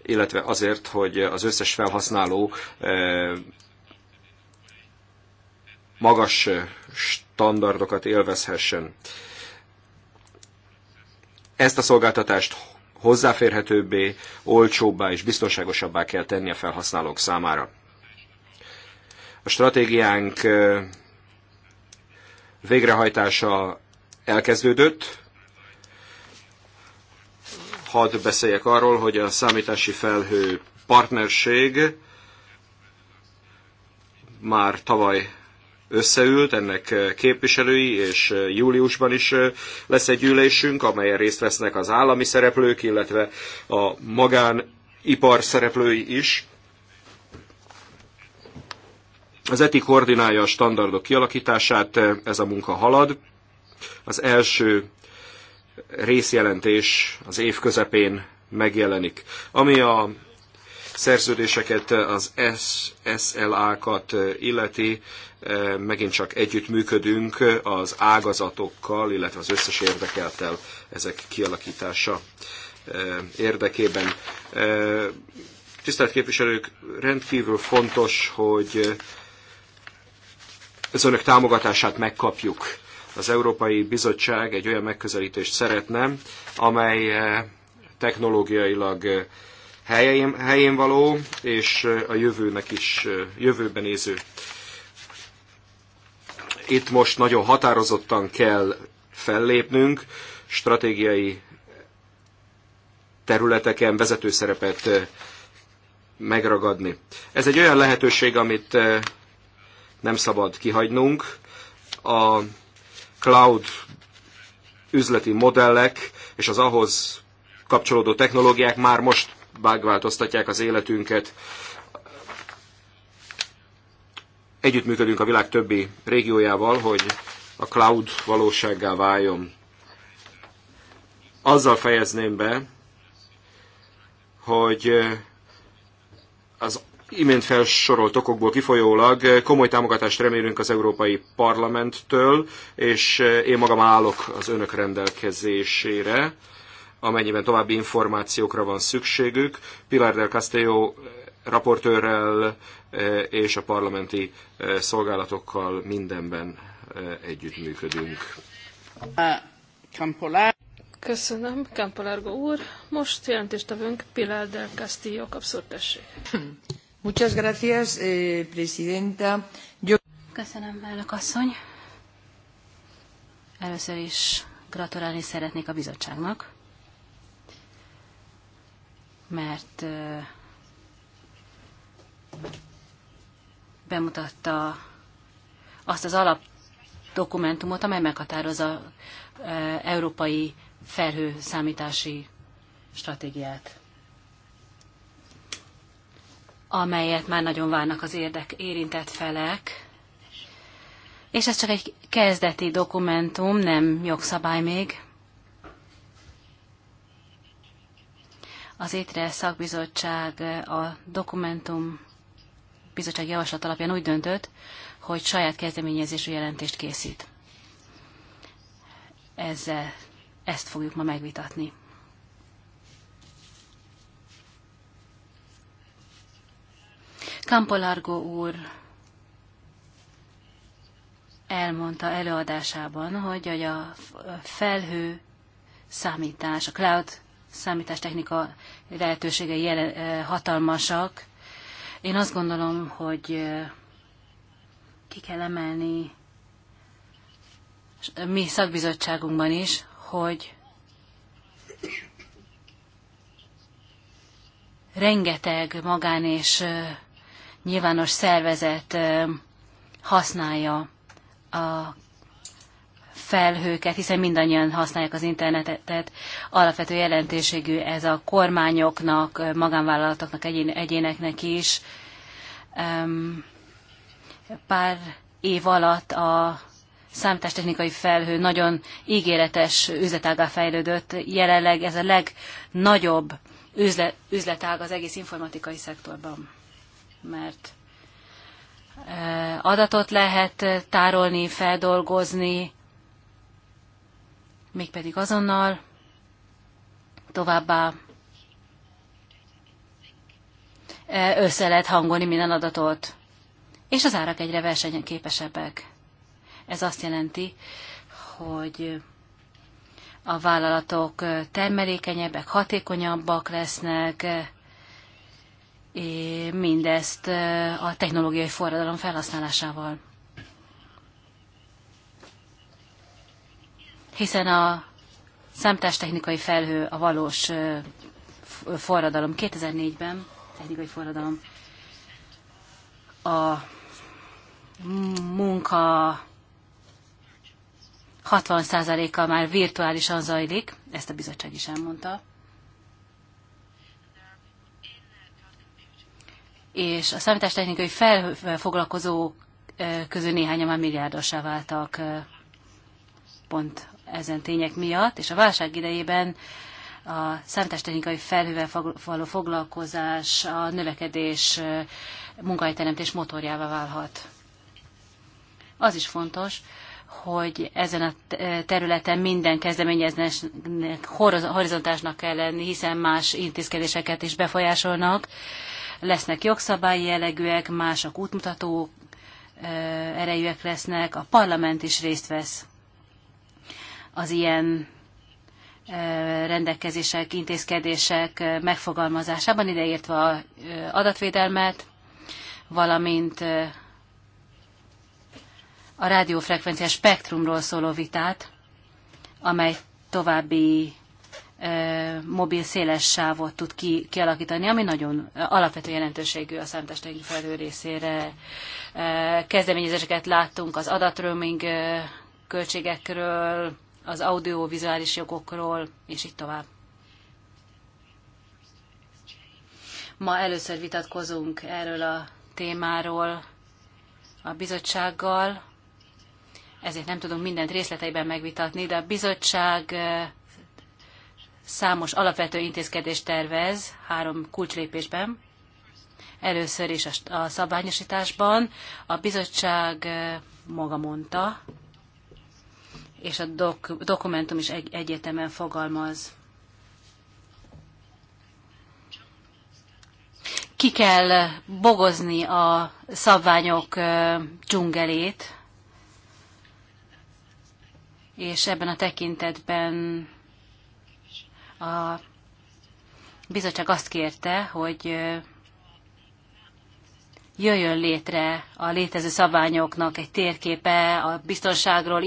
illetve azért, hogy az összes felhasználó magas standardokat élvezhessen. Ezt a szolgáltatást hozzáférhetőbbé, olcsóbbá és biztonságosabbá kell tenni a felhasználók számára. A stratégiánk végrehajtása elkezdődött. Hadd beszéljek arról, hogy a számítási felhő partnerség már tavaly összeült, ennek eh, képviselői, és eh, júliusban is eh, lesz egy ülésünk, amelyen részt vesznek az állami szereplők, illetve a magánipar szereplői is. Az ETI koordinálja a standardok kialakítását, ez a munka halad. Az első részjelentés az év közepén megjelenik. Ami a szerződéseket, az SLA-kat eh, illeti, eh, megint csak együttműködünk az ágazatokkal, illetve az összes érdekeltel ezek kialakítása eh, érdekében. Tisztelt képviselők, rendkívül fontos, hogy az önök támogatását megkapjuk. Az Európai Bizottság egy olyan megközelítést szeretne, amely technológiailag helyén, helyén való, és a jövőnek is jövőben néző. Itt most nagyon határozottan kell fellépnünk, stratégiai területeken vezető szerepet megragadni. Ez egy olyan lehetőség, amit nem szabad kihagynunk. A cloud üzleti modellek és az ahhoz kapcsolódó technológiák már most megváltoztatják az életünket. Együttműködünk a világ többi régiójával, hogy a cloud valósággá váljon. Azzal fejezném be, hogy az imént felsorolt okokból kifolyólag komoly támogatást remélünk az Európai Parlamenttől, és én magam állok az önök rendelkezésére amennyiben további információkra van szükségük. Pilar del Castillo eh, raportőrrel eh, és a parlamenti eh, szolgálatokkal mindenben együttműködünk. Köszönöm, Campolargo úr. Most jelentéstevőnk Pilar del Castillo kapszor Muchas gracias, presidenta. Yo... Köszönöm, elnök asszony. Először is gratulálni szeretnék a bizottságnak mert bemutatta azt az alapdokumentumot, amely meghatározza az európai számítási stratégiát, amelyet már nagyon várnak az érdek, érintett felek, és ez csak egy kezdeti dokumentum, nem jogszabály még. Az étre szakbizottság a dokumentum bizottság javaslat alapján úgy döntött, hogy saját kezdeményezésű jelentést készít. Ezzel ezt fogjuk ma megvitatni. Kampolargó úr elmondta előadásában, hogy, hogy a felhő számítás, a cloud számítástechnika lehetőségei jelen, hatalmasak. Én azt gondolom, hogy ki kell emelni mi szakbizottságunkban is, hogy rengeteg magán és nyilvános szervezet használja a felhőket, hiszen mindannyian használják az internetet. Alapvető jelentőségű ez a kormányoknak, magánvállalatoknak, egyén, egyéneknek is. Pár év alatt a számítástechnikai felhő nagyon ígéretes üzletágá fejlődött. Jelenleg ez a legnagyobb üzlet, üzletág az egész informatikai szektorban, mert eh, adatot lehet tárolni, feldolgozni, mégpedig azonnal. Továbbá e, össze lehet hangolni minden adatot, és az árak egyre versenyképesebbek. Ez azt jelenti, hogy a vállalatok termelékenyebbek, hatékonyabbak lesznek, mindezt e, a technológiai forradalom felhasználásával. hiszen a szemtestechnikai felhő a valós forradalom. 2004-ben technikai forradalom a munka 60%-a már virtuálisan zajlik, ezt a bizottság is elmondta. És a számítástechnikai felhővel foglalkozók közül néhányan már milliárdossá váltak pont ezen tények miatt, és a válság idejében a számítástechnikai felhővel való foglalkozás a növekedés munkahelyteremtés motorjává válhat. Az is fontos, hogy ezen a területen minden kezdeményezésnek horizontásnak kell lenni, hiszen más intézkedéseket is befolyásolnak. Lesznek jogszabályi jellegűek, mások útmutatók, erejűek lesznek, a parlament is részt vesz az ilyen rendelkezések, intézkedések megfogalmazásában, ideértve adatvédelmet, valamint a rádiófrekvenciás spektrumról szóló vitát, amely további mobil széles sávot tud ki, kialakítani, ami nagyon alapvető jelentőségű a számítástechnikai felelő részére. Kezdeményezéseket láttunk az adatroaming költségekről, az audiovizuális jogokról, és így tovább. Ma először vitatkozunk erről a témáról a bizottsággal, ezért nem tudunk mindent részleteiben megvitatni, de a bizottság eh, számos alapvető intézkedést tervez három kulcslépésben. Először is a szabványosításban a bizottság eh, maga mondta, és a dok- dokumentum is egy- egyetemen fogalmaz. Ki kell bogozni a szabványok dzsungelét, és ebben a tekintetben a bizottság azt kérte, hogy jöjjön létre a létező szabványoknak egy térképe a biztonságról,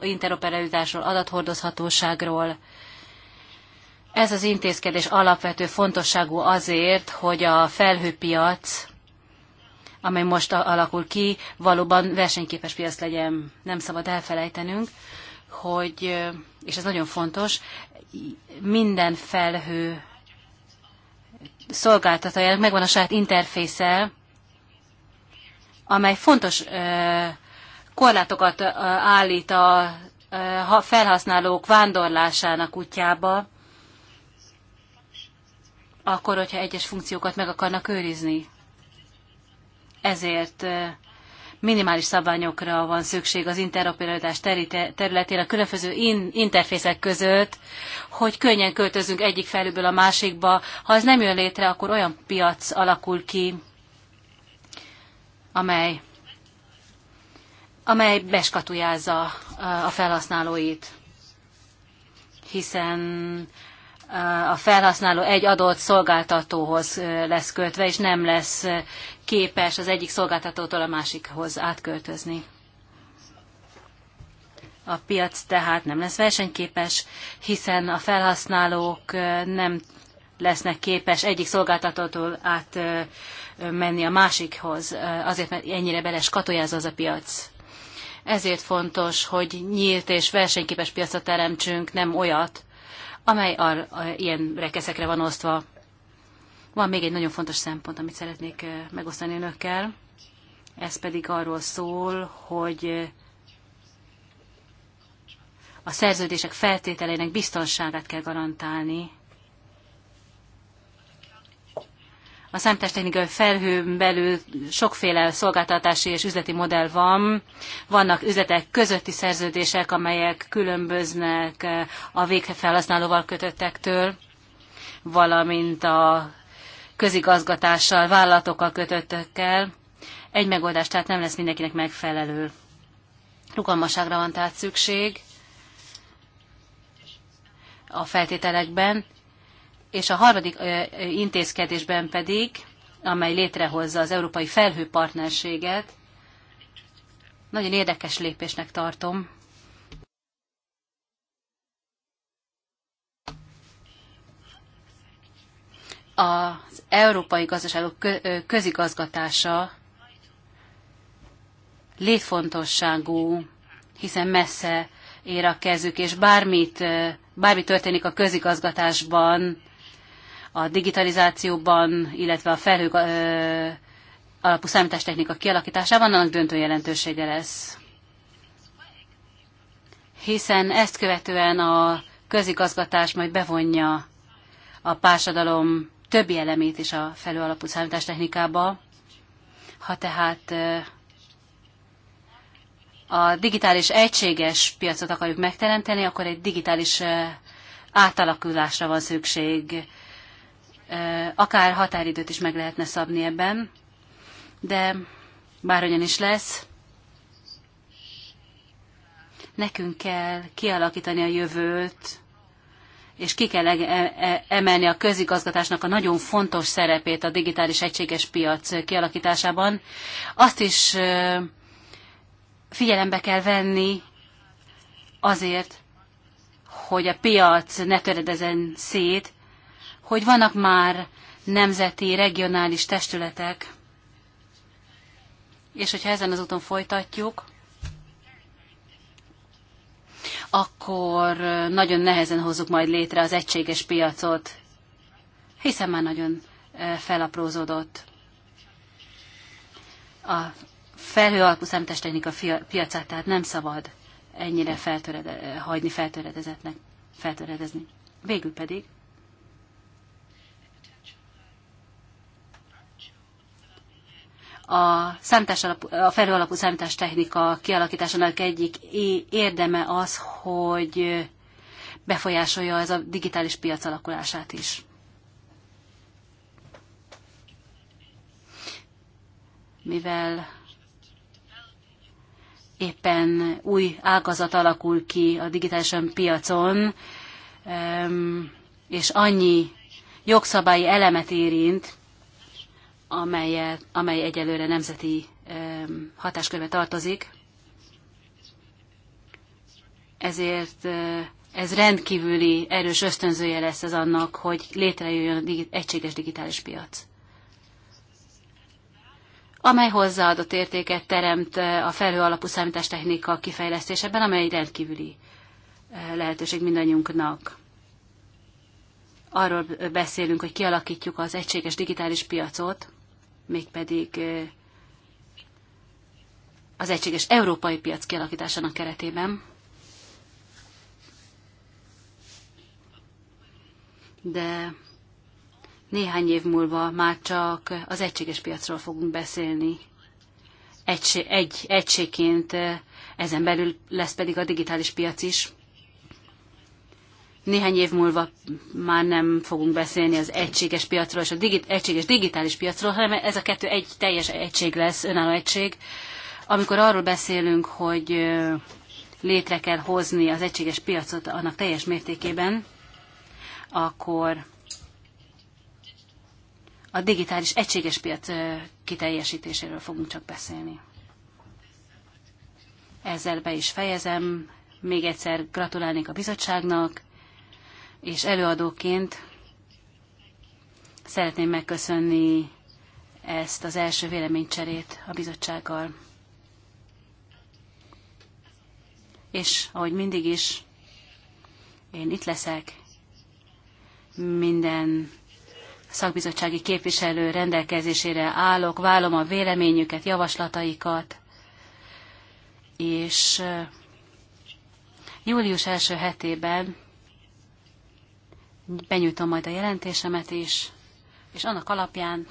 interoperabilitásról, adathordozhatóságról. Ez az intézkedés alapvető fontosságú azért, hogy a felhőpiac, amely most alakul ki, valóban versenyképes piac legyen. Nem szabad elfelejtenünk, hogy, és ez nagyon fontos, minden felhő szolgáltatójának megvan a saját interfészel, amely fontos korlátokat állít a felhasználók vándorlásának útjába, akkor, hogyha egyes funkciókat meg akarnak őrizni. Ezért minimális szabványokra van szükség az interoperabilitás területén a különböző in- interfészek között, hogy könnyen költözünk egyik felülből a másikba. Ha ez nem jön létre, akkor olyan piac alakul ki, amely, amely beskatujázza eh, a felhasználóit, hiszen eh, a felhasználó egy adott szolgáltatóhoz eh, lesz költve, és nem lesz képes az egyik szolgáltatótól a másikhoz átköltözni. A piac tehát nem lesz versenyképes, hiszen a felhasználók nem lesznek képes egyik szolgáltatótól át menni a másikhoz, azért, mert ennyire beleskatojázza az a piac. Ezért fontos, hogy nyílt és versenyképes piacot teremtsünk, nem olyat, amely a, ilyen rekeszekre van osztva. Van még egy nagyon fontos szempont, amit szeretnék megosztani önökkel. Ez pedig arról szól, hogy a szerződések feltételeinek biztonságát kell garantálni a számítástechnikai felhőn belül sokféle szolgáltatási és üzleti modell van. Vannak üzletek közötti szerződések, amelyek különböznek eh, a végfelhasználóval kötöttektől, valamint a közigazgatással, vállalatokkal kötöttekkel. Egy megoldás tehát nem lesz mindenkinek megfelelő. Rugalmasságra van tehát szükség a feltételekben, és a harmadik intézkedésben pedig, amely létrehozza az Európai Felhőpartnerséget, nagyon érdekes lépésnek tartom. Az európai gazdaságok közigazgatása létfontosságú, hiszen messze ér a kezük, és bármit, bármi történik a közigazgatásban, a digitalizációban, illetve a felhők alapú számítástechnika kialakításában annak döntő jelentősége lesz. Hiszen ezt követően a közigazgatás majd bevonja a pársadalom többi elemét is a felhő alapú számítástechnikába. Ha tehát a digitális egységes piacot akarjuk megteremteni, akkor egy digitális átalakulásra van szükség akár határidőt is meg lehetne szabni ebben, de bárhogyan is lesz, nekünk kell kialakítani a jövőt, és ki kell e- e- emelni a közigazgatásnak a nagyon fontos szerepét a digitális egységes piac kialakításában. Azt is figyelembe kell venni azért, hogy a piac ne töredezen szét, hogy vannak már nemzeti, regionális testületek, és hogyha ezen az úton folytatjuk, akkor nagyon nehezen hozzuk majd létre az egységes piacot, hiszen már nagyon felaprózódott a felhő alapú számítástechnika piacát, tehát nem szabad ennyire feltörede, hagyni feltöredezetnek, feltöredezni. Végül pedig a, számítás alapú, a felhőalapú számítástechnika kialakításának egyik érdeme az, hogy befolyásolja ez a digitális piac alakulását is. Mivel éppen új ágazat alakul ki a digitális piacon, és annyi jogszabályi elemet érint, amelyet, amely egyelőre nemzeti hatáskörbe tartozik. Ezért ez rendkívüli erős ösztönzője lesz az annak, hogy létrejöjjön egységes digitális piac amely hozzáadott értéket teremt a felhő alapú számítástechnika kifejlesztésében, amely rendkívüli lehetőség mindannyiunknak. Arról beszélünk, hogy kialakítjuk az egységes digitális piacot, mégpedig az egységes európai piac kialakításának keretében. De néhány év múlva már csak az egységes piacról fogunk beszélni. Egység, egy, egységként ezen belül lesz pedig a digitális piac is. Néhány év múlva már nem fogunk beszélni az egységes piacról és a digit, egységes digitális piacról, hanem ez a kettő egy teljes egység lesz, önálló egység. Amikor arról beszélünk, hogy létre kell hozni az egységes piacot annak teljes mértékében, akkor a digitális egységes piac kiteljesítéséről fogunk csak beszélni. Ezzel be is fejezem. Még egyszer gratulálnék a bizottságnak, és előadóként szeretném megköszönni ezt az első véleménycserét a bizottsággal. És ahogy mindig is, én itt leszek minden szakbizottsági képviselő rendelkezésére állok, vállom a véleményüket, javaslataikat, és július első hetében benyújtom majd a jelentésemet is, és annak alapján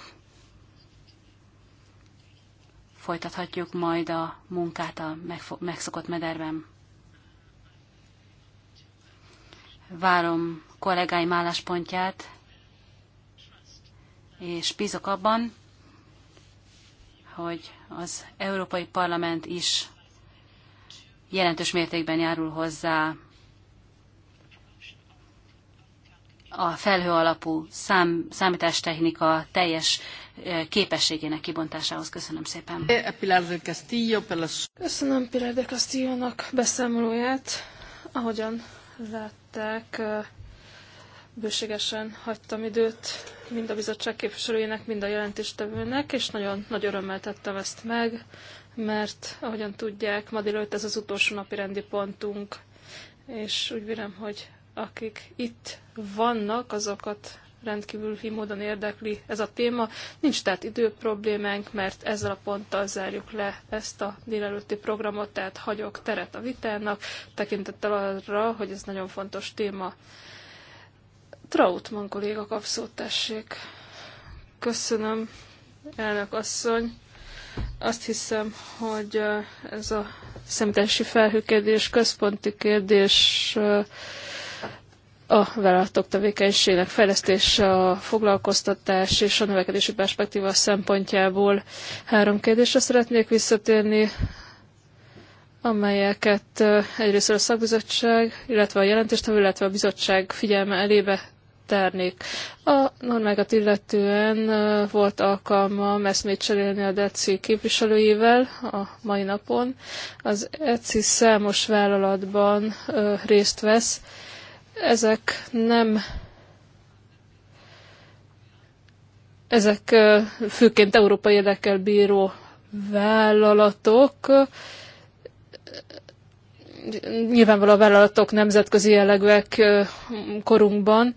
folytathatjuk majd a munkát a megszokott mederben. Várom kollégáim álláspontját, és bízok abban, hogy az Európai Parlament is jelentős mértékben járul hozzá a felhő alapú szám, számítástechnika teljes eh, képességének kibontásához. Köszönöm szépen. E Köszönöm Pilar de Castillo-nak beszámolóját. Ahogyan látták, eh, bőségesen hagytam időt mind a bizottság képviselőjének, mind a jelentéstevőnek, és nagyon nagy örömmel tettem ezt meg, mert ahogyan tudják, ma délőtt ez az utolsó napi rendi pontunk, és úgy vélem, hogy akik itt vannak, azokat rendkívül módon érdekli ez a téma. Nincs tehát idő problémánk, mert ezzel a ponttal zárjuk le ezt a délelőtti programot, tehát hagyok teret a vitának, tekintettel arra, hogy ez nagyon fontos téma. Trautmann kolléga kapszót tessék. Köszönöm, elnök asszony. Azt hiszem, hogy ez a szemtesi felhőkedés központi kérdés a vállalatok tevékenységének fejlesztése, a foglalkoztatás és a növekedési perspektíva szempontjából három kérdésre szeretnék visszatérni, amelyeket egyrészt a szakbizottság, illetve a jelentéstevő, illetve a bizottság figyelme elébe tárnék. A normákat illetően volt alkalmam eszmét cserélni a DECI képviselőivel a mai napon. Az ECI számos vállalatban részt vesz, ezek nem ezek főként európai érdekkel bíró vállalatok. Nyilvánvaló a vállalatok nemzetközi jellegűek korunkban.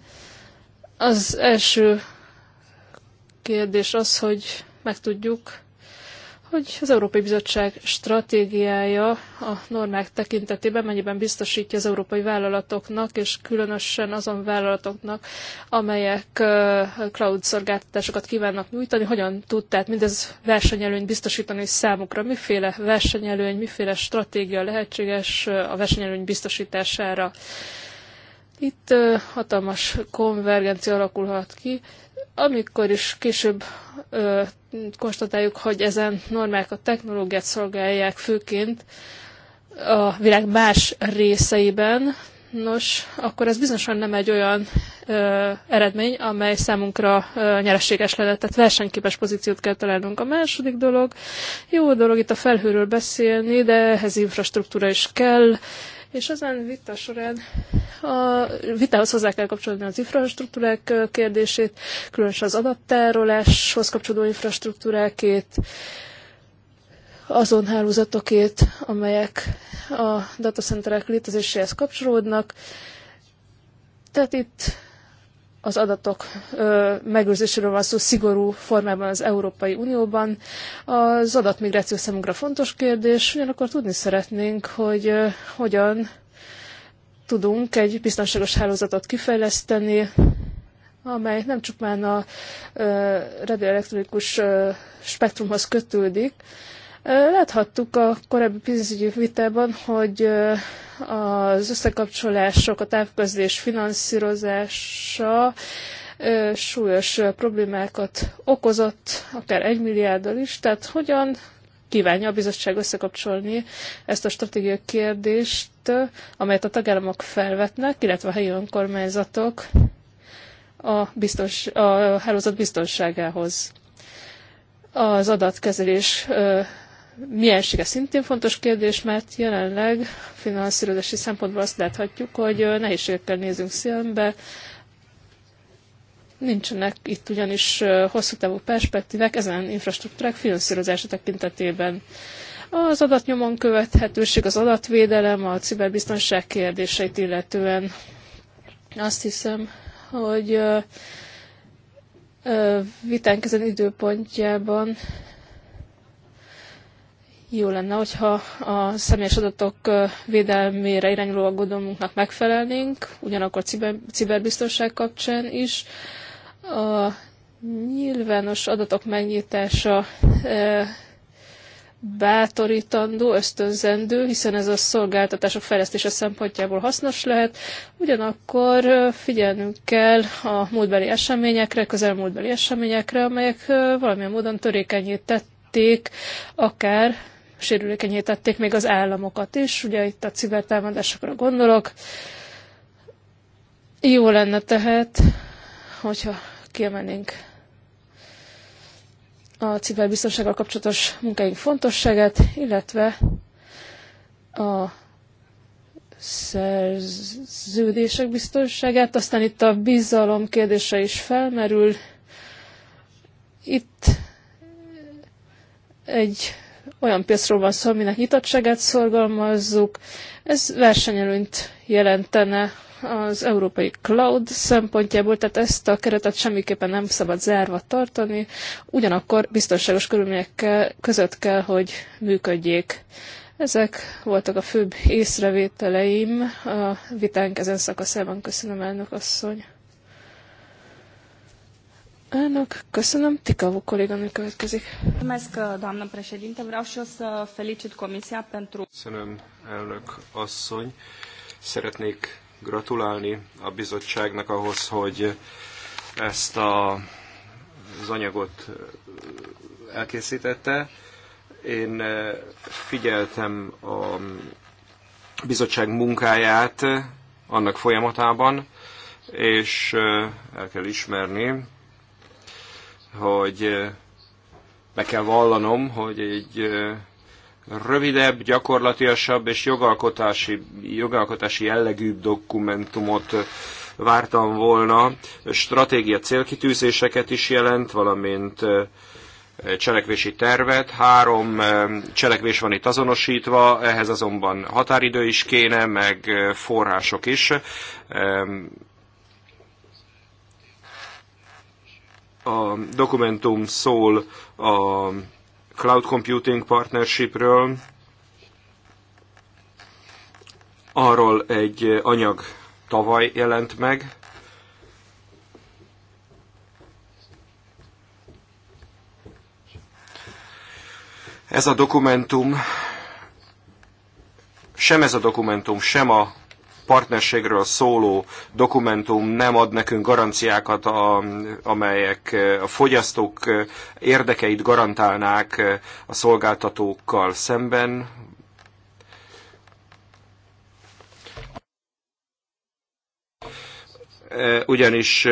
Az első kérdés az, hogy megtudjuk, hogy az Európai Bizottság stratégiája a normák tekintetében mennyiben biztosítja az európai vállalatoknak, és különösen azon vállalatoknak, amelyek cloud szolgáltatásokat kívánnak nyújtani, hogyan tud tehát mindez versenyelőnyt biztosítani számukra, miféle versenyelőny, miféle stratégia lehetséges a versenyelőny biztosítására. Itt hatalmas konvergencia alakulhat ki, amikor is később ö, konstatáljuk, hogy ezen normák a technológiát szolgálják főként a világ más részeiben, nos, akkor ez bizonyosan nem egy olyan ö, eredmény, amely számunkra ö, nyereséges lenne, tehát versenyképes pozíciót kell találnunk. A második dolog, jó dolog itt a felhőről beszélni, de ehhez infrastruktúra is kell, és ezen vita során a vitához hozzá kell kapcsolódni az infrastruktúrák kérdését, különösen az adattároláshoz kapcsolódó infrastruktúrákét, azon hálózatokét, amelyek a datacenterek létezéséhez kapcsolódnak. Tehát itt az adatok megőrzéséről van szó szigorú formában az Európai Unióban. Az adatmigráció számunkra fontos kérdés, ugyanakkor tudni szeretnénk, hogy hogyan tudunk egy biztonságos hálózatot kifejleszteni, amely nem csupán a radioelektronikus spektrumhoz kötődik, Láthattuk a korábbi pénzügyi vitában, hogy az összekapcsolások, a távközlés finanszírozása súlyos problémákat okozott, akár egy milliárddal is, tehát hogyan kívánja a bizottság összekapcsolni ezt a stratégiai kérdést, amelyet a tagállamok felvetnek, illetve a helyi önkormányzatok a, biztons, a hálózat biztonságához. Az adatkezelés miensége szintén fontos kérdés, mert jelenleg finanszírozási szempontból azt láthatjuk, hogy nehézségekkel nézünk szembe, nincsenek itt ugyanis hosszú távú perspektívek ezen infrastruktúrák finanszírozása tekintetében. Az adatnyomon követhetőség, az adatvédelem, a ciberbiztonság kérdéseit illetően azt hiszem, hogy vitánk ezen időpontjában jó lenne, hogyha a személyes adatok védelmére irányuló aggodalmunknak megfelelnénk, ugyanakkor ciber, ciberbiztonság kapcsán is. A nyilvános adatok megnyitása bátorítandó, ösztönzendő, hiszen ez a szolgáltatások fejlesztése szempontjából hasznos lehet. Ugyanakkor figyelnünk kell a múltbeli eseményekre, közelmúltbeli eseményekre, amelyek valamilyen módon törékenyítették akár sérülékenyé tették még az államokat is, ugye itt a cibertámadásokra gondolok. Jó lenne tehát, hogyha kiemelnénk a civilbiztonsággal kapcsolatos munkáink fontosságát, illetve a szerződések biztonságát. Aztán itt a bizalom kérdése is felmerül. Itt egy olyan piacról van szó, aminek nyitottságát szorgalmazzuk. Ez versenyelőnyt jelentene az európai cloud szempontjából, tehát ezt a keretet semmiképpen nem szabad zárva tartani, ugyanakkor biztonságos körülmények között kell, hogy működjék. Ezek voltak a főbb észrevételeim a vitánk ezen szakaszában. Köszönöm, elnök asszony! Elnök, köszönöm. Tikavó kolléganő következik. Mulțumesc, doamnă președinte. Vreau și eu să felicit Comisia pentru... Köszönöm, elnök asszony. Szeretnék gratulálni a bizottságnak ahhoz, hogy ezt a, az anyagot elkészítette. Én figyeltem a bizottság munkáját annak folyamatában, és el kell ismerni, hogy be kell vallanom, hogy egy rövidebb, gyakorlatiasabb és jogalkotási, jogalkotási jellegűbb dokumentumot vártam volna. Stratégia célkitűzéseket is jelent, valamint cselekvési tervet. Három cselekvés van itt azonosítva, ehhez azonban határidő is kéne, meg források is. a dokumentum szól a Cloud Computing Partnershipről, arról egy anyag tavaly jelent meg, ez a dokumentum, sem ez a dokumentum, sem a partnerségről szóló dokumentum nem ad nekünk garanciákat, a, amelyek a fogyasztók érdekeit garantálnák a szolgáltatókkal szemben, ugyanis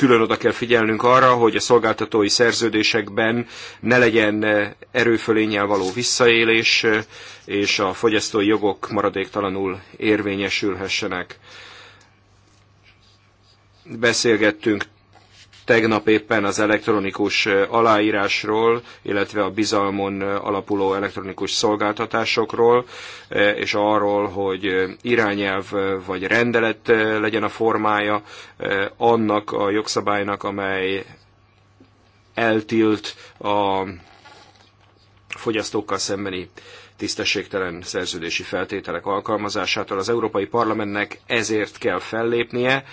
külön oda kell figyelnünk arra, hogy a szolgáltatói szerződésekben ne legyen eh, erőfölényel való visszaélés, eh, és a fogyasztói jogok maradéktalanul érvényesülhessenek. Beszélgettünk Tegnap éppen az elektronikus aláírásról, illetve a bizalmon alapuló elektronikus szolgáltatásokról, és arról, hogy irányelv vagy rendelet legyen a formája annak a jogszabálynak, amely eltilt a fogyasztókkal szembeni tisztességtelen szerződési feltételek alkalmazásától. Az Európai Parlamentnek ezért kell fellépnie,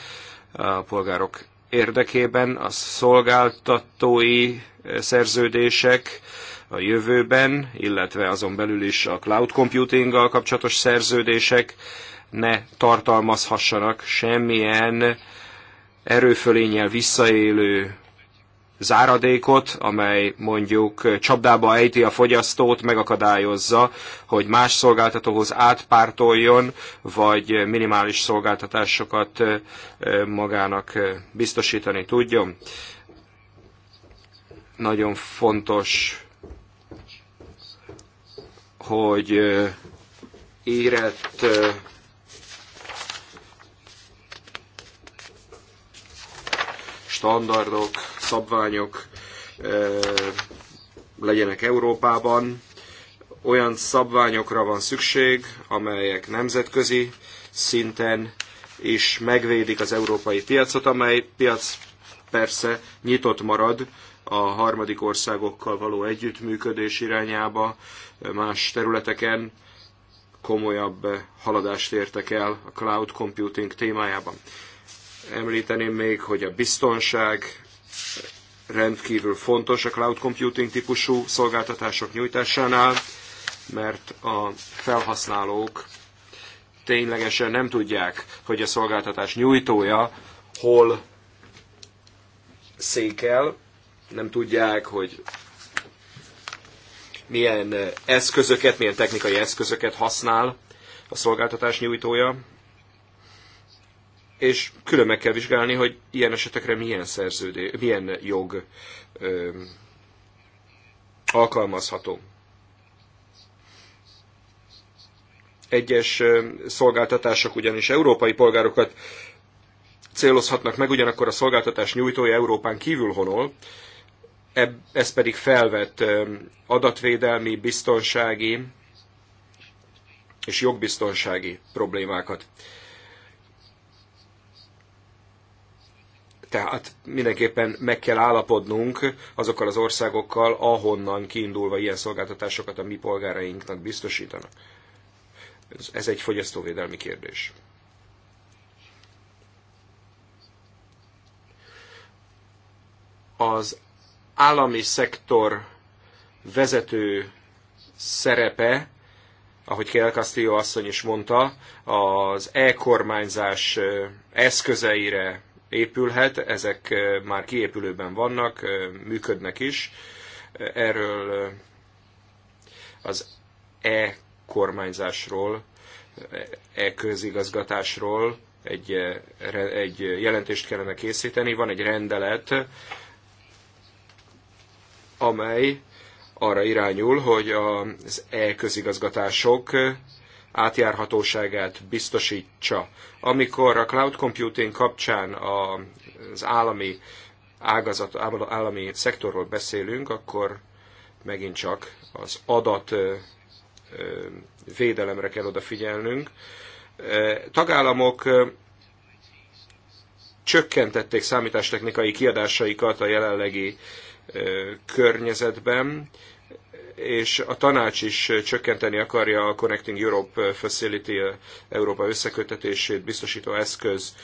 a polgárok érdekében a szolgáltatói eh, szerződések a jövőben, illetve azon belül is a cloud computinggal kapcsolatos szerződések ne tartalmazhassanak semmilyen erőfölényel visszaélő záradékot, amely mondjuk csapdába ejti a fogyasztót, megakadályozza, hogy más szolgáltatóhoz átpártoljon, vagy minimális szolgáltatásokat magának biztosítani tudjon. Nagyon fontos, hogy érett standardok szabványok legyenek Európában. Olyan szabványokra van szükség, amelyek nemzetközi szinten is megvédik az európai piacot, amely piac persze nyitott marad a harmadik országokkal való együttműködés irányába, más területeken komolyabb haladást értek el a cloud computing témájában. Említeném még, hogy a biztonság rendkívül fontos a cloud computing típusú szolgáltatások nyújtásánál, mert a felhasználók ténylegesen nem tudják, hogy a szolgáltatás nyújtója hol székel, nem tudják, hogy milyen eszközöket, milyen technikai eszközöket használ a szolgáltatás nyújtója és külön meg kell vizsgálni, hogy ilyen esetekre milyen szerződés, milyen jog ö, alkalmazható. Egyes szolgáltatások ugyanis európai polgárokat célozhatnak meg, ugyanakkor a szolgáltatás nyújtója Európán kívül honol, ez pedig felvet adatvédelmi, biztonsági és jogbiztonsági problémákat. Tehát mindenképpen meg kell állapodnunk azokkal az országokkal, ahonnan kiindulva ilyen szolgáltatásokat a mi polgárainknak biztosítanak. Ez egy fogyasztóvédelmi kérdés. Az állami szektor vezető szerepe, ahogy Kiel Castillo asszony is mondta, az e-kormányzás eszközeire épülhet, ezek eh, már kiépülőben vannak, eh, működnek is. Eh, erről az e-kormányzásról, e-közigazgatásról egy, egy jelentést kellene készíteni. Van egy rendelet, amely arra irányul, hogy az e-közigazgatások átjárhatóságát biztosítsa. Amikor a cloud computing kapcsán az állami ágazat, állami szektorról beszélünk, akkor megint csak az adat védelemre kell odafigyelnünk. Tagállamok csökkentették számítástechnikai kiadásaikat a jelenlegi környezetben, és a tanács is csökkenteni akarja a Connecting Europe Facility, Európa összekötetését biztosító eszköz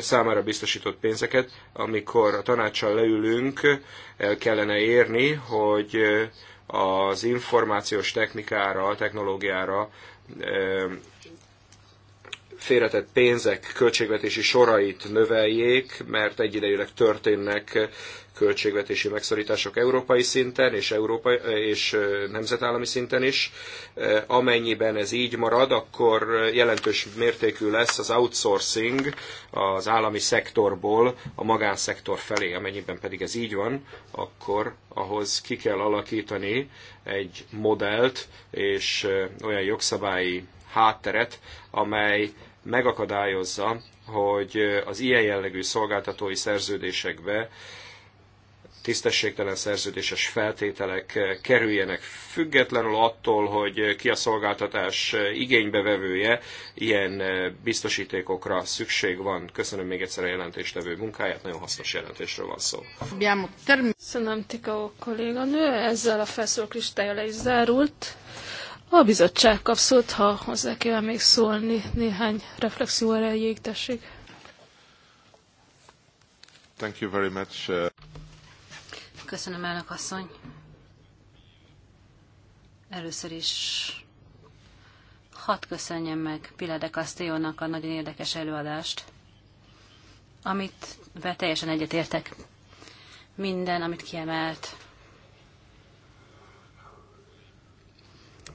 számára biztosított pénzeket, amikor a tanácssal leülünk, el kellene érni, hogy az információs technikára, technológiára félretett pénzek költségvetési sorait növeljék, mert egyidejűleg történnek költségvetési megszorítások európai szinten és, európai, és nemzetállami szinten is. Amennyiben ez így marad, akkor jelentős mértékű lesz az outsourcing az állami szektorból a magánszektor felé. Amennyiben pedig ez így van, akkor ahhoz ki kell alakítani egy modellt és olyan jogszabályi hátteret, amely megakadályozza, hogy az ilyen jellegű szolgáltatói szerződésekbe tisztességtelen szerződéses feltételek kerüljenek, függetlenül attól, hogy ki a szolgáltatás igénybevevője, ilyen biztosítékokra szükség van. Köszönöm még egyszer a jelentéstevő munkáját, nagyon hasznos jelentésről van szó. Köszönöm, Tika kolléganő, ezzel a felszóló kristály le is zárult. A bizottság kap szót, ha hozzá kell még szólni néhány reflexió erejéig, tessék. Thank you very much. Uh, Köszönöm, elnök asszony. Először is hadd köszönjem meg Pilade Castillonak a nagyon érdekes előadást, amit be teljesen egyetértek. Minden, amit kiemelt,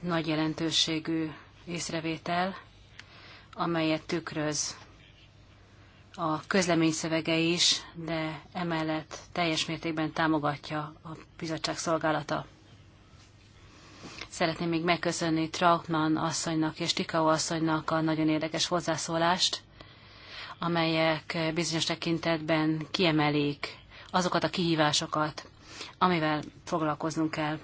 nagy jelentőségű észrevétel, amelyet tükröz a közlemény szövege is, de emellett teljes mértékben támogatja a bizottság szolgálata. Szeretném még megköszönni Trautmann asszonynak és Tikau asszonynak a nagyon érdekes hozzászólást, amelyek bizonyos tekintetben kiemelik azokat a kihívásokat, amivel foglalkoznunk kell.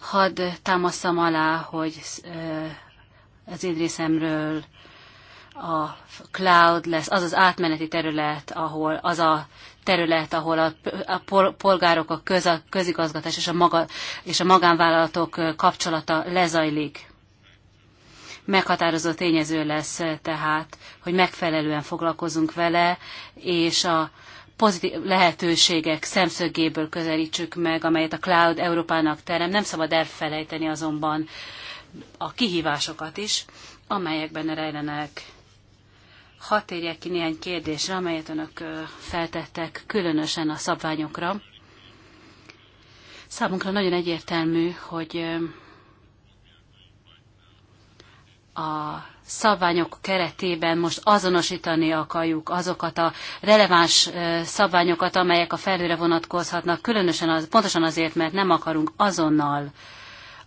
Hadd támaszom alá, hogy az én részemről a cloud lesz az az átmeneti terület, ahol az a terület, ahol a, polgárok, a, köz, a közigazgatás és a, maga, és a magánvállalatok kapcsolata lezajlik. Meghatározó tényező lesz tehát, hogy megfelelően foglalkozunk vele, és a pozitív lehetőségek szemszögéből közelítsük meg, amelyet a Cloud Európának terem. Nem szabad elfelejteni azonban a kihívásokat is, amelyek benne rejlenek Hat térjek ki néhány kérdésre, amelyet önök feltettek, különösen a szabványokra. Számunkra nagyon egyértelmű, hogy a szabványok keretében most azonosítani akarjuk azokat a releváns szabványokat, amelyek a felőre vonatkozhatnak, különösen az, pontosan azért, mert nem akarunk azonnal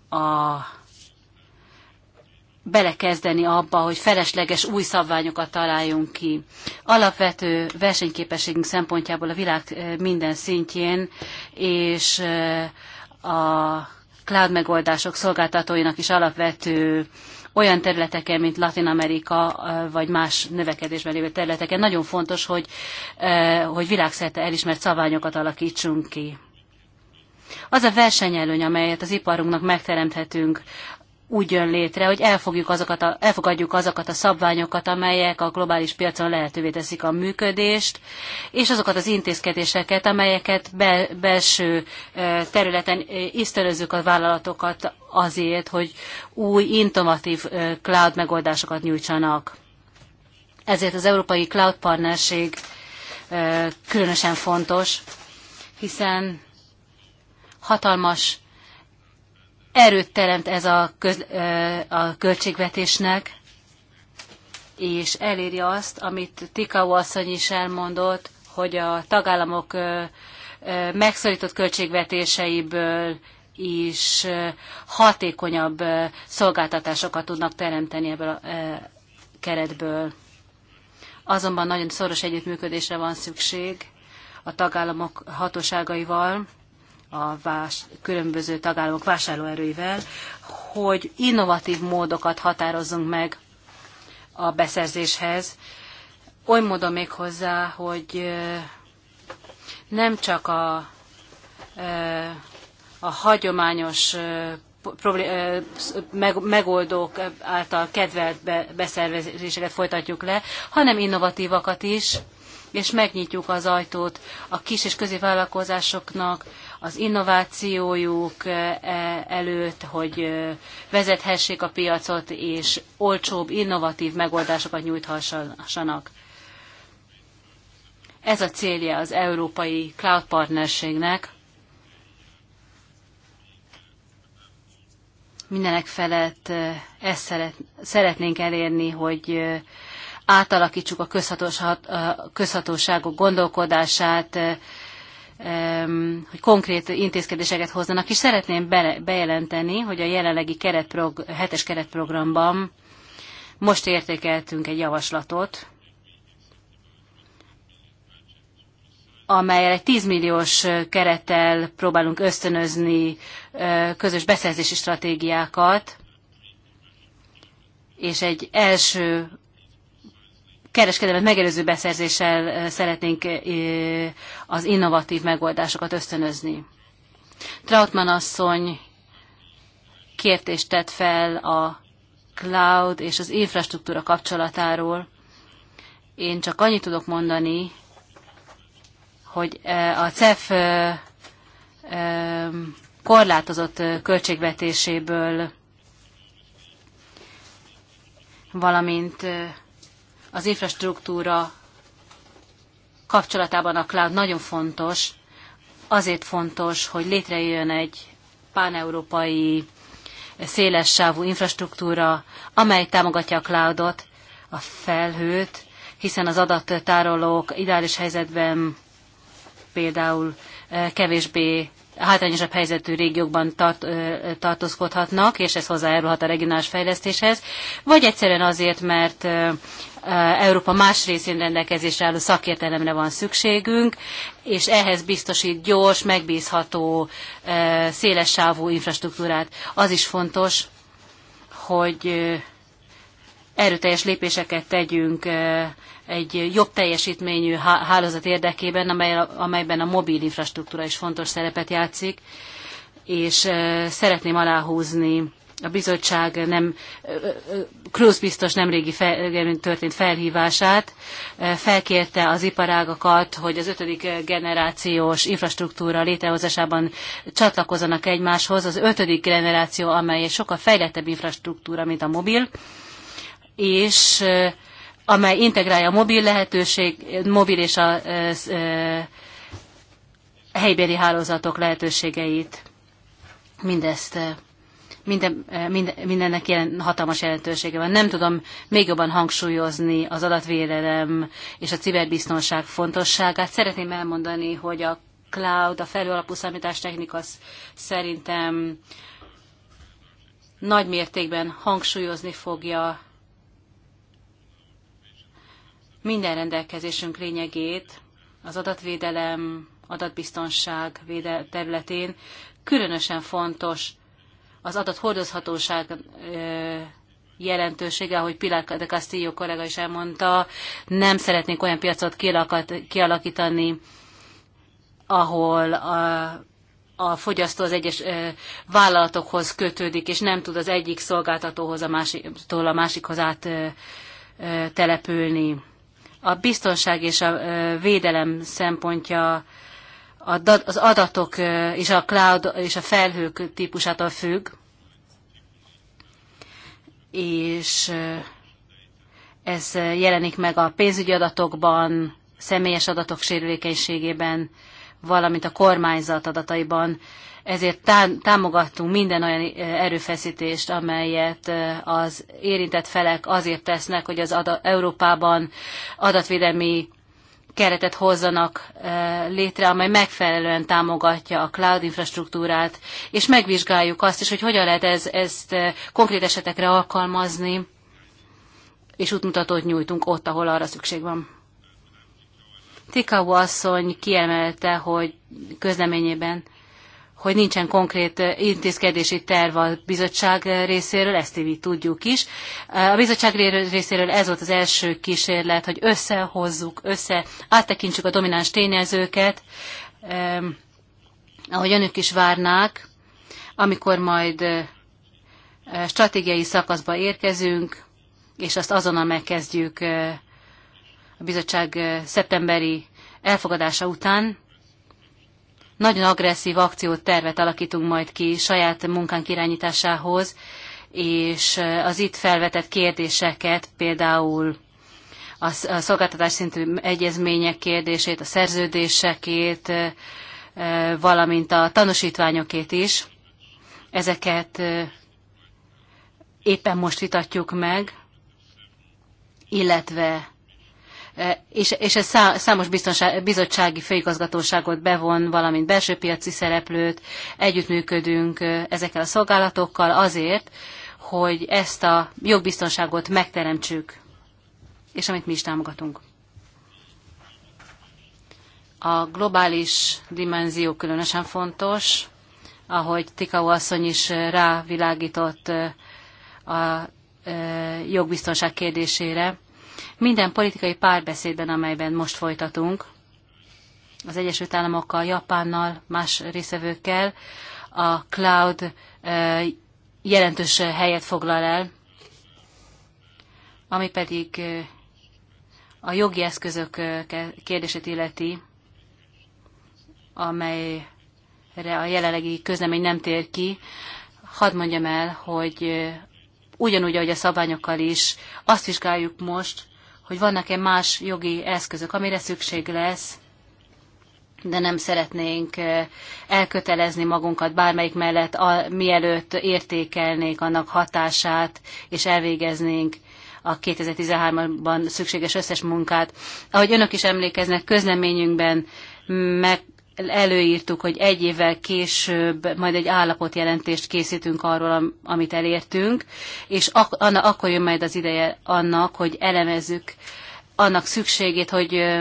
a belekezdeni abba, hogy felesleges új szabványokat találjunk ki. Alapvető versenyképességünk szempontjából a világ eh, minden szintjén, és eh, a cloud megoldások szolgáltatóinak is alapvető olyan területeken, mint Latin Amerika, eh, vagy más növekedésben lévő területeken nagyon fontos, hogy, hogy világszerte elismert szabványokat alakítsunk ki. Az a versenyelőny, amelyet az iparunknak megteremthetünk úgy jön létre, hogy elfogjuk azokat a, elfogadjuk azokat a szabványokat, amelyek a globális piacon lehetővé teszik a működést, és azokat az intézkedéseket, amelyeket be, belső területen isztelőzzük a vállalatokat azért, hogy új, innovatív cloud megoldásokat nyújtsanak. Ezért az Európai Cloud Partnerség különösen fontos, hiszen hatalmas erőt teremt ez a, köz, a költségvetésnek, és eléri azt, amit Tikau asszony is elmondott, hogy a tagállamok megszorított költségvetéseiből is hatékonyabb szolgáltatásokat tudnak teremteni ebből a keretből. Azonban nagyon szoros együttműködésre van szükség a tagállamok hatóságaival, a vás, különböző tagállamok vásárlóerőivel, hogy innovatív módokat határozzunk meg a beszerzéshez, oly módon még hozzá, hogy nem csak a, a hagyományos megoldók által kedvelt beszervezéseket folytatjuk le, hanem innovatívakat is, és megnyitjuk az ajtót a kis és középvállalkozásoknak, az innovációjuk e, e, előtt, hogy e, vezethessék a piacot, és olcsóbb, innovatív megoldásokat nyújthassanak. Ez a célja az Európai Cloud Partnerségnek. Mindenek felett ezt szeretnénk elérni, hogy átalakítsuk a közhatóságok gondolkodását, hogy konkrét intézkedéseket hozzanak, és szeretném bejelenteni, hogy a jelenlegi keretprog- hetes keretprogramban most értékeltünk egy javaslatot, amelyel egy 10 milliós kerettel próbálunk ösztönözni közös beszerzési stratégiákat, és egy első kereskedelmet megelőző beszerzéssel szeretnénk az innovatív megoldásokat ösztönözni. Trautmann asszony kértést tett fel a cloud és az infrastruktúra kapcsolatáról. Én csak annyit tudok mondani, hogy a CEF korlátozott költségvetéséből, valamint az infrastruktúra kapcsolatában a cloud nagyon fontos, azért fontos, hogy létrejön egy páneurópai széles sávú infrastruktúra, amely támogatja a cloudot, a felhőt, hiszen az adattárolók ideális helyzetben például eh, kevésbé hátrányosabb helyzetű régiókban tart, eh, tartózkodhatnak, és ez hozzájárulhat a regionális fejlesztéshez, vagy egyszerűen azért, mert eh, Eh, Európa más részén rendelkezésre álló szakértelemre van szükségünk, és ehhez biztosít gyors, megbízható, eh, széles sávú infrastruktúrát. Az is fontos, hogy eh, erőteljes lépéseket tegyünk egy jobb teljesítményű hálózat érdekében, amelyben a mobil infrastruktúra is fontos szerepet játszik, és szeretném aláhúzni a bizottság nem, Cruz biztos nemrégi fel, történt felhívását, felkérte az iparágakat, hogy az ötödik generációs infrastruktúra létrehozásában csatlakozzanak egymáshoz. Az ötödik generáció, amely egy sokkal fejlettebb infrastruktúra, mint a mobil, és amely integrálja a mobil lehetőség, mobil és a, a, a helybéli hálózatok lehetőségeit. Mindezt minden, eh, minden, mindennek ilyen hatalmas jelentősége van. Nem tudom még jobban hangsúlyozni az adatvédelem és a ciberbiztonság fontosságát. Szeretném elmondani, hogy a cloud, a felőalapú számítástechnika szerintem nagy mértékben hangsúlyozni fogja minden rendelkezésünk lényegét az adatvédelem, adatbiztonság területén. Különösen fontos az adat hordozhatóság jelentősége, ahogy Pilar de Castillo kollega is elmondta, nem szeretnénk olyan piacot kialakítani, ahol a, a fogyasztó az egyes ö, vállalatokhoz kötődik, és nem tud az egyik szolgáltatóhoz a másiktól a másikhoz át ö, ö, települni. A biztonság és a ö, védelem szempontja az adatok és a cloud és a felhők típusától függ, és ez jelenik meg a pénzügyi adatokban, személyes adatok sérülékenységében, valamint a kormányzat adataiban. Ezért támogattunk minden olyan erőfeszítést, amelyet az érintett felek azért tesznek, hogy az Európában adatvédelmi keretet hozzanak létre, amely megfelelően támogatja a cloud infrastruktúrát, és megvizsgáljuk azt is, hogy hogyan lehet ez, ezt konkrét esetekre alkalmazni, és útmutatót nyújtunk ott, ahol arra szükség van. Tikau asszony kiemelte, hogy közleményében, hogy nincsen konkrét eh, intézkedési terv a bizottság eh, részéről, ezt így tudjuk is. Eh, a bizottság részéről ez volt az első kísérlet, hogy összehozzuk, össze, áttekintsük a domináns tényezőket, ahogy önök is várnák, amikor majd stratégiai szakaszba érkezünk, és azt azonnal megkezdjük a bizottság szeptemberi elfogadása után, nagyon agresszív akciót tervet alakítunk majd ki saját munkánk irányításához, és az itt felvetett kérdéseket, például a szolgáltatás szintű egyezmények kérdését, a szerződésekét, valamint a tanúsítványokét is. Ezeket éppen most vitatjuk meg, illetve E, és, és ez számos bizottsági főigazgatóságot bevon, valamint belső piaci szereplőt, együttműködünk e, ezekkel a szolgálatokkal azért, hogy ezt a jogbiztonságot megteremtsük, és amit mi is támogatunk. A globális dimenzió különösen fontos, ahogy Tikau asszony is rávilágított e, a jogbiztonság kérdésére minden politikai párbeszédben, amelyben most folytatunk, az Egyesült Államokkal, Japánnal, más részevőkkel, a cloud jelentős helyet foglal el, ami pedig a jogi eszközök kérdését illeti, amelyre a jelenlegi közlemény nem tér ki. Hadd mondjam el, hogy ugyanúgy, ahogy a szabványokkal is, azt vizsgáljuk most, hogy vannak-e más jogi eszközök, amire szükség lesz, de nem szeretnénk eh, elkötelezni magunkat bármelyik mellett, a, mielőtt értékelnék annak hatását, és elvégeznénk a 2013-ban szükséges összes munkát. Ahogy önök is emlékeznek, közleményünkben meg előírtuk, hogy egy évvel később majd egy állapotjelentést készítünk arról, amit elértünk, és ak- anna, akkor jön majd az ideje annak, hogy elemezzük annak szükségét, hogy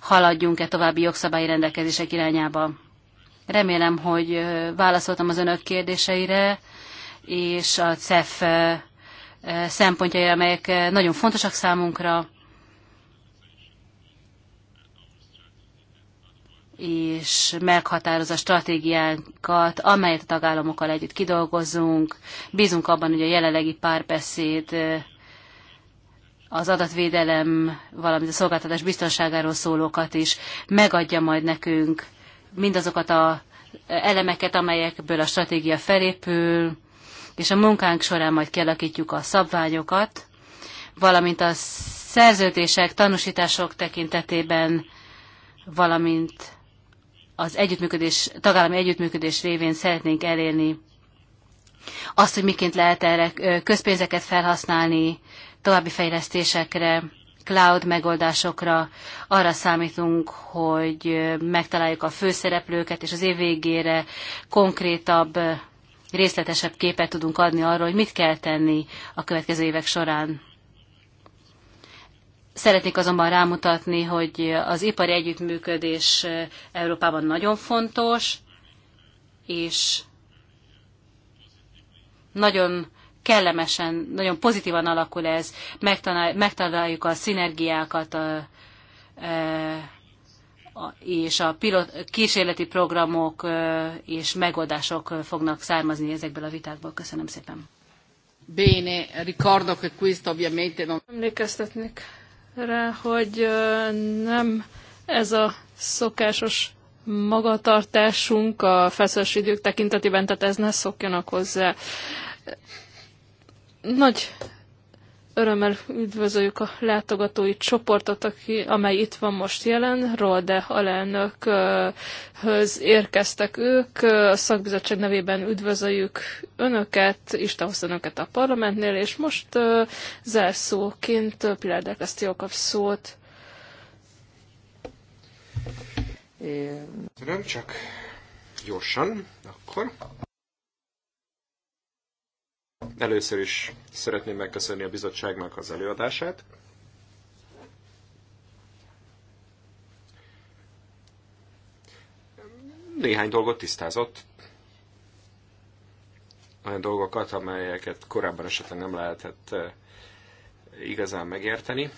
haladjunk-e további jogszabályi rendelkezések irányába. Remélem, hogy válaszoltam az önök kérdéseire, és a CEF szempontjaira, amelyek nagyon fontosak számunkra és meghatároz a stratégiánkat, amelyet a tagállamokkal együtt kidolgozunk. Bízunk abban, hogy a jelenlegi párbeszéd az adatvédelem, valamint a szolgáltatás biztonságáról szólókat is megadja majd nekünk mindazokat a elemeket, amelyekből a stratégia felépül, és a munkánk során majd kialakítjuk a szabványokat, valamint a szerződések, tanúsítások tekintetében, valamint az együttműködés, tagállami együttműködés révén szeretnénk elérni azt, hogy miként lehet erre közpénzeket felhasználni, további fejlesztésekre, cloud megoldásokra. Arra számítunk, hogy megtaláljuk a főszereplőket, és az év végére konkrétabb, részletesebb képet tudunk adni arról, hogy mit kell tenni a következő évek során. Szeretnék azonban rámutatni, hogy az ipari együttműködés Európában nagyon fontos, és nagyon kellemesen, nagyon pozitívan alakul ez, megtaláljuk a szinergiákat, a, e, a, és a pilot, kísérleti programok e, és megoldások fognak származni ezekből a vitákból. Köszönöm szépen. Bene, ricordo che questo ovviamente non... Emlékeztetnék rá, hogy nem ez a szokásos magatartásunk a feszes idők tekintetében, tehát ez ne szokjanak hozzá. Nagy Örömmel üdvözöljük a látogatói csoportot, aki, amely itt van most jelen. Rolde alelnökhöz érkeztek ők. A szakbizottság nevében üdvözöljük Önöket, Isten hozta Önöket a parlamentnél, és most uh, zárszóként Pilar del Castillo kap szót. Köszönöm, csak gyorsan, akkor Először is szeretném megköszönni a bizottságnak az előadását. Néhány dolgot tisztázott. Olyan dolgokat, amelyeket korábban esetleg nem lehetett eh, igazán megérteni.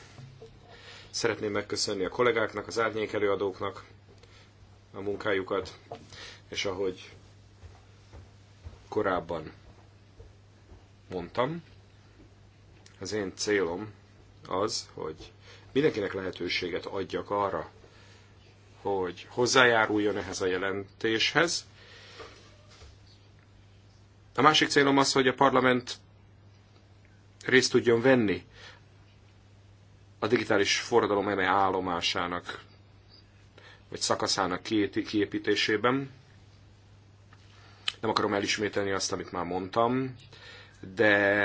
Szeretném megköszönni a kollégáknak, az árnyék előadóknak a munkájukat, és ahogy korábban mondtam. Az én célom az, hogy mindenkinek lehetőséget adjak arra, hogy hozzájáruljon ehhez a jelentéshez. A másik célom az, hogy a parlament részt tudjon venni a digitális forradalom eme állomásának vagy szakaszának kiépítésében. Nem akarom elismételni azt, amit már mondtam de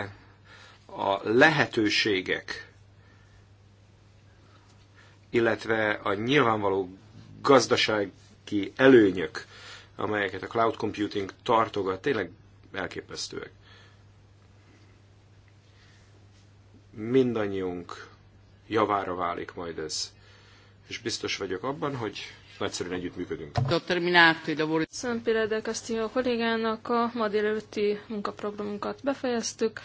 a lehetőségek, illetve a nyilvánvaló gazdasági előnyök, amelyeket a cloud computing tartogat, tényleg elképesztőek. Mindannyiunk javára válik majd ez. És biztos vagyok abban, hogy nagyszerűen együttműködünk. Köszönöm Piredel Castillo kollégának, a ma délelőtti munkaprogramunkat befejeztük.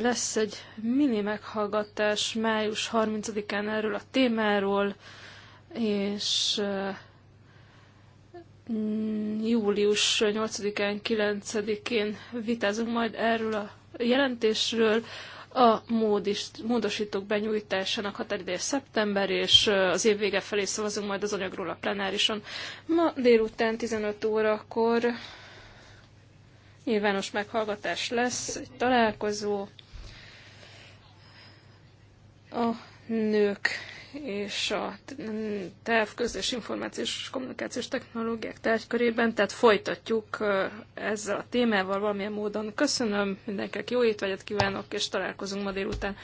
Lesz egy mini meghallgatás május 30-án erről a témáról, és mm, július 8-án, 9-én vitázunk majd erről a jelentésről. A módosítók benyújtásának határideje szeptember, és az év vége felé szavazunk majd az anyagról a plenárison. Ma délután 15 órakor nyilvános meghallgatás lesz, egy találkozó a nők és a TEV közös információs és kommunikációs technológiák tárgykörében, tehát folytatjuk ezzel a témával valamilyen módon. Köszönöm mindenkinek, jó étvágyat kívánok, és találkozunk ma délután.